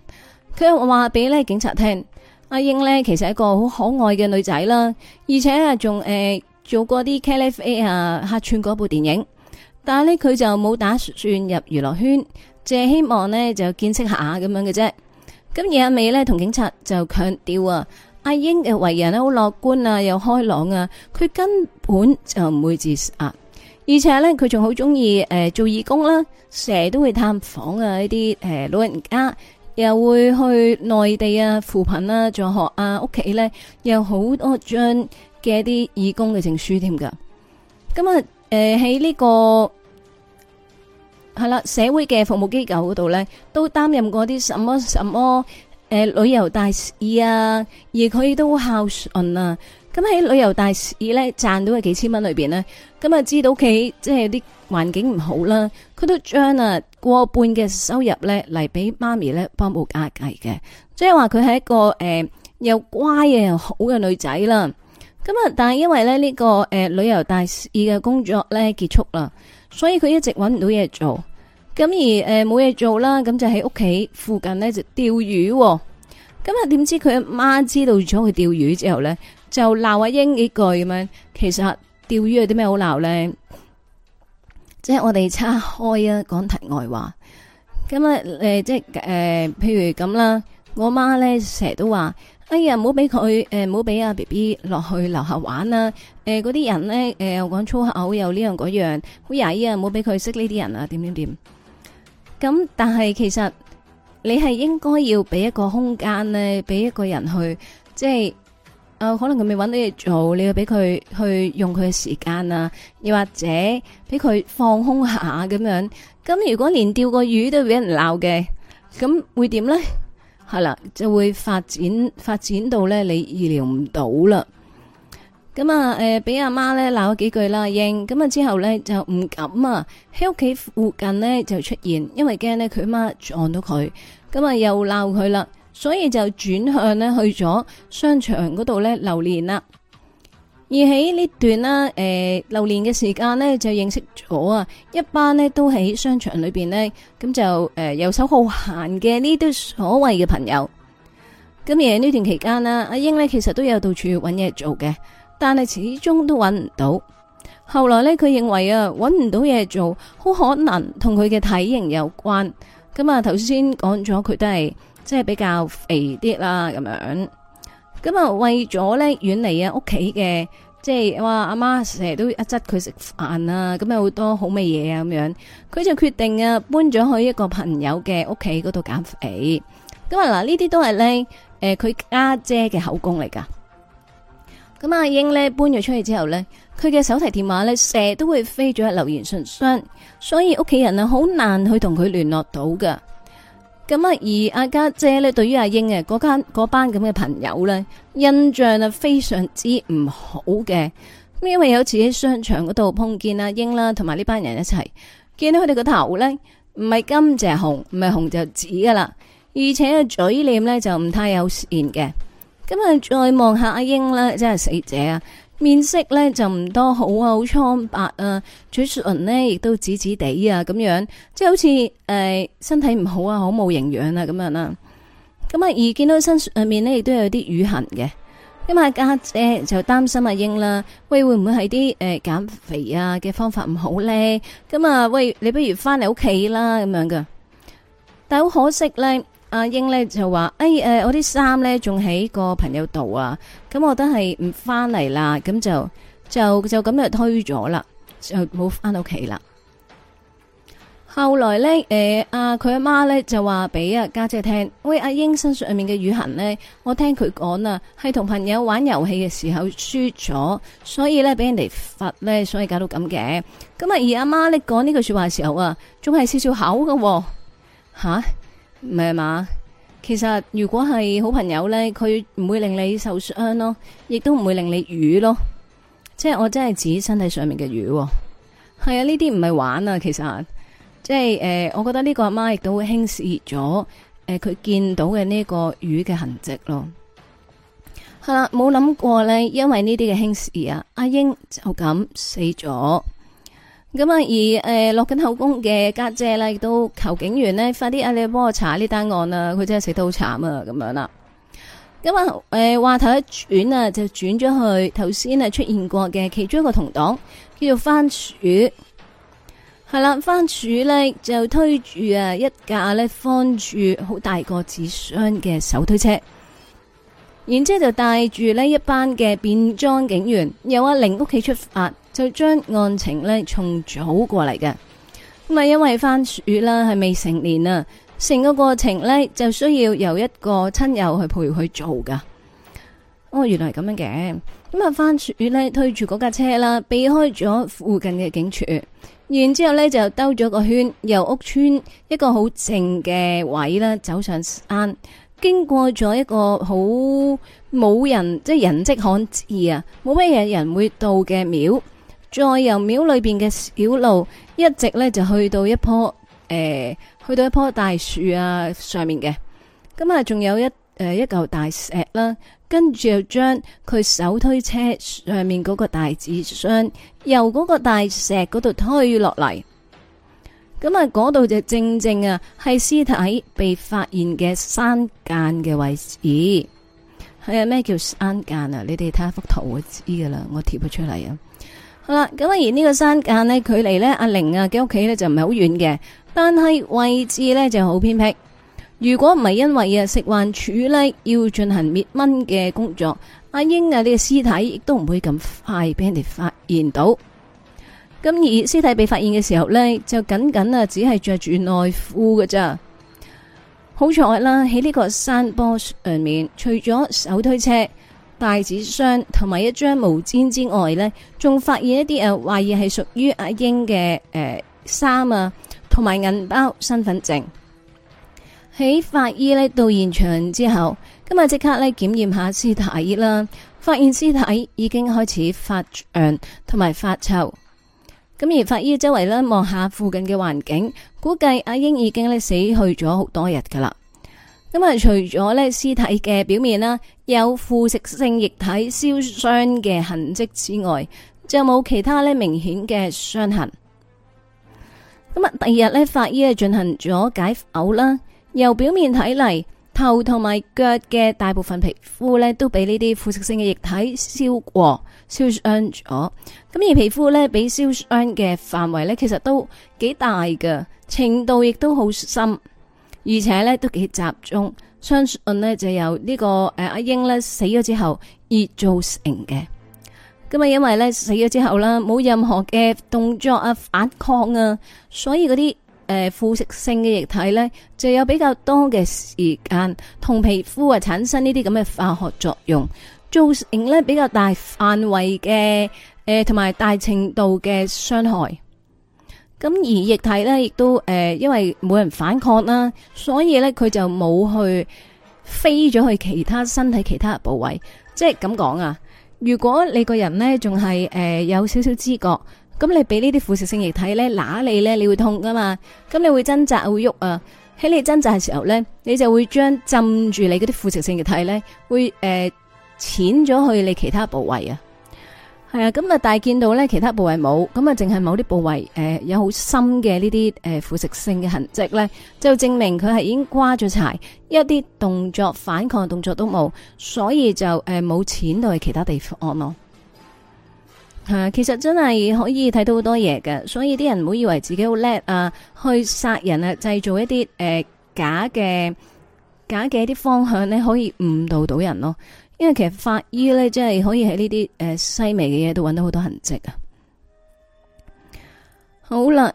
佢又話俾呢警察聽，阿、啊、英呢其實係一個好可愛嘅女仔啦，而且啊仲誒做過啲 K F A 啊客串嗰部電影，但係呢，佢就冇打算入娛樂圈，淨係希望呢就見識下咁樣嘅啫。咁而阿美咧同警察就強調啊，阿英嘅為人咧好樂觀啊，又開朗啊，佢根本就唔會自殺，而且咧佢仲好中意誒做義工啦、啊，成日都會探訪啊呢啲誒老人家，又會去內地啊扶貧啊，助學啊屋企咧有好多張嘅一啲義工嘅證書添、啊、噶，咁啊誒喺呢個。係啦，社會嘅服務機構嗰度咧，都擔任過啲什麼什麼誒、呃、旅遊大使啊，而佢都孝順啊。咁喺旅遊大使咧賺到嘅幾千蚊裏邊咧，咁啊知道屋企即係有啲環境唔好啦，佢都將啊過半嘅收入咧嚟俾媽咪咧幫補家計嘅，即係話佢係一個誒、呃、又乖嘅又好嘅女仔啦。咁啊，但係因為咧呢、這個誒、呃、旅遊大使嘅工作咧結束啦。所以佢一直揾唔到嘢做，咁而誒冇嘢做啦，咁就喺屋企附近呢，就釣魚。咁啊，點知佢阿媽知道咗佢釣魚之後呢，就鬧阿英幾句咁樣。其實釣魚有啲咩好鬧呢？即係我哋叉開啊，講題外話。咁啊，誒，即係誒，譬如咁啦，我媽呢，成日都話。哎呀，唔好俾佢誒，唔好俾阿 B B 落去樓下玩啦，啊！誒、呃，嗰啲人咧，誒、呃，又講粗口又呢樣嗰樣，好曳啊！唔好俾佢識呢啲人啊，點點點。咁但係其實你係應該要俾一個空間咧，俾一個人去，即係誒、呃，可能佢未揾到嘢做，你要俾佢去用佢嘅時間啊，又或者俾佢放空下咁樣。咁如果連釣個魚都俾人鬧嘅，咁會點咧？係啦，就會發展發展到呢你意料唔到啦。咁啊，誒、呃，俾阿媽呢鬧咗幾句啦，應，咁啊之後呢就唔敢啊，喺屋企附近呢就出現，因為驚呢，佢媽撞到佢。咁啊又鬧佢啦，所以就轉向呢去咗商場嗰度呢，流連啦。而喺呢段啦，誒、呃，六年嘅時間咧，就認識咗啊一班咧都喺商場裏邊咧，咁就誒，遊、呃、手好閒嘅呢啲所謂嘅朋友。咁而呢段期間啦，阿英咧其實都有到處揾嘢做嘅，但係始終都揾唔到。後來咧，佢認為啊，揾唔到嘢做，好可能同佢嘅體型有關。咁啊，頭先講咗，佢都係即係比較肥啲啦，咁樣。咁啊，為咗咧遠離啊屋企嘅，即係話阿媽成日都一窒佢食飯啊，咁啊好多好味嘢啊咁樣，佢就決定啊搬咗去一個朋友嘅屋企嗰度減肥。咁啊嗱，呢啲都係咧誒佢家姐嘅口供嚟噶。咁阿英咧搬咗出去之後咧，佢嘅手提電話咧成日都會飛咗去留言信箱，所以屋企人啊好難去同佢聯絡到噶。咁啊，而阿家姐咧，對於阿英嗰間嗰班咁嘅朋友咧，印象啊非常之唔好嘅。咁因為有次喺商場嗰度碰見阿英啦，同埋呢班人一齊，見到佢哋個頭咧，唔係金就係紅，唔係紅就紫噶啦。而且嘅嘴臉咧就唔太友善嘅。咁啊，再望下阿英啦，真係死者啊。面色咧就唔多好啊，好蒼白啊，嘴唇呢亦都紫紫地啊，咁樣即係好似誒、呃、身體唔好啊，好冇營養啊咁樣啦、啊。咁啊而見到身上面呢，亦都有啲瘀痕嘅，咁啊，家姐，姐就擔心阿、啊、英啦，喂會唔會係啲誒減肥啊嘅方法唔好咧？咁啊喂，你不如翻嚟屋企啦咁樣噶、啊。但係好可惜咧。阿英呢就話：哎，誒、呃，我啲衫呢仲喺個朋友度啊，咁我都係唔翻嚟啦，咁就就就咁就推咗啦，就冇翻到屋企啦。後來呢，誒阿佢阿媽呢就話俾阿家姐聽：喂，阿英身上面嘅瘀痕呢，我聽佢講啊，係同朋友玩遊戲嘅時候輸咗，所以呢俾人哋罰呢，所以搞到咁嘅。今日而阿媽呢講呢句說話嘅時候還是少少口的啊，仲係笑笑口嘅，吓。咪係嘛，其實如果係好朋友咧，佢唔會令你受傷咯，亦都唔會令你瘀咯。即係我真係指身體上面嘅瘀，係啊，呢啲唔係玩啊。其實即係誒、呃，我覺得呢個阿媽亦都會輕視咗誒，佢、呃、見到嘅呢個瘀嘅痕跡咯。係啦、啊，冇諗過咧，因為呢啲嘅輕視啊，阿英就咁死咗。咁啊，而誒落緊口供嘅家姐呢，亦都求警員呢，快啲啊，你幫我查呢單案啦！佢真係死得好慘啊，咁樣啦。咁啊，誒，話頭一轉啊，就轉咗去頭先啊出現過嘅其中一個同黨，叫做番薯。係啦，番薯呢，就推住啊一架呢，放住好大個紙箱嘅手推車，然之後就帶住呢一班嘅便裝警員，由阿、啊、玲屋企出發。就將案情呢重組過嚟嘅，咁啊因為番薯月啦係未成年啊，成個過程呢就需要由一個親友去陪佢做噶。哦，原來係咁樣嘅。咁啊番薯月呢，推住嗰架車啦，避開咗附近嘅警署，然之後呢就兜咗個圈，由屋村一個好靜嘅位啦走上山，經過咗一個好冇人，即係人跡罕至啊，冇乜嘢人會到嘅廟。再由廟裏邊嘅小路，一直呢，就去到一棵誒、呃，去到一棵大樹啊上面嘅。咁啊，仲有一誒、呃、一嚿大石啦，跟住就將佢手推車上面嗰個大紙箱，由嗰個大石嗰度推落嚟。咁啊，嗰度就正正啊係屍體被發現嘅山澗嘅位置。係啊，咩叫山澗啊？你哋睇下幅圖，會知噶啦，我貼咗出嚟啊！好啦，咁而呢個山間呢距離呢阿玲啊嘅屋企呢就唔係好遠嘅，但係位置呢就好偏僻。如果唔係因為啊食環署呢要進行滅蚊嘅工作，阿英啊呢個屍體亦都唔會咁快俾人哋發現到。咁而屍體被發現嘅時候呢，就僅僅啊只係着住內褲㗎咋。好彩啦，喺呢個山坡上面，除咗手推車，筷子箱同埋一張毛氈之外呢，仲發現一啲誒懷疑係屬於阿英嘅誒衫啊，同埋銀包、身份證。喺法醫呢到現場之後，今日即刻呢檢驗下屍體啦，發現屍體已經開始發脹同埋發臭。咁而法醫周圍呢望下附近嘅環境，估計阿英已經呢死去咗好多日噶啦。咁啊，除咗咧屍體嘅表面啦，有腐蝕性液體燒傷嘅痕迹之外，就冇其他咧明顯嘅傷痕。咁啊，第二日咧，法醫啊進行咗解剖啦。由表面睇嚟，頭同埋腳嘅大部分皮膚咧，都俾呢啲腐蝕性嘅液體燒過、燒傷咗。咁而皮膚咧，俾燒傷嘅範圍咧，其實都幾大㗎，程度亦都好深。而且咧都幾集中，相信就有、這個啊、英呢就由呢個誒阿英咧死咗之後而造成嘅。咁啊，因為咧死咗之後啦，冇任何嘅動作啊反抗啊，所以嗰啲誒腐蝕性嘅液體咧就有比較多嘅時間同皮膚啊產生呢啲咁嘅化學作用，造成咧比較大範圍嘅誒同埋大程度嘅傷害。咁而液體咧亦都誒、呃，因為冇人反抗啦，所以咧佢就冇去飛咗去其他身體其他部位。即係咁講啊，如果你個人咧仲係誒有少少知覺，咁你俾呢啲腐蝕性液體咧揦你咧，你會痛噶嘛，咁你會掙扎會喐啊。喺你掙扎嘅時候咧，你就會將浸住你嗰啲腐蝕性液體咧，會誒、呃、淺咗去你其他部位啊。係啊，咁啊，但係見到咧，其他部位冇，咁啊，淨係某啲部位，誒、呃，有好深嘅呢啲誒腐蝕性嘅痕跡咧，就證明佢係已經瓜咗柴，一啲動作反抗嘅動作都冇，所以就誒冇錢到去其他地方咯。係、呃、啊，其實真係可以睇到好多嘢嘅，所以啲人唔好以為自己好叻啊，去殺人啊，製造一啲誒、呃、假嘅假嘅一啲方向咧，可以誤導到人咯。因為其實法醫咧，即係可以喺呢啲誒細微嘅嘢都揾到好多痕跡啊！好啦，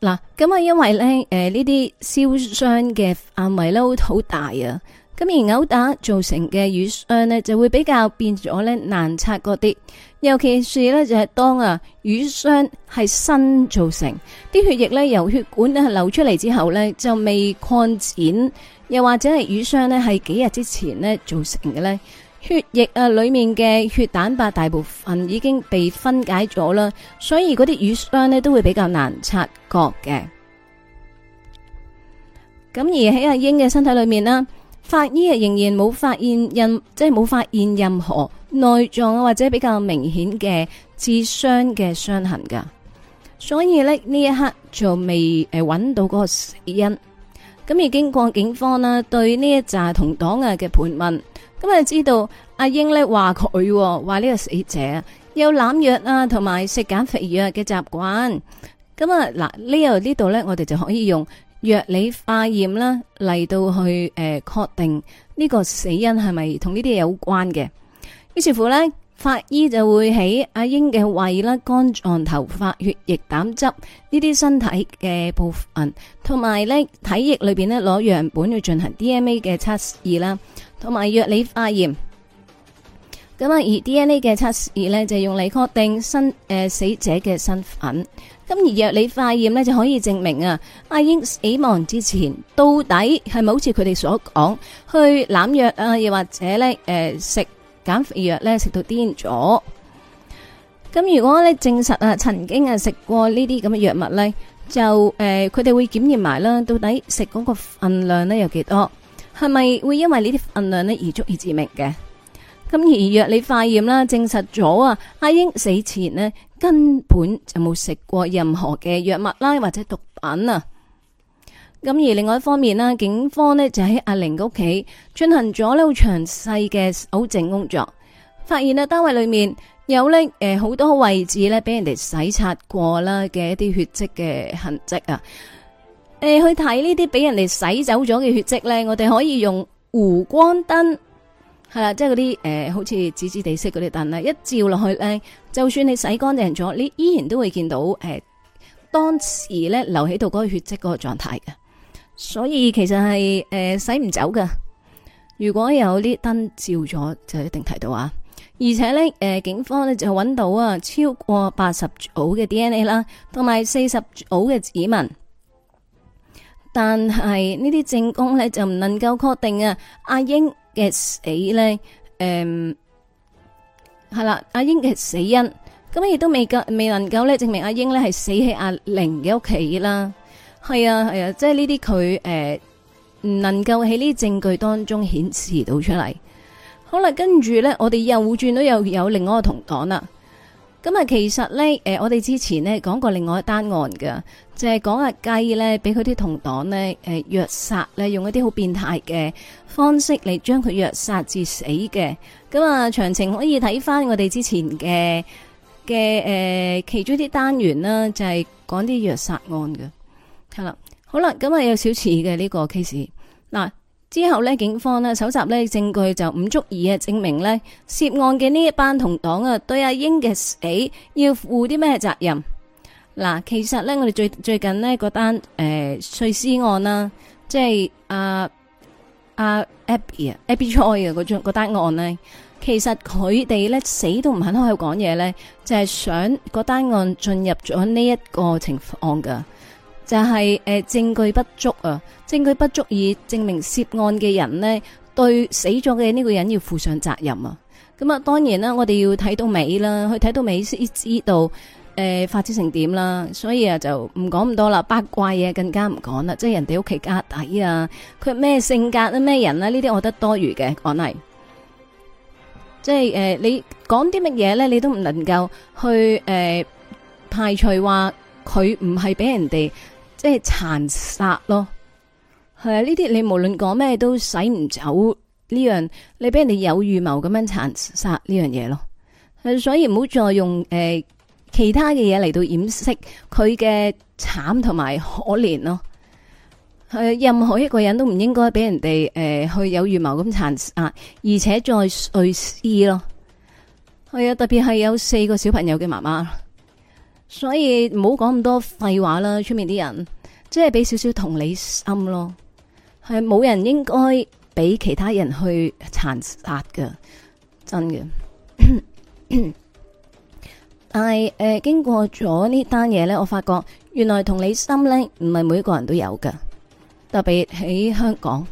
嗱咁啊，因為咧誒呢啲燒傷嘅範圍咧好大啊，咁而毆打造成嘅瘀傷呢，就會比較變咗咧難拆嗰啲，尤其是咧就係當啊瘀傷係新造成，啲血液咧由血管咧流出嚟之後咧就未擴展。又或者係瘀傷呢係幾日之前呢造成嘅，呢血液啊，裏面嘅血蛋白大部分已經被分解咗啦，所以嗰啲瘀傷呢都會比較難察覺嘅。咁而喺阿英嘅身體裏面啦，法醫啊仍然冇發現任，即係冇發現任何內臟啊或者比較明顯嘅致傷嘅傷痕噶，所以呢，呢一刻就未誒揾到嗰個死因。咁而經過警方啦，對呢一紮同黨啊嘅盤問，咁啊知道阿英咧話佢話呢個死者有濫藥啊同埋食減肥藥嘅習慣，咁啊嗱呢度呢度咧，我哋就可以用藥理化驗啦嚟到去誒確定呢個死因係咪同呢啲有關嘅，於是乎咧。法醫就會喺阿英嘅胃啦、肝臟、頭髮、血液、膽汁呢啲身體嘅部分，同埋呢體液裏邊呢攞樣本去進行 DNA 嘅測試啦，同埋藥理化驗。咁啊，而 DNA 嘅測試呢就用嚟確定身誒、呃、死者嘅身份。咁而藥理化驗呢就可以證明啊，阿英死亡之前到底係咪好似佢哋所講去濫藥啊，又或者呢誒、呃、食？減肥藥呢食到癲咗，咁如果你證實啊曾經啊食過呢啲咁嘅藥物呢，就誒佢哋會檢驗埋啦，到底食嗰個份量呢有幾多，係咪會因為呢啲份量呢而足以致命嘅？咁而若你化驗啦，證實咗啊，阿英死前呢根本就冇食過任何嘅藥物啦，或者毒品啊。咁而另外一方面呢，警方呢就喺阿玲屋企進行咗呢好詳細嘅搜證工作，發現呢單位裏面有呢誒好多位置呢俾人哋洗刷過啦嘅一啲血跡嘅痕跡啊。誒，去睇呢啲俾人哋洗走咗嘅血跡呢，我哋可以用弧光燈係啦，即係嗰啲誒好似紫紫地色嗰啲燈啊，一照落去呢，就算你洗乾淨咗，你依然都會見到誒、呃、當時呢留喺度嗰個血跡嗰個狀態嘅。所以其實係誒洗唔走噶，如果有啲燈照咗，就一定提到啊。而且呢，誒、呃、警方呢就揾到啊超過八十組嘅 DNA 啦，同埋四十組嘅指紋。但係呢啲證供呢，就唔能夠確定啊阿英嘅死呢。誒、嗯、係啦，阿英嘅死因，咁亦都未夠未能夠呢證明阿英呢係死喺阿玲嘅屋企啦。係啊，係啊，即係呢啲佢誒，呃、唔能夠喺呢啲證據當中顯示到出嚟。好啦，跟住呢，我哋又轉到又有另外一個同黨啦。咁啊，其實呢，誒、呃，我哋之前呢講過另外一單案㗎，就係講阿雞呢俾佢啲同黨呢誒，虐殺呢用一啲好變態嘅方式嚟將佢虐殺至死嘅。咁啊，詳情可以睇翻我哋之前嘅嘅誒，其中啲單元啦，就係講啲虐殺案嘅。係啦，好啦，咁啊有少似嘅呢個 case 嗱。之後呢，警方呢搜集呢證據就唔足以啊證明呢涉案嘅呢一班同黨啊對阿英嘅死要負啲咩責任嗱。其實呢，我哋最最近呢嗰單誒碎屍案啦，即係阿阿 Abby 啊 Abby Joy 啊嗰張嗰單案呢，其實佢哋呢死都唔肯喺度講嘢呢，就係、是、想嗰單案進入咗呢一個情況噶。就係誒證據不足啊，證據不足以證明涉案嘅人呢，對死咗嘅呢個人要負上責任啊。咁啊當然啦、啊，我哋要睇到尾啦，去睇到尾先知道誒發展成點啦。所以啊就唔講咁多啦，八卦嘢、啊、更加唔講啦，即係人哋屋企家底啊，佢咩性格啊，咩人啊，呢啲我覺得多餘嘅講嚟，即係誒、呃、你講啲乜嘢呢？你都唔能夠去誒、呃、排除話佢唔係俾人哋。咩殘殺咯，係啊！呢啲你無論講咩都洗唔走呢樣，你俾人哋有預謀咁樣殘殺呢樣嘢咯。係，所以唔好再用誒、呃、其他嘅嘢嚟到掩飾佢嘅慘同埋可憐咯。係、呃、任何一個人都唔應該俾人哋誒、呃、去有預謀咁殘殺，而且再碎屍咯。係、呃、啊，特別係有四個小朋友嘅媽媽，所以唔好講咁多廢話啦，出面啲人。即係俾少少同理心咯，係冇人應該俾其他人去殘殺嘅，真嘅。 *coughs* 但係誒、呃，經過咗呢單嘢呢，我發覺原來同理心呢唔係每一個人都有嘅，特別喺香港。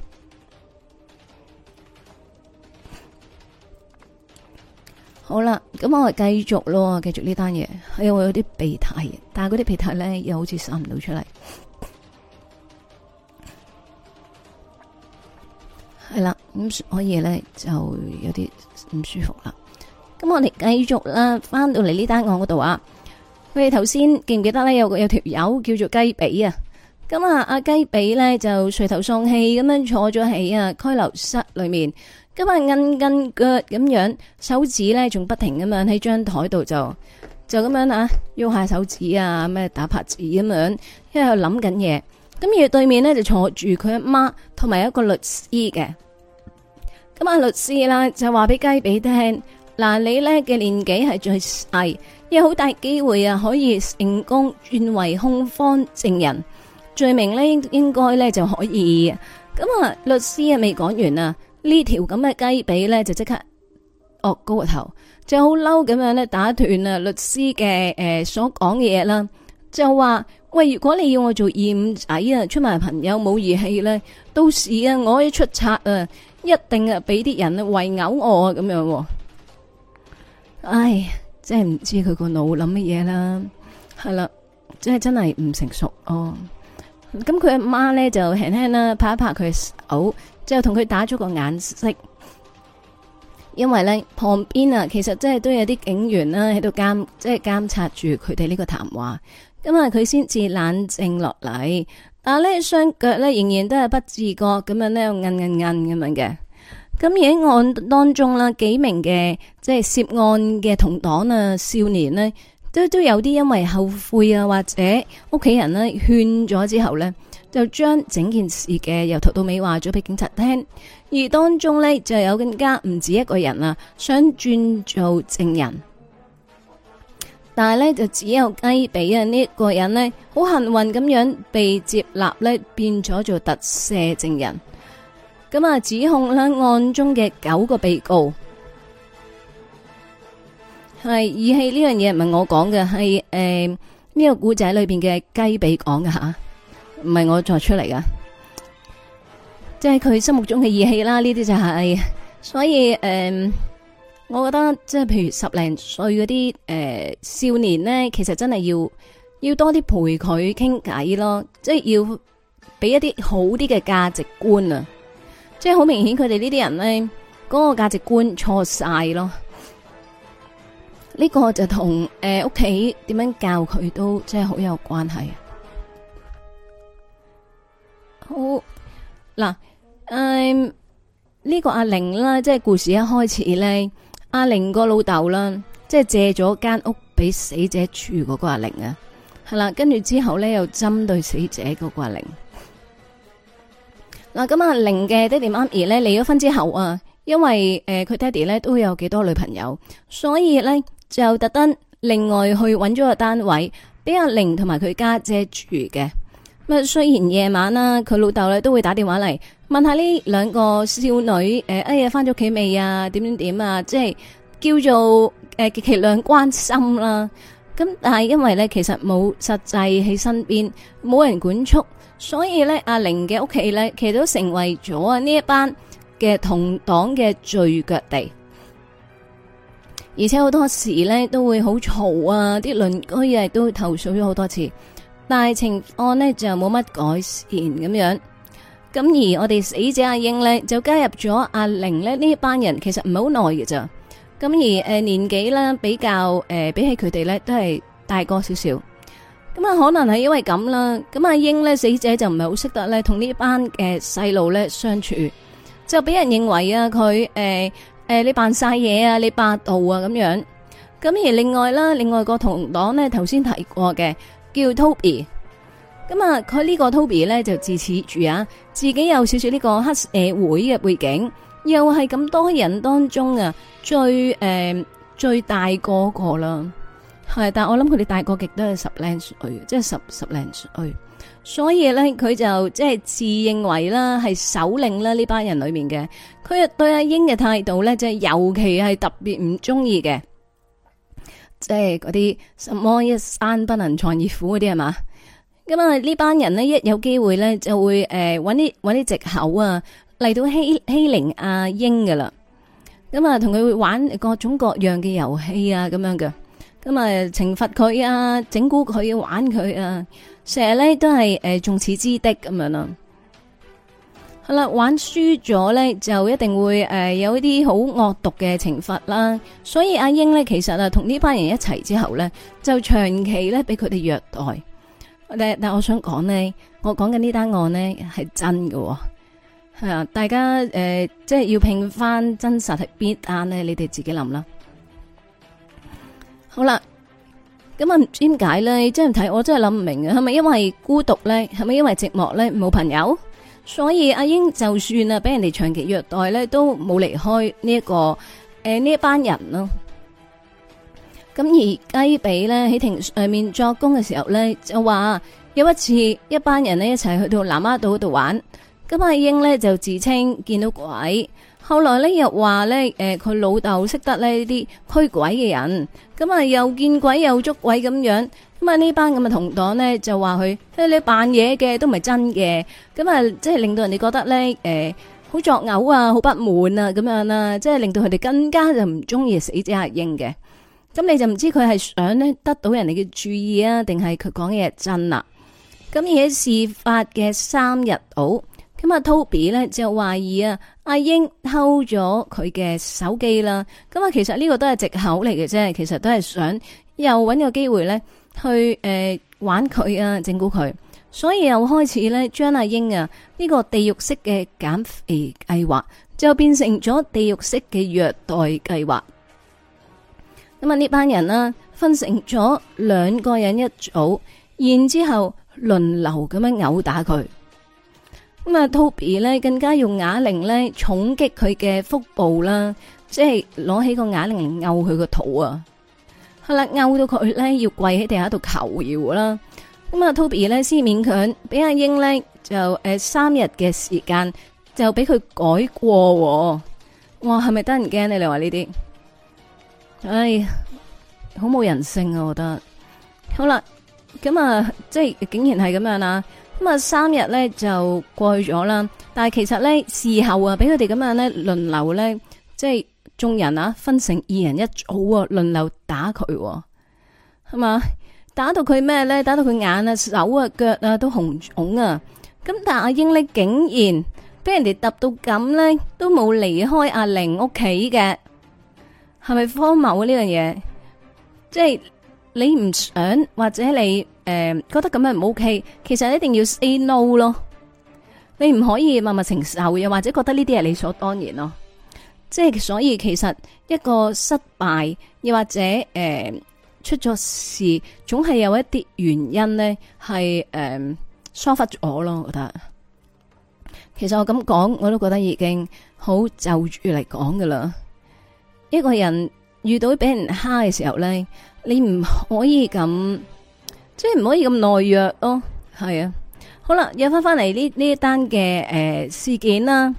好啦，咁我繼續咯，繼續呢單嘢。因、哎、為我有啲鼻涕，但係嗰啲鼻涕呢又好似散唔到出嚟。係啦，咁所以咧，就有啲唔舒服啦。咁我哋繼續啦，翻到嚟，呢單案嗰度啊。佢哋頭先記唔記得咧？有個有條友叫做雞髀啊。咁啊，阿雞髀咧，就垂頭喪氣咁樣坐咗喺啊拘留室裏面。咁、呃、啊，摁摁腳咁樣，手指咧仲不停咁樣喺張台度就就咁樣啊，喐下手指啊，咩打拍子咁樣，因為諗緊嘢。咁而對面咧，就坐住佢阿媽同埋一個律師嘅。咁啊，律師啦就話俾雞髀聽，嗱，你呢嘅年紀係最細，有好大機會啊可以成功轉為控方證人，罪名呢應該呢就可以。咁啊，律師啊未講完啊，呢條咁嘅雞髀呢就即刻惡、哦、高個頭，就好嬲咁樣呢打斷啊律師嘅誒、呃、所講嘅嘢啦，就話喂，如果你要我做二五仔啊，出賣朋友冇義氣呢，到時啊我一出冊啊！一定啊，俾啲人圍毆我啊咁樣，唉，真係唔知佢個腦諗乜嘢啦，係啦，即係真係唔成熟哦。咁佢阿媽呢，就輕輕啦拍一拍佢嘅手，之後同佢打咗個眼色，因為呢，旁邊啊，其實真係都有啲警員啦喺度監，即係監察住佢哋呢個談話，咁啊，佢先至冷靜落嚟。嗱，呢雙腳咧仍然都係不自覺咁樣咧，又硬硬硬咁樣嘅。咁而喺案當中啦，幾名嘅即係涉案嘅同黨啊，少年呢，都都有啲因為後悔啊，或者屋企人呢勸咗之後呢，就將整件事嘅由頭到尾話咗俾警察聽。而當中呢，就有更加唔止一個人啦，想轉做證人。但係咧，就只有雞髀啊，呢個人呢，好幸運咁樣被接納咧，變咗做特赦證人。咁啊，指控咧案中嘅九個被告係義氣呢樣嘢唔係我講嘅，係誒呢個古仔裏邊嘅雞髀講噶吓，唔係我作出嚟噶，即係佢心目中嘅義氣啦。呢啲就係、是、所以誒。呃我覺得即係譬如十零歲嗰啲誒少年呢，其實真係要要多啲陪佢傾偈咯，即係要俾一啲好啲嘅價值觀啊！即係好明顯，佢哋呢啲人呢，嗰、嗰個價值觀錯晒咯。呢、呢個就同誒屋企點樣教佢都即係好有關係。好嗱，誒呢、嗯呢個阿玲啦，即係故事一開始咧。阿玲個老豆啦，即係借咗間屋俾死者住嗰個阿玲啊，係啦，跟住之後呢，又針對死者嗰個阿玲。嗱，咁阿玲嘅爹哋媽咪呢，離咗婚之後啊，因為誒佢爹哋呢都有幾多女朋友，所以呢，就特登另外去揾咗個單位俾阿玲同埋佢家姐住嘅。咁雖然夜晚啦，佢老豆咧，都會打電話嚟，問下呢兩個少女誒，哎呀，翻咗屋企未啊？點點點啊？即係叫做誒，極其量關心啦。咁但係因為咧，其實冇實際喺身邊，冇人管束，所以咧，阿玲嘅屋企咧，其實都成為咗啊呢一班嘅同黨嘅聚腳地。而且好多時咧都會好嘈啊，啲鄰居亦都投訴咗好多次。但係情案咧就冇乜改善咁樣，咁而我哋死者阿英咧就加入咗阿玲咧呢一班人，其實唔係好耐嘅咋。咁而誒年紀咧比較誒比起佢哋咧都係大個少少，咁啊可能係因為咁啦。咁阿英咧死者就唔係好識得咧同呢班嘅細路咧相處，就俾人認為啊佢誒誒你扮晒嘢啊，你霸道啊咁樣。咁而另外啦，另外個同黨咧頭先提過嘅。叫 Toby，咁啊，佢呢個 Toby 咧就自恃住啊，自己有少少呢個黑社會嘅背景，又係咁多人當中啊最誒、呃、最大個個啦，係，但係我諗佢哋大個極都係十零歲，即係十十零歲，所以咧佢就即係自認為啦係首領啦呢班人裏面嘅，佢對阿英嘅態度咧即係尤其係特別唔中意嘅。即係嗰啲什麼一山不能藏二虎嗰啲係嘛，咁啊呢班人呢，一有機會呢，就會誒揾啲揾啲藉口啊，嚟到欺欺凌阿英噶啦，咁啊同佢玩各種各樣嘅遊戲啊咁樣嘅，咁啊懲罰佢啊整蠱佢玩佢啊，成日咧都係誒眾矢之的咁樣啦。係啦，玩輸咗咧就一定會誒有一啲好惡毒嘅懲罰啦。所以阿英咧其實啊同呢班人一齊之後咧就長期咧俾佢哋虐待。但但我想講咧，我講緊呢單案咧係真嘅。吓，大家誒即係要拼翻真實係邊間咧？你哋自己諗啦。好啦，咁啊唔知點解咧？真係睇我真係諗唔明啊！係咪因為孤獨咧？係咪因為寂寞咧？冇朋友？所以阿英就算啊俾人哋長期虐待咧，都冇離開呢、這、一個誒呢一班人咯。咁而雞髀呢，喺庭上面作工嘅時候呢，就話有一次一班人呢一齊去到南丫島嗰度玩，咁阿英呢就自稱見到鬼，後來呢又話呢，誒、呃、佢老豆識得呢呢啲驅鬼嘅人，咁啊又見鬼又捉鬼咁樣。咁啊呢班咁嘅同黨呢，就話佢，誒、哎、你扮嘢嘅都唔係真嘅，咁、嗯、啊即係令到人哋覺得咧，誒、呃、好作嘔啊，好不滿啊，咁樣啦，即係令到佢哋更加就唔中意死者阿英嘅。咁、嗯、你就唔知佢係想得到人哋嘅注意啊，定係佢講嘢係真啦。咁、嗯、而且事發嘅三日倒，咁、嗯、啊 Toby 呢，就懷疑啊阿英偷咗佢嘅手機啦。咁、嗯、啊其實呢個都係藉口嚟嘅啫，其實都係想又搵個機會咧。去誒、呃、玩佢啊，整蠱佢，所以又開始呢張亞英啊呢、這個地獄式嘅減肥計劃，就變成咗地獄式嘅虐待計劃。咁啊，呢班人啦、啊，分成咗兩個人一組，然之後輪流咁樣毆打佢。咁啊，Toby 呢，更加用啞鈴呢重擊佢嘅腹部啦，即係攞起個啞鈴嚟毆佢個肚啊！係啦，毆到佢咧要跪喺地下度求饒啦。咁啊，Toby 咧先勉強俾阿英咧就誒三日嘅時間，就俾佢、欸、改過。哇，係咪得人驚你哋話呢啲？哎，好冇人性啊！我覺得。好啦，咁啊，即係竟然係咁樣啦。咁啊，三日咧就過去咗啦。但係其實咧事後啊，俾佢哋咁樣咧輪流咧，即係。眾人啊，分成二人一組啊，輪流打佢係嘛？打到佢咩咧？打到佢眼啊、手啊、腳啊都紅腫啊！咁但阿英咧，竟然俾人哋揼到咁咧，都冇離開阿玲屋企嘅，係咪荒謬啊？呢樣嘢即係你唔想或者你誒、呃、覺得咁樣唔 ok，其實一定要 say no 咯，你唔可以默默承受又或者覺得呢啲係理所當然咯。即係所以，其實一個失敗，又或者誒、呃、出咗事，總係有一啲原因呢係誒、呃、疏忽咗咯。我覺得，其實我咁講，我都覺得已經好就住嚟講噶啦。一個人遇到俾人蝦嘅時候呢，你唔可以咁，即係唔可以咁懦弱咯。係啊，好啦，又翻翻嚟呢呢一單嘅誒事件啦。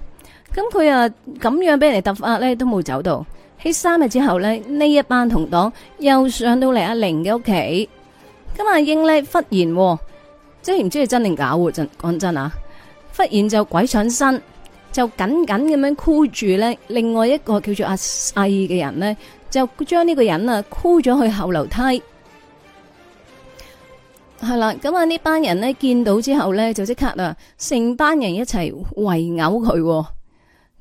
咁佢啊，咁樣俾人哋突發咧，都冇走到。喺三日之後呢，呢一班同黨又上到嚟阿玲嘅屋企，咁、啊、阿英呢，忽然、啊、即係唔知係真定假。真講真啊，忽然就鬼上身，就緊緊咁樣箍住呢另外一個叫做阿細嘅人呢，就將呢個人啊箍咗去後樓梯係啦。咁啊，呢班人呢，見到之後呢，就即刻啊，成班人一齊圍毆佢。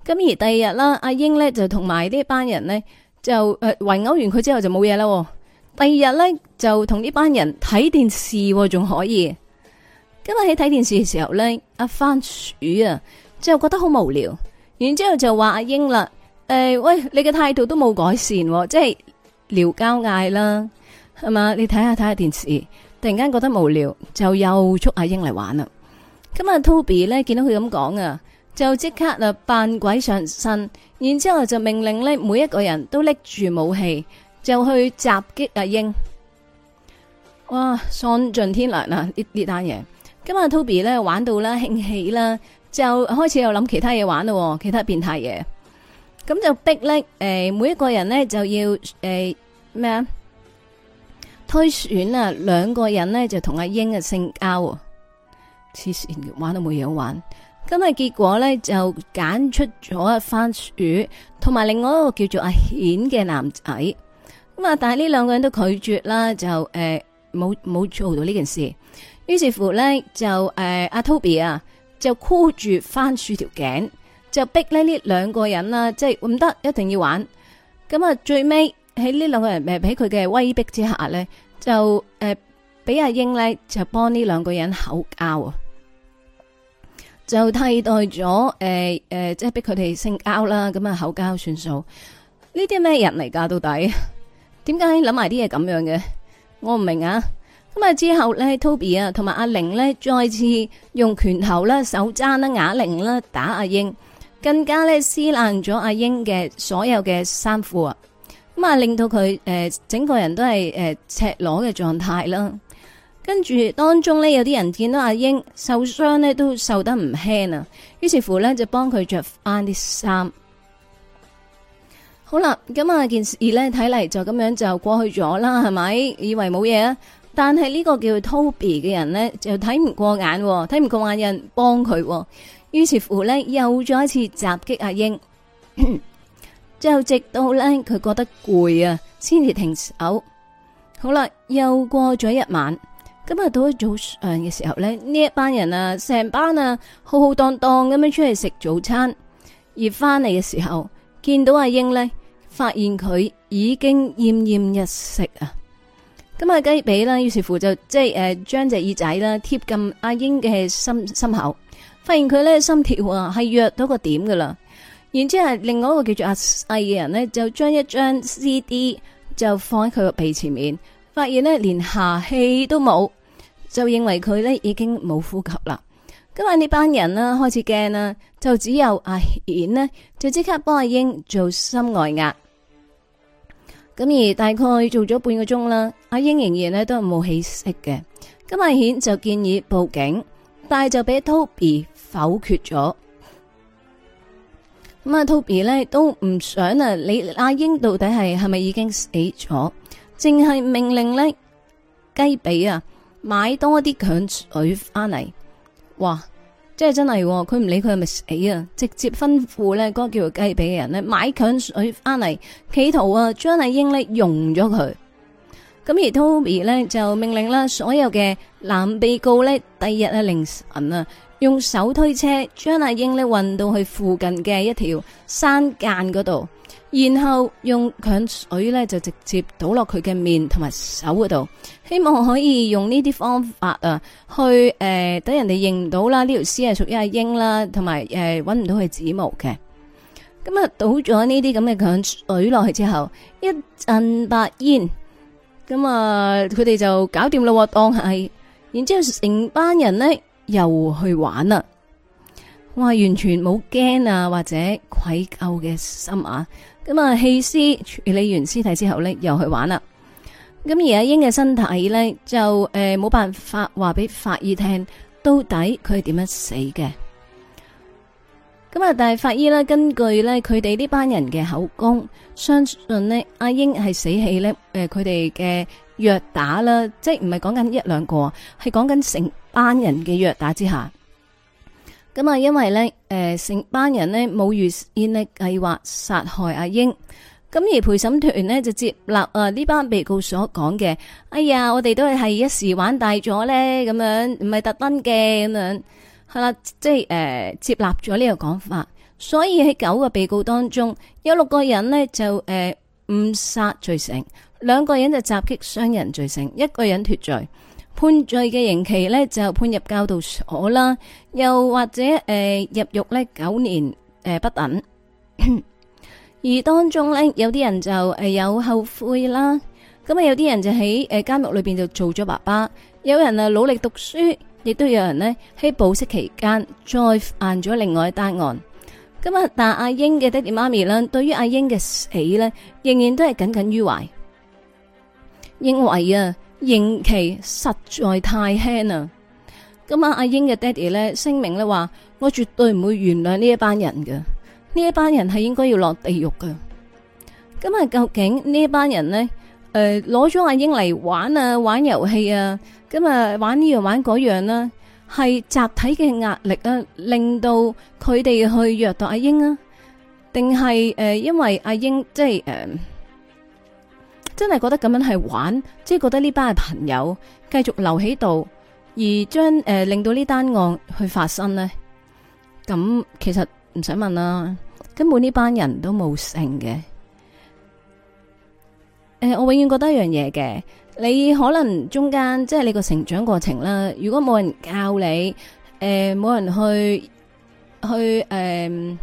咁而第二日啦，阿英咧就同埋呢班人咧就誒，圍毆完佢之後就冇嘢啦。第二日咧就同呢班人睇電視、哦，仲可以。今日喺睇電視嘅時候咧，阿番薯啊，之後覺得好無聊。然之後就話阿英啦，誒、呃，喂，你嘅態度都冇改善、哦，即係聊交嗌啦，係嘛？你睇下睇下電視，突然間覺得無聊，就又捉阿英嚟玩啦。咁阿 Toby 咧見到佢咁講啊。就即刻啊！扮鬼上身，然之後就命令呢，每一個人都拎住武器，就去襲擊阿英。哇！喪盡天良嗱！呢呢單嘢，今日 Toby 呢，玩到啦興起啦，就開始又諗其他嘢玩喎，其他變態嘢。咁就逼呢，誒、呃，每一個人呢，就要誒咩啊？推選啊，兩個人呢，就同阿英嘅性交啊！黐線，玩都冇嘢好玩。咁結果咧就揀出咗啊番薯，同埋另外一個叫做阿顯嘅男仔。咁啊，但係呢兩個人都拒絕啦，就誒冇冇做到呢件事。於是乎咧就誒阿 Toby 啊，就箍住番薯條頸，就逼咧呢兩個人啦，即係唔得，一定要玩。咁啊，最尾喺呢兩個人誒，喺佢嘅威逼之下咧，就誒俾、呃、阿英咧就幫呢兩個人口交啊。就替代咗誒誒，即係逼佢哋性交啦，咁啊口交算數？呢啲咩人嚟噶到底？點解諗埋啲嘢咁樣嘅？我唔明啊！咁啊之後咧，Toby 啊同埋阿玲咧再次用拳頭啦、手踭啦、啞鈴啦打阿英，更加咧撕爛咗阿英嘅所有嘅衫褲啊！咁啊令到佢誒整個人都係誒、呃、赤裸嘅狀態啦。跟住當中呢，有啲人見到阿英受傷呢，都受得唔輕啊。於是乎呢，就幫佢着翻啲衫。好啦，咁啊件事呢，睇嚟就咁樣就過去咗啦，係咪？以為冇嘢啊，但係呢個叫 Toby 嘅人呢，就睇唔過眼，睇唔過眼人幫佢。於是乎呢，又再一次襲擊阿英，之後 *coughs* 直到呢，佢覺得攰啊，先至停手。好啦，又過咗一晚。今日到咗早上嘅時候呢，呢一班人啊，成班啊浩浩蕩蕩咁樣出去食早餐，而翻嚟嘅時候見到阿英呢，發現佢已經奄奄一息啊！咁啊，雞髀呢，於是乎就即係誒，將隻耳仔啦貼近阿英嘅心心口，發現佢呢心跳啊係弱到個點噶啦。然之後另外一個叫做阿細嘅人呢，就將一張 CD 就放喺佢個鼻前面。發現咧，連下氣都冇，就認為佢咧，已經冇呼吸啦。今日呢班人啦開始驚啦，就只有阿顯呢，就即刻幫阿英做心外壓。咁而大概做咗半個鐘啦，阿英仍然咧都係冇氣息嘅。咁阿顯就建議報警，但係就俾 Toby 否決咗。咁啊 Toby 呢，都唔想啊，你阿英到底係係咪已經死咗？淨係命令呢雞髀啊買多啲強水翻嚟，哇！即係真係，佢唔理佢係咪死啊，直接吩咐呢嗰個叫做雞髀嘅人呢，買強水翻嚟，企圖啊將阿英呢溶咗佢。咁而 Toby 呢，就命令啦，所有嘅男被告呢，第二日呢凌晨啊，用手推車將阿英呢運到去附近嘅一條山澗嗰度。然後用強水咧就直接倒落佢嘅面同埋手嗰度，希望可以用呢啲方法啊，去誒等、呃、人哋認到啦，呢條屍係屬於阿英啦，同埋誒揾唔到佢指模嘅。咁、嗯、啊倒咗呢啲咁嘅強水落去之後，一陣白煙，咁啊佢哋就搞掂啦，當係，然之後成班人呢，又去玩啦，哇完全冇驚啊或者愧疚嘅心啊！咁啊，棄屍處理完屍體之後呢，又去玩啦。咁而阿英嘅身體呢，就誒冇、呃、辦法話俾法醫聽到底佢係點樣死嘅。咁啊，但係法醫呢，根據呢，佢哋呢班人嘅口供，相信呢，阿英係死喺呢，誒佢哋嘅虐打啦，即係唔係講緊一兩個，係講緊成班人嘅虐打之下。咁啊，因為咧，誒、呃，成班人呢冇預先呢計劃殺害阿英，咁而陪審團呢就接納啊呢班被告所講嘅，哎呀，我哋都係一時玩大咗呢，咁樣唔係特登嘅，咁樣係啦，即係誒、呃、接納咗呢個講法，所以喺九個被告當中，有六個人呢就誒誤殺罪成，兩個人就襲擊傷人罪成，一個人脫罪。判罪嘅刑期咧，就判入教導所啦，又或者誒入獄咧九年誒不等。而當中咧，有啲人就誒有後悔啦，咁啊有啲人就喺誒監獄裏邊就做咗爸爸，有人啊努力讀書，亦都有人咧喺保釋期間再犯咗另外一單案。咁啊，但阿英嘅爹哋媽咪咧，對於阿英嘅死咧，仍然都係耿耿於懷，因為啊。刑期實在太輕啦！咁啊，阿英嘅爹哋咧聲明咧話：我絕對唔會原諒呢一班人嘅，呢一班人係應該要落地獄嘅。咁啊，究竟呢一班人咧，誒，攞咗阿英嚟玩啊，玩遊戲啊，咁啊，玩呢樣玩嗰樣啦，係集體嘅壓力啊，令到佢哋去虐待阿英啊，定係誒，因為阿英即係誒。真係覺得咁樣係玩，即係覺得呢班係朋友繼續留喺度，而將誒、呃、令到呢單案去發生呢。咁其實唔使問啦，根本呢班人都冇性嘅。誒、呃，我永遠覺得一樣嘢嘅，你可能中間即係你個成長過程啦，如果冇人教你，誒、呃，冇人去去誒、呃、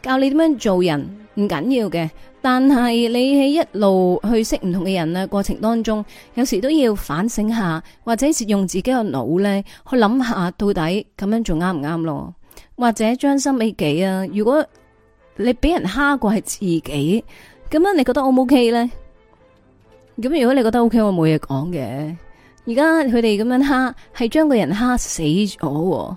教你點樣做人。唔緊要嘅，但係你喺一路去識唔同嘅人啊，過程當中，有時都要反省下，或者用自己個腦咧去諗下，到底咁樣做啱唔啱咯？或者將心比己啊，如果你俾人蝦過係自己，咁樣你覺得 O 唔 O K 呢？咁如果你覺得 O K，我冇嘢講嘅。而家佢哋咁樣蝦，係將個人蝦死咗喎。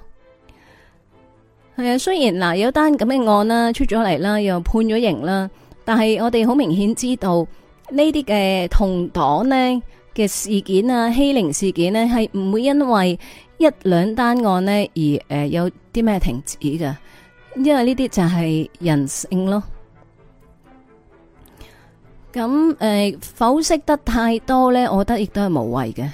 係啊，雖然嗱有單咁嘅案啦，出咗嚟啦，又判咗刑啦，但係我哋好明顯知道呢啲嘅同黨咧嘅事件啊，欺凌事件咧係唔會因為一兩單案咧而誒有啲咩停止㗎，因為呢啲就係人性咯。咁誒、呃，否釋得太多呢，我覺得亦都係無謂嘅。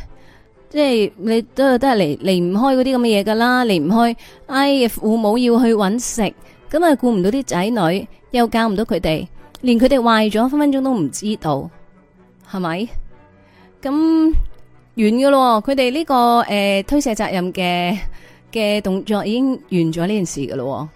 即係你都係都係離離唔開嗰啲咁嘅嘢噶啦，離唔開。哎，父母要去搵食，咁啊顧唔到啲仔女，又教唔到佢哋，連佢哋壞咗分分鐘都唔知道，係咪？咁完噶咯，佢哋呢個誒、呃、推卸責任嘅嘅動作已經完咗呢件事噶咯。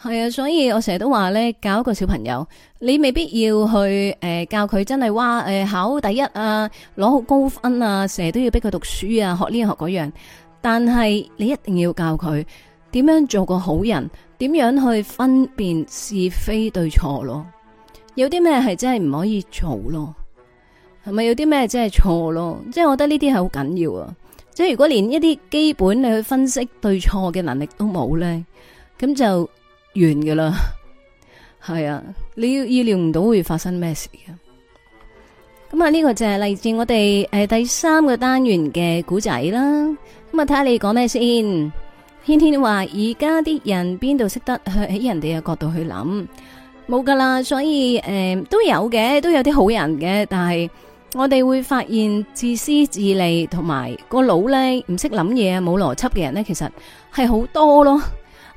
係啊，所以我成日都話咧，教一個小朋友，你未必要去誒、呃、教佢真係哇誒考第一啊，攞高分啊，成日都要逼佢讀書啊，學呢樣學嗰樣。但係你一定要教佢點樣做個好人，點樣去分辨是非對錯咯。有啲咩係真係唔可以做咯，係咪有啲咩真係錯咯？即係我覺得呢啲係好緊要啊。即係如果連一啲基本你去分析對錯嘅能力都冇呢，咁就。完噶啦，係啊，你要意料唔到會發生咩事啊。咁啊，呢個就係嚟自我哋誒第三個單元嘅古仔啦。咁啊，睇下你講咩先。天天話而家啲人邊度識得去喺人哋嘅角度去諗，冇噶啦。所以誒都有嘅，都有啲好人嘅，但係我哋會發現自私自利同埋個腦咧唔識諗嘢冇邏輯嘅人咧，其實係好多咯。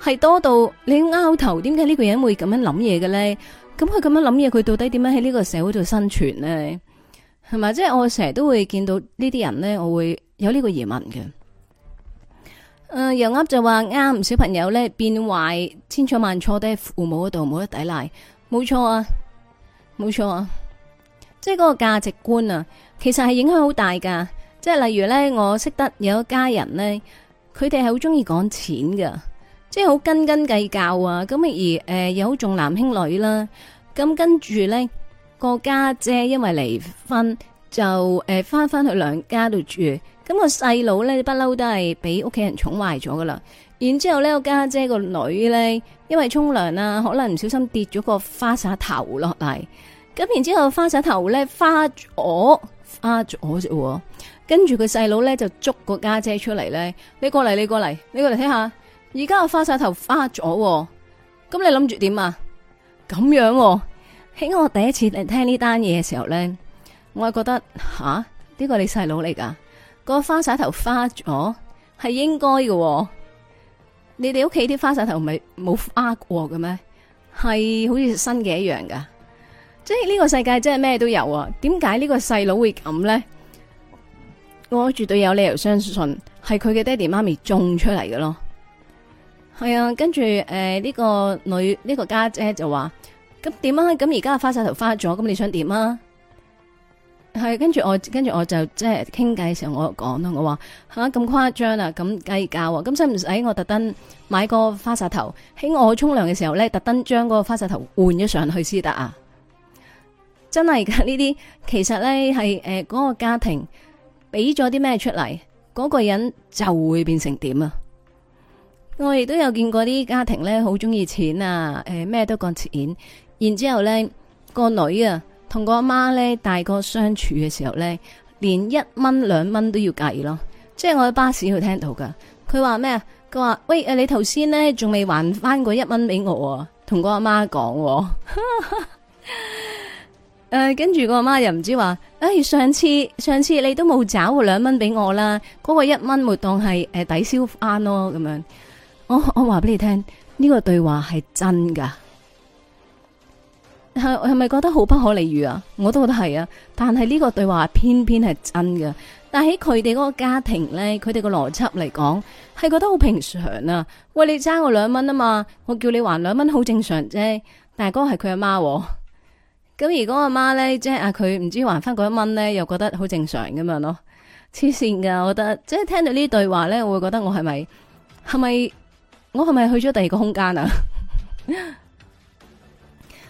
係多到你拗頭，點解呢個人會咁樣諗嘢嘅呢？咁佢咁樣諗嘢，佢到底點樣喺呢個社會度生存呢？係咪？即係我成日都會見到呢啲人呢，我會有呢個疑問嘅。誒、呃，楊就話啱，唔、嗯、小朋友呢，變壞，千錯萬錯都係父母嗰度冇得抵賴，冇錯啊，冇錯啊，即係嗰個價值觀啊，其實係影響好大噶。即係例如呢，我識得有一家人呢，佢哋係好中意講錢噶。即係好斤斤計較、呃、啊！咁而誒又好重男輕女啦。咁跟住咧個家姐因為離婚就誒翻翻去娘家度住。咁個細佬咧不嬲都係俾屋企人寵壞咗噶啦。然之後呢個家姐個女咧因為沖涼啊，可能唔小心跌咗個花灑頭落嚟。咁、啊、然之後花灑頭咧花咗，花咗我啫喎。跟住個細佬咧就捉個家姐，姐出嚟咧，你過嚟你過嚟，你過嚟睇下。而家個花灑頭花咗，咁你諗住點啊？咁樣喎，喺我第一次嚟聽呢單嘢嘅時候咧，我係覺得吓，呢個你細佬嚟噶個花灑頭花咗係應該嘅喎。你哋屋企啲花灑頭唔係冇花過嘅咩？係好似新嘅一樣噶即係呢個世界真係咩都有啊？點解呢個細佬會咁咧？我絕對有理由相信係佢嘅爹哋媽咪種出嚟嘅咯。係、嗯呃這個這個、啊，跟住誒呢個女呢個家姐就話，咁點啊？咁而家花灑頭花咗，咁你想點啊？係跟住我，跟住我就即係傾偈嘅時候，我講咯，我話吓咁誇張啊，咁計較、啊，咁使唔使我特登買個花灑頭？喺我沖涼嘅時候呢，特登將個花灑頭換咗上去先得啊！真係噶呢啲，其實呢，係誒嗰個家庭俾咗啲咩出嚟，嗰、那個人就會變成點啊？我亦都有見過啲家庭咧，好中意錢啊！誒、欸，咩都講錢，然之後咧個女啊，同個阿媽咧大個相處嘅時候咧，連一蚊兩蚊都要計咯。即係我喺巴士度聽到噶，佢話咩啊？佢話喂，誒，你頭先咧仲未還翻過一蚊俾我喎。」同個阿媽講，誒，跟住個阿媽又唔知話，哎、欸，上次上次你都冇找過兩蚊俾我啦，嗰、那個一蚊咪當係誒、呃、抵消翻咯，咁樣。我我話俾你聽，呢個對話係真噶係係咪覺得好不可理喻啊？我都覺得係啊，但係呢個對話偏偏係真嘅。但喺佢哋嗰個家庭呢，佢哋個邏輯嚟講，係覺得好平常啊！喂，你爭我兩蚊啊嘛，我叫你還兩蚊好正常啫。但嗰個係佢阿媽，咁如果阿媽呢，即係阿佢唔知還翻嗰一蚊呢，又覺得好正常咁樣咯，黐線噶！我覺得即係聽到呢對話呢，我會覺得我係咪係咪？是不是我係咪去咗第二個空間啊？ *laughs*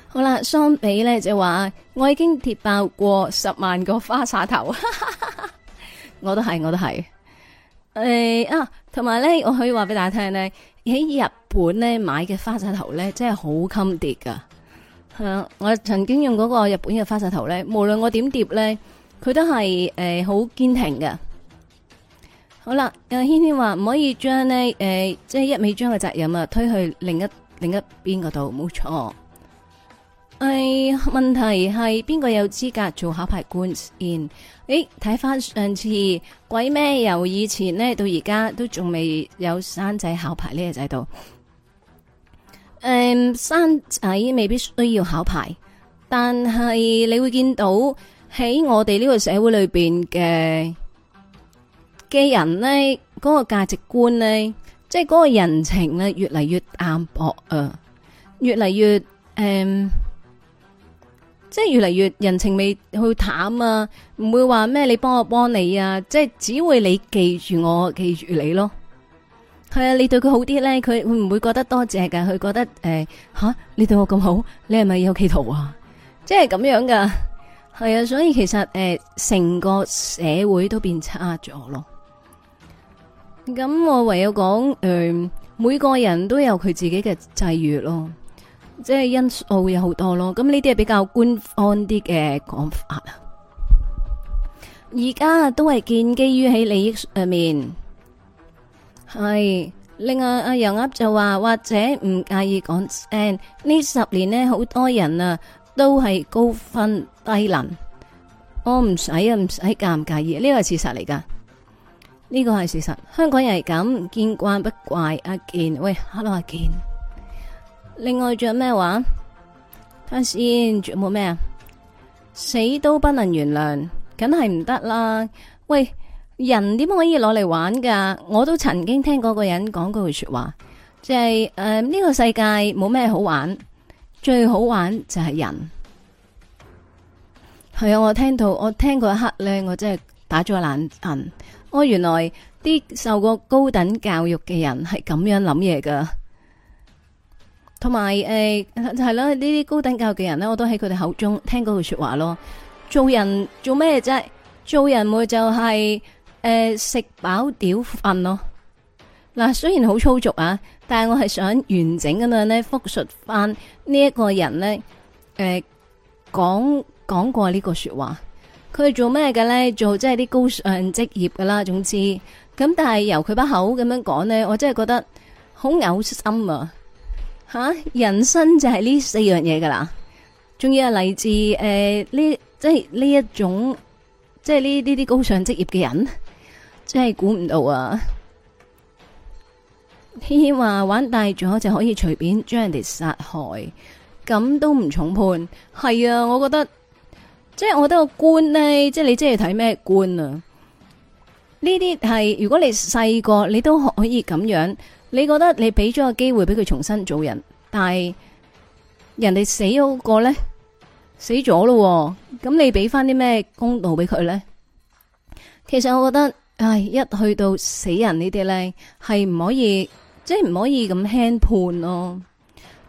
好啦，相比咧就話，我已經跌爆過十萬個花灑頭，哈哈哈哈我都係，我都係。誒、哎、啊，同埋咧，我可以話俾大家聽咧，喺日本咧買嘅花灑頭咧，真係好襟跌噶。吓、啊，我曾經用嗰個日本嘅花灑頭咧，無論我點跌咧，佢都係誒好堅挺嘅。好啦，阿軒軒話唔可以將呢，誒，即係一味將個責任啊推去另一另一邊嗰度，冇錯。誒，問題係邊個有資格做考牌官先？誒，睇翻上次，鬼咩？由以前呢到而家都仲未有生仔考牌呢個制度。誒，生仔未必需要考牌，但係你會見到喺我哋呢個社會裏邊嘅。嘅人呢，嗰、嗰個價值觀呢，即係嗰個人情呢，越嚟越淡薄啊，越嚟越誒、嗯，即係越嚟越人情味去淡啊，唔會話咩你幫我幫你啊，即係只會你記住我，記住你咯。係啊，你對佢好啲呢，佢會唔會覺得多謝噶？佢覺得誒，吓、呃啊、你對我咁好，你係咪有企圖啊？即係咁樣噶。係啊，所以其實誒，成、呃、個社會都變差咗咯。咁我唯有講，誒、嗯，每個人都有佢自己嘅際遇咯，即係因素有好多咯。咁呢啲係比較官方啲嘅講法啊。而家都係建基於喺利益上面。係，另外阿楊鴨就話，或者唔介意講，誒，呢十年呢，好多人啊，都係高分低能。我唔使啊，唔使介唔介意，呢個係事實嚟噶。呢個係事實，香港人係咁見慣不怪。阿健，喂，hello，阿健。另外仲有咩話？睇先，仲有冇咩啊？死都不能原諒，梗係唔得啦。喂，人點可以攞嚟玩噶？我都曾經聽過個人講句說話，即係誒，呢個世界冇咩好玩，最好玩就係人。係啊，我聽到我聽嗰一刻咧，我真係打咗個冷震。我原來啲受過高等教育嘅人係咁樣諗嘢噶，同埋誒係咯，呢、呃、啲高等教育嘅人咧，我都喺佢哋口中聽過句說話咯。做人做咩啫？做人咪就係誒食飽屌瞓咯。嗱、呃，雖然好粗俗啊，但係我係想完整咁樣咧複述翻呢一個人咧誒、呃、講講過呢個說話。佢做咩嘅呢？做即係啲高尚職業噶啦，總之咁。但係由佢把口咁樣講呢，我真係覺得好嘔心啊！吓，人生就係呢四樣嘢噶啦。仲要係嚟自誒呢、呃，即係呢一種，即係呢呢啲高尚職業嘅人，真係估唔到啊！輕輕話玩大咗就可以隨便將人哋殺害，咁都唔重判，係啊，我覺得。即係我覺得個官呢，即係你真係睇咩官啊？呢啲係如果你細個，你都可以咁樣。你覺得你俾咗個機會俾佢重新做人，但係人哋死咗個呢，死咗咯，咁你俾翻啲咩公道俾佢呢？其實我覺得，唉，一去到死人呢啲呢，係唔可以，即係唔可以咁輕判咯。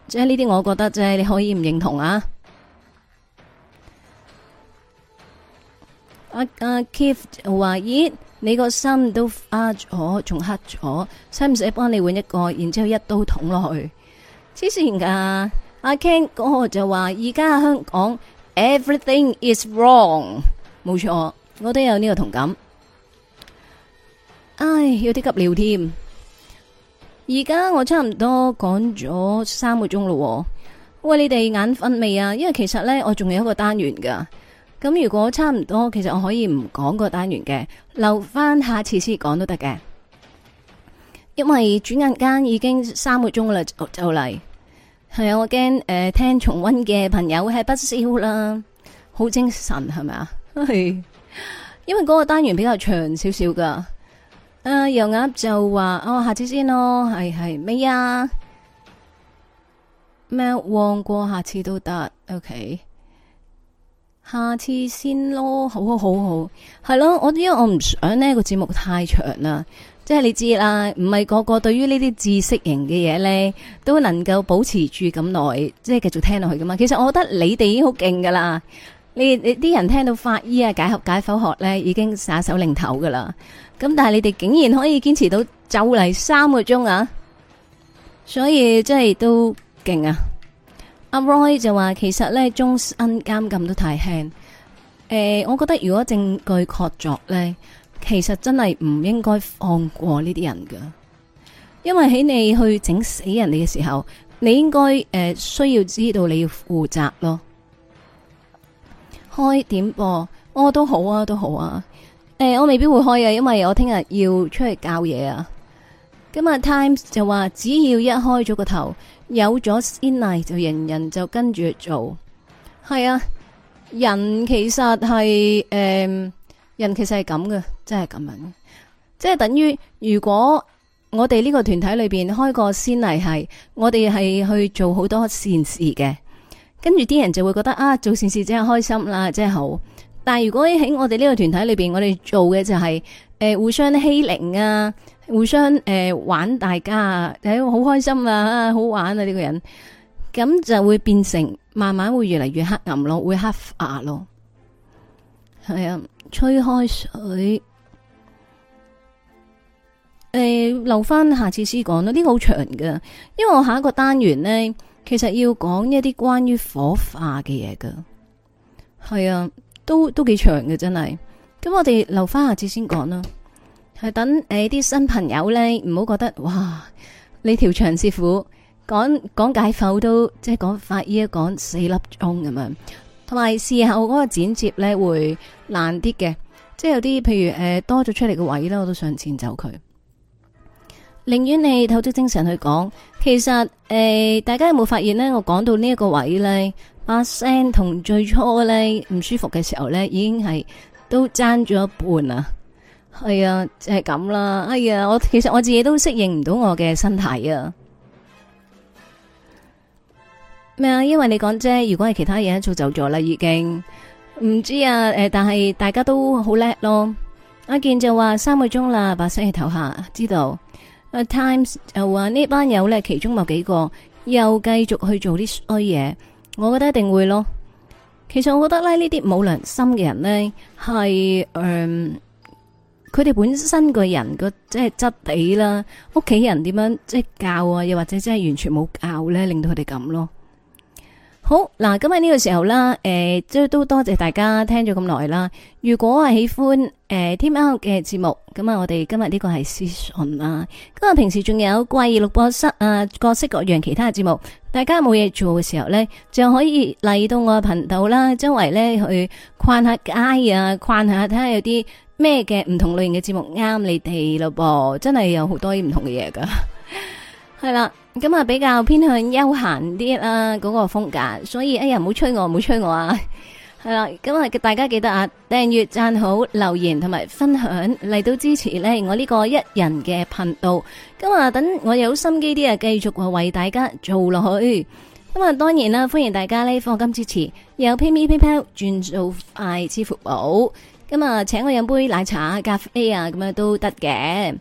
即係呢啲，我覺得即係你可以唔認同啊。阿 Keith 話：咦、啊，啊、ee, 你個心都花咗，仲黑咗，使唔使幫你換一個？然之後一刀捅落去，黐線噶！阿、啊、Ken 哥就話：而家香港 everything is wrong，冇錯，我都有呢個同感。唉，有啲急尿添。而家我差唔多講咗三個鐘喎。喂，你哋眼瞓未啊？因為其實呢，我仲有一個單元噶。咁如果差唔多，其實我可以唔講個單元嘅，留翻下，下次先講都得嘅。因為轉眼間已經三個鐘、呃、啦，就嚟。係啊，我驚誒聽重溫嘅朋友係不消啦，好精神係咪啊？ *laughs* 因為嗰個單元比較長少少噶。誒、呃，油鴨就話哦，下次先咯，係係咩啊？咩旺過下次都得，OK。下次先咯，好好好好，係咯，我因為我唔想呢個節目太長啦，即係你知啦，唔係個個對於呢啲知識型嘅嘢呢，都能夠保持住咁耐，即係繼續聽落去噶嘛。其實我覺得你哋已經好勁噶啦，你你啲人聽到法醫啊解合解剖學呢已經耍手擰頭噶啦，咁但係你哋竟然可以堅持到就嚟三個鐘啊，所以真係都勁啊！阿 Roy 就話：其實呢，終身監禁都太輕。誒、欸，我覺得如果證據確鑿呢，其實真係唔應該放過呢啲人噶。因為喺你去整死人哋嘅時候，你應該誒、呃、需要知道你要負責咯。開點播，我、哦、都好啊，都好啊。誒、欸，我未必會開啊，因為我聽日要出去教嘢啊。咁啊 Times 就話，只要一開咗個頭。有咗先例，就人人就跟住做。係啊，人其實係誒、呃，人其實係咁嘅，真係咁樣嘅。即係等於，如果我哋呢個團體裏邊開個先例，係我哋係去做好多善事嘅，跟住啲人就會覺得啊，做善事真係開心啦，真係好。但係如果喺我哋呢個團體裏邊，我哋做嘅就係、是、誒、呃，互相欺凌啊。互相誒、呃、玩大家，誒、欸、好開心啊，好玩啊呢、這個人，咁就會變成慢慢會越嚟越黑暗咯，會黑化咯。係啊，吹開水，誒、欸、留翻下，下次先講啦，呢、這個好長噶，因為我下一個單元呢其實要講一啲關於火化嘅嘢噶。係啊，都都幾長嘅真係，咁我哋留翻下，下次先講啦。係等誒啲新朋友咧，唔好覺得哇！你條長師傅講講解剖都即係講法醫，講四粒鐘咁樣，同埋事後嗰個剪接咧會難啲嘅，即係有啲譬如誒、呃、多咗出嚟嘅位咧，我都想剪走佢，寧願你透出精神去講。其實誒、呃，大家有冇發現咧？我講到呢一個位咧，把聲同最初咧唔舒服嘅時候咧，已經係都爭咗一半啦係啊，就係咁啦。哎呀，我其實我自己都適應唔到我嘅身體啊。咩啊？因為你講啫，如果係其他嘢做走咗啦，已經唔知啊。誒，但係大家都好叻咯。阿健就話三個鐘啦，把聲頭下知道。阿 Times 就話呢班友咧，其中某幾個又繼續去做啲衰嘢。我覺得一定會咯。其實我覺得咧，呢啲冇良心嘅人咧，係誒。佢哋本身個人個即係質地啦，屋企人點樣即係教啊，又或者即係完全冇教咧，令到佢哋咁咯。好，嗱，今日呢個時候啦，誒，即係都多謝大家聽咗咁耐啦。如果係喜歡誒天喵嘅節目，咁啊，我哋今日呢個係屍訊啦。今日平時仲有貴錄播室啊，各式各樣其他嘅節目，大家冇嘢做嘅時候咧，就可以嚟到我嘅頻道啦，周圍咧去逛下街啊，逛下睇下有啲。咩嘅唔同類型嘅節目啱你哋咯噃，真係有好多唔同嘅嘢噶。係啦，咁啊比較偏向休閒啲啦嗰個風格，所以哎呀，唔好催我，唔好催我啊，係 *laughs* 啦，咁啊大家記得啊，訂閱、讚好、留言同埋分享嚟到支持呢我呢個一人嘅頻道，咁啊，等我有心機啲啊，繼續為大家做落去，咁啊，當然啦，歡迎大家呢課金支持，有 PayMe PayPay 轉做快支付寶。咁啊，請我飲杯奶茶、咖啡啊，咁樣都得嘅。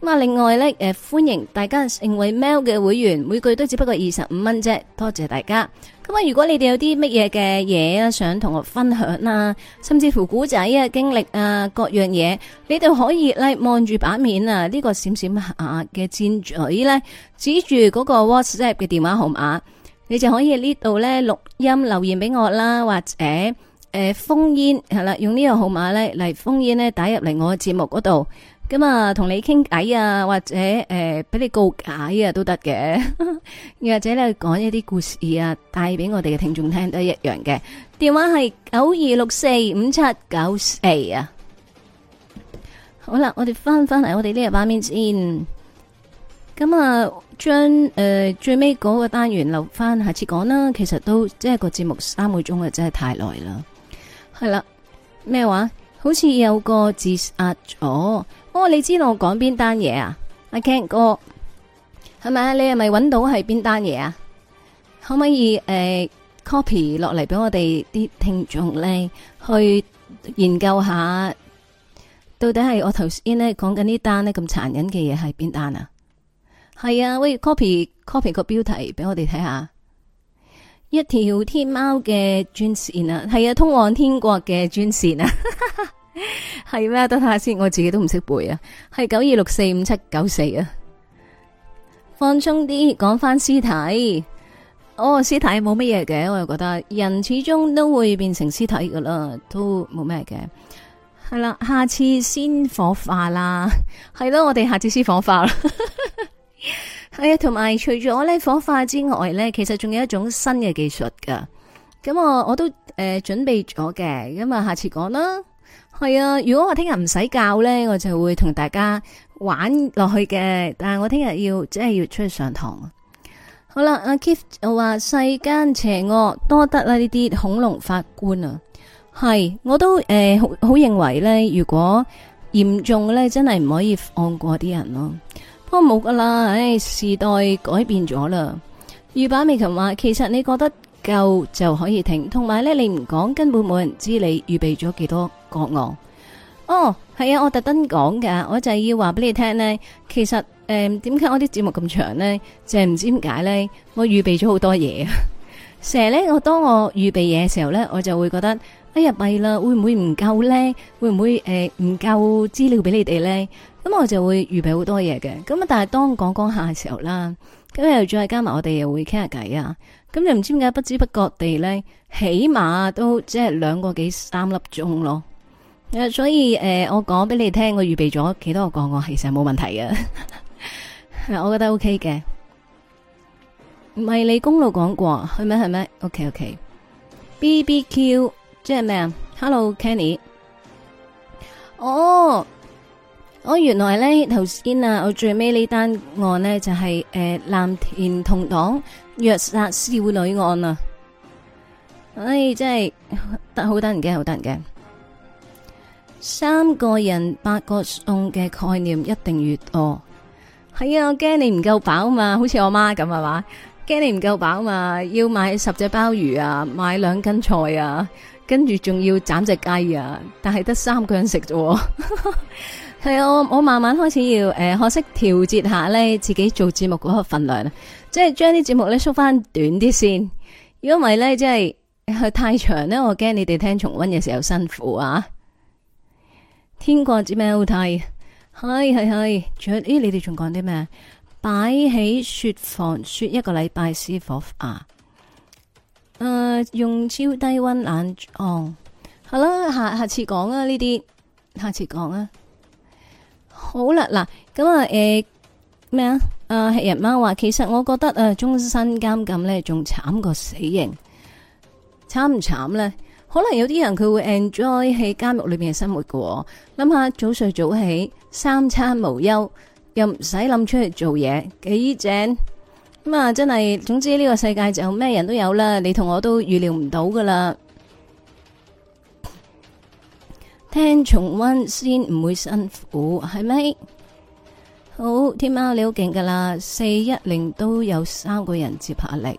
咁啊，另外呢，誒，歡迎大家成為 mail 嘅會員，每個月都只不過二十五蚊啫。多謝大家。咁啊，如果你哋有啲乜嘢嘅嘢啊，想同我分享啊，甚至乎古仔啊、經歷啊各樣嘢，你哋可以咧望住版面啊，呢個閃閃啊嘅箭嘴呢，指住嗰個 WhatsApp 嘅電話號碼，你就可以呢度呢錄音留言俾我啦，或者。誒、嗯、封煙係啦，用呢個號碼咧嚟，封煙呢，打入嚟我嘅節目嗰度，咁啊同你傾偈啊，或者誒俾、嗯、你告解啊都得嘅，又或者你講一啲故事啊，帶俾我哋嘅聽眾聽都一樣嘅。電話係九二六四五七九四啊。好啦，我哋翻翻嚟我哋呢個版面先。咁、嗯、啊，將、嗯、誒、呃、最尾嗰個單元留翻下次講啦。其實都即係個節目三個鐘啊，真係太耐啦。係啦，咩話？好似有個字壓咗。哦，你知道我講邊單嘢啊？阿 Ken 哥，係咪？你係咪揾到係邊單嘢啊？可唔可以誒、呃、copy 落嚟俾我哋啲聽眾咧去研究下，到底係我頭先咧講緊呢單咁殘忍嘅嘢係邊單啊？係啊，喂，copy copy 個標題俾我哋睇下。一條天貓嘅專線啊，係啊，通往天國嘅專線啊，係咩？等下先，我自己都唔識背啊，係九二六四五七九四啊。放鬆啲，講翻屍體。哦，屍體冇乜嘢嘅，我又覺得人始終都會變成屍體噶啦，都冇咩嘅。係啦、啊，下次先火化啦，係咯、啊，我哋下次先火化啦。 *laughs* 係啊，同埋除咗咧火化之外咧，其實仲有一種新嘅技術噶。咁我我都誒、呃、準備咗嘅，咁啊下次講啦。係啊，如果我聽日唔使教咧，我就會同大家玩落去嘅。但係我聽日要真係要出去上堂。好啦、啊，阿、啊、Keith 又話世間邪惡多得啦，呢啲恐龍法官啊，係我都誒、呃、好好認為咧，如果嚴重咧，真係唔可以放過啲人咯。我冇噶啦，唉，時代改變咗啦。御板美琴話：其實你覺得夠就可以停，同埋咧，你唔講根本冇人知你預備咗幾多個案。哦，係啊，我特登講噶，我就係要話俾你聽咧。其實誒，點解我啲節目咁長咧？就係唔知點解咧，我預備咗好多嘢啊。成日咧，我當我預備嘢嘅時候咧，我就會覺得哎呀，弊啦，會唔會唔夠咧？會唔會誒唔夠資料俾你哋咧？咁我就會預備好多嘢嘅，咁啊，但係當講講下嘅時候啦，咁又再加埋我哋又會傾下偈啊，咁又唔知點解不知不覺地咧，起碼都即係兩個幾三粒鐘咯。所以誒、呃，我講俾你聽，我預備咗幾多個講過，其實冇問題嘅， *laughs* 我覺得 OK 嘅，唔係你公路講過，係咩係咩？OK OK，BBQ 即係咩啊？Hello Kenny，哦。我原來呢，頭先啊，我最尾呢單案呢，就是，就係誒藍田童黨虐殺少女案啊。唉，真係得好得人驚，好得人驚。三個人八個餸，嘅概念一定越多係啊，哎。我驚你唔夠飽嘛，好似我媽咁係嘛，驚你唔夠飽嘛，要買十隻鮑魚啊，買兩斤菜啊，跟住仲要斬隻雞啊，但係得三個人食啫。 *laughs* 係我、啊、我慢慢開始要誒、呃、學識調節下咧自己做節目嗰個份量，即係將啲節目咧縮翻短啲先。如果唔係咧，即係、呃、太長咧，我驚你哋聽重溫嘅時候辛苦啊。天國之咩好睇？係係係。仲咦？你哋仲講啲咩？擺起雪房雪一個禮拜，師傅啊。誒、呃，用超低溫冷哦。好啦，下下次講啊呢啲，下次講啊。好啦，嗱咁、欸、啊，誒咩啊？阿吃人貓話，其實我覺得啊，終身監禁呢仲慘過死刑慘，慘唔慘呢？可能有啲人佢會 enjoy 喺監獄裏面嘅生活噶，諗下早睡早起，三餐無憂，又唔使諗出嚟做嘢，幾正咁啊！真係，總之呢個世界就咩人都有啦，你同我都預料唔到噶啦。聽重溫先唔會辛苦係咪？好，天貓你好勁噶啦，四一零都有三個人接壓力，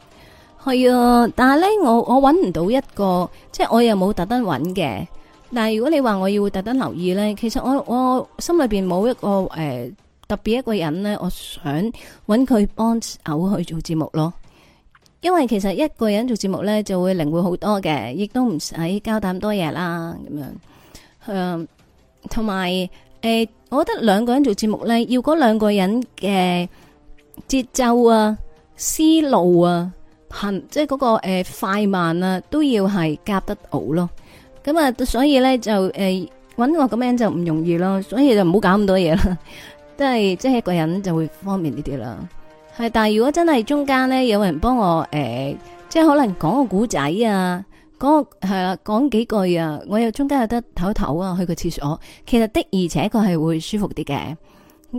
係啊。但係呢，我我搵唔到一個，即係我又冇特登搵嘅。但係如果你話我要特登留意呢，其實我我心裏邊冇一個誒、呃、特別一個人呢。我想搵佢幫手去做節目咯。因為其實一個人做節目呢，就會靈活好多嘅，亦都唔使交淡多嘢啦咁樣。同埋誒，我覺得兩個人做節目咧，要嗰兩個人嘅節奏啊、思路啊、行，即係嗰個誒、欸、快慢啊，都要係夾得到咯。咁、嗯、啊，所以咧就誒搵、欸、我咁樣就唔容易咯。所以就唔好搞咁多嘢啦， *laughs* 都係即係一個人就會方便啲啲啦。係，但係如果真係中間咧有人幫我誒、欸，即係可能講個古仔啊。講係講幾句啊！我又中間有得唞唞啊，去個廁所。其實的而且確係會舒服啲嘅。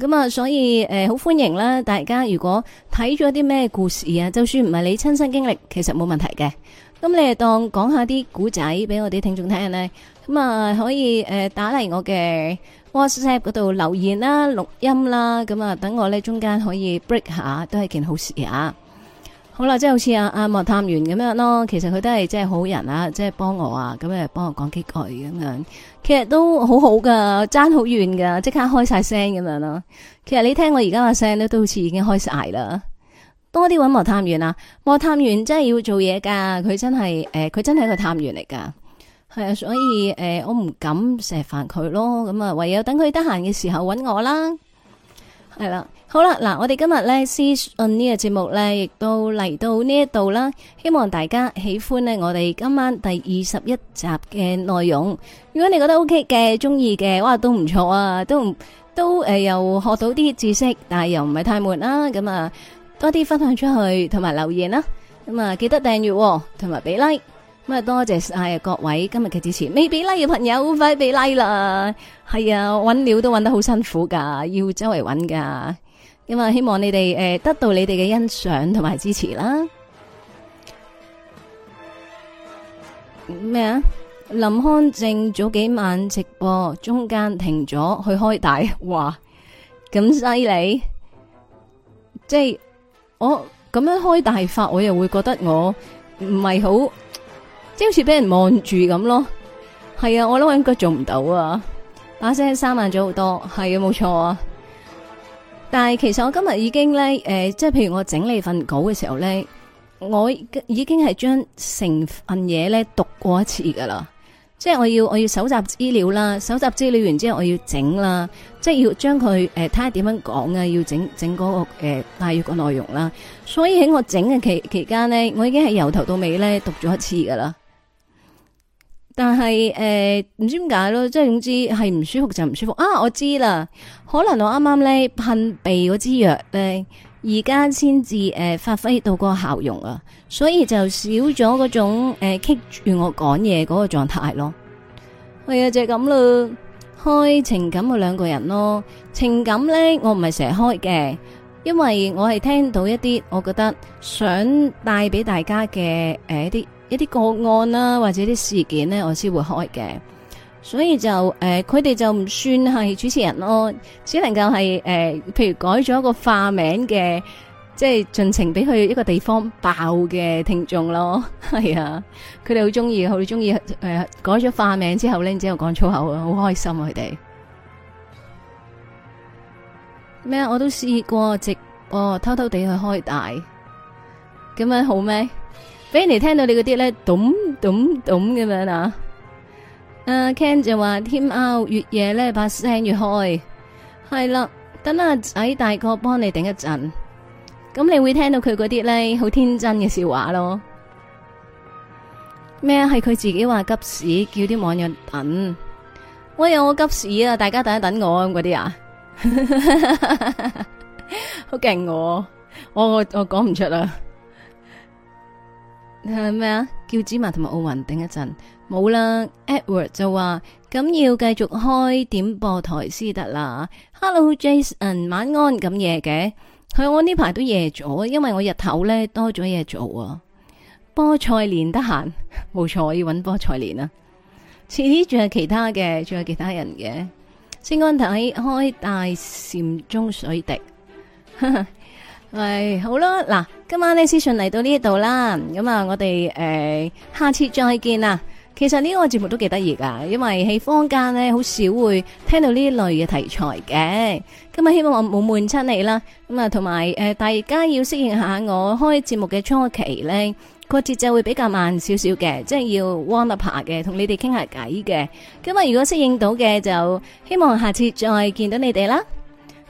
咁啊，所以誒，好、呃、歡迎啦！大家如果睇咗啲咩故事啊，就算唔係你親身經歷，其實冇問題嘅。咁你當當講下啲古仔俾我啲聽眾聽呢。咁啊，可以誒、呃、打嚟我嘅 WhatsApp 嗰度留言啦、錄音啦。咁啊，等我呢，中間可以 break 下，都係件好事啊！好啦，即係好似阿阿莫探員咁樣咯，其實佢都係即係好人啊，即係幫我啊，咁誒幫我講幾句咁樣，其實都好好噶，爭好遠噶，即刻開晒聲咁樣咯。其實你聽我而家嘅聲咧，都好似已經開晒啦。多啲搵莫探員啊莫探員真係要做嘢噶，佢真係誒，佢、呃、真係一個探員嚟噶，係啊，所以誒、呃，我唔敢成日煩佢咯，咁啊，唯有等佢得閒嘅時候搵我啦。係啦，好啦，嗱，我哋今日咧屍訊呢個節目咧，亦都嚟到呢一度啦。希望大家喜歡咧，我哋今晚第二十一集嘅內容。如果你覺得 OK 嘅，中意嘅，哇，都唔錯啊，都都誒又學到啲知識，但係又唔係太悶啦。咁啊，多啲分享出去，同埋留言啦。咁啊，記得訂閱喎，同埋俾 like。咁啊，多謝晒各位今日嘅支持，未俾 like 嘅朋友快俾 like 啦！係啊，搵料都搵得好辛苦噶，要周圍揾噶，咁啊，希望你哋誒得到你哋嘅欣賞同埋支持啦。咩啊？林康正早幾晚直播中間停咗去開大，哇！咁犀利，即係我咁樣開大法，我又會覺得我唔係好。即係好似俾人望住咁咯，係啊，我諗我應該做唔到啊，把聲生硬咗好多，係啊，冇錯啊。但係其實我今日已經咧，誒、呃，即係譬如我整理份稿嘅時候咧，我已經係將成份嘢咧讀過一次噶啦。即係我要我要搜集資料啦，搜集資料完之後我要整啦，即係要將佢誒睇下點樣講啊，要整整嗰、嗰個誒大約個內容啦。所以喺我整嘅期期間咧，我已經係由頭到尾咧讀咗一次噶啦。但係誒唔知點解咯，即係總之係唔舒服就唔舒服啊！我知啦，可能我啱啱咧噴鼻嗰支藥咧，而家先至誒發揮到個效用啊，所以就少咗嗰種誒棘、呃、住我講嘢嗰個狀態咯。係、哎、啊，就係咁咯，開情感嘅兩個人咯，情感咧我唔係成日開嘅，因為我係聽到一啲我覺得想帶俾大家嘅誒一啲。呃一啲個案啦、啊，或者啲事件咧，我先會開嘅，所以就誒，佢、呃、哋就唔算係主持人咯，只能夠係誒，譬如改咗一個化名嘅，即係盡情俾佢一個地方爆嘅聽眾咯，係啊，佢哋好中意，好中意誒，改咗化名之後咧，然之後講粗口啊，好開心啊，佢哋咩啊，我都試過直哦，偷偷地去開大，咁樣好咩？俾你聽到你嗰啲咧，噉噉噉咁樣啊！阿 Ken 就話天貓越夜咧，把聲越開，係啦，等阿仔大個幫你頂一陣，咁你會聽到佢嗰啲咧，好天真嘅笑話咯。咩啊？係佢自己話急屎，叫啲網友等。喂，我急屎啊！大家等一等我咁嗰啲啊，好勁我，我我講唔出啦。係咩啊？叫芝麻同埋奧運頂一陣冇啦。Edward 就話咁要繼續開點播台先得啦。Hello，Jason，晚安咁夜嘅，我呢排都夜咗，因為我日頭咧多咗嘢做啊。菠菜連得閒，冇錯，我要搵菠菜連啊。遲啲仲有其他嘅，仲有其他人嘅。先安睇開大禪中水滴。 *laughs* 係好啦，嗱，今晚呢屍訊嚟到呢一度啦，咁啊，我哋誒下次再見啦。其實呢個節目都幾得意㗎，因為喺坊間呢，好少會聽到呢一類嘅題材嘅。咁、嗯、啊，希望我冇悶親你啦，咁、嗯、啊，同埋誒大家要適應下我開節目嘅初期呢，個節奏會比較慢少少嘅，即係要 warm up 吓嘅，同你哋傾下偈嘅。咁、嗯、啊，如果適應到嘅，就希望下次再見到你哋啦。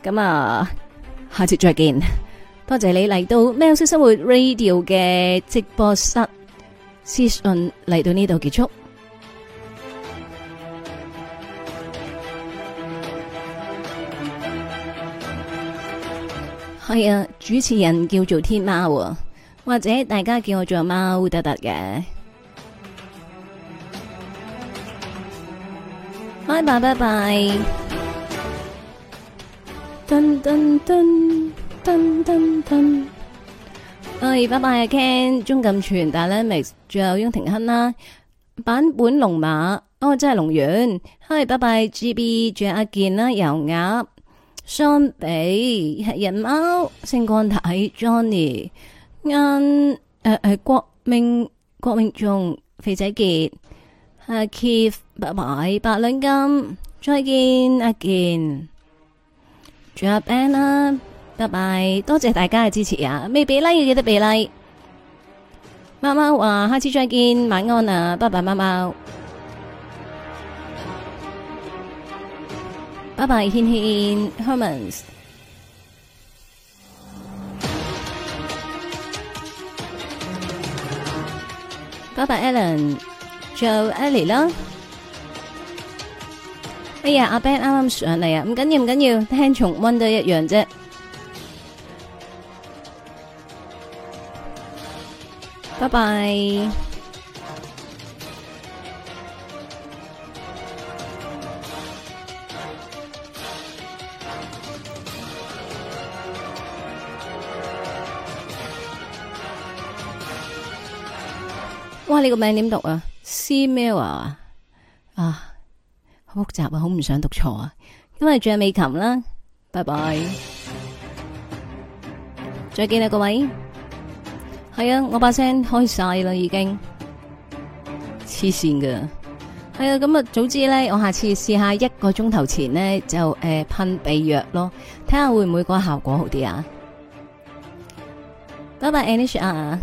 咁、嗯、啊，下次再見。多謝你嚟到喵式生活 Radio 嘅直播室，屍訊嚟到呢度結束。係啊，主持人叫做天貓啊，或者大家叫我做貓得得嘅。拜拜拜拜。Bye bye bye bye 噔噔噔噔噔噔！嗨，拜拜阿 Ken，鍾錦全，Dynamics，仲有雍廷亨啦。版本龍馬，哦，真係龍源。嗨，拜拜 GB，仲有阿健啦，油鴨雙比人貓星光體 Johnny，啱誒誒，郭明郭明仲肥仔杰，阿 Keith，拜拜白卵金，再見阿健，仲有 Ben 啦。拜拜，多謝大家嘅支持啊！未俾 like 要記得俾 like。貓貓話：下次再見，晚安啊！拜拜，貓貓。拜拜，茜茜。Hermans。拜拜，Allen。就 Ellie 啦。哎呀，阿 Ben 啱啱上嚟啊！唔緊要，唔緊要，聽重温都一樣啫。拜拜。哇，你個名點讀啊？Simela 啊，好複雜啊，好唔想讀錯啊。因為仲有美琴啦，拜拜，再見啦各位。係啊，我把聲開晒啦，已經黐線㗎。係啊，咁啊，早知咧，我下次試一下一個鐘頭前呢就、呃、噴鼻藥咯，睇下會唔會那個效果好啲啊。拜拜，Anish 啊。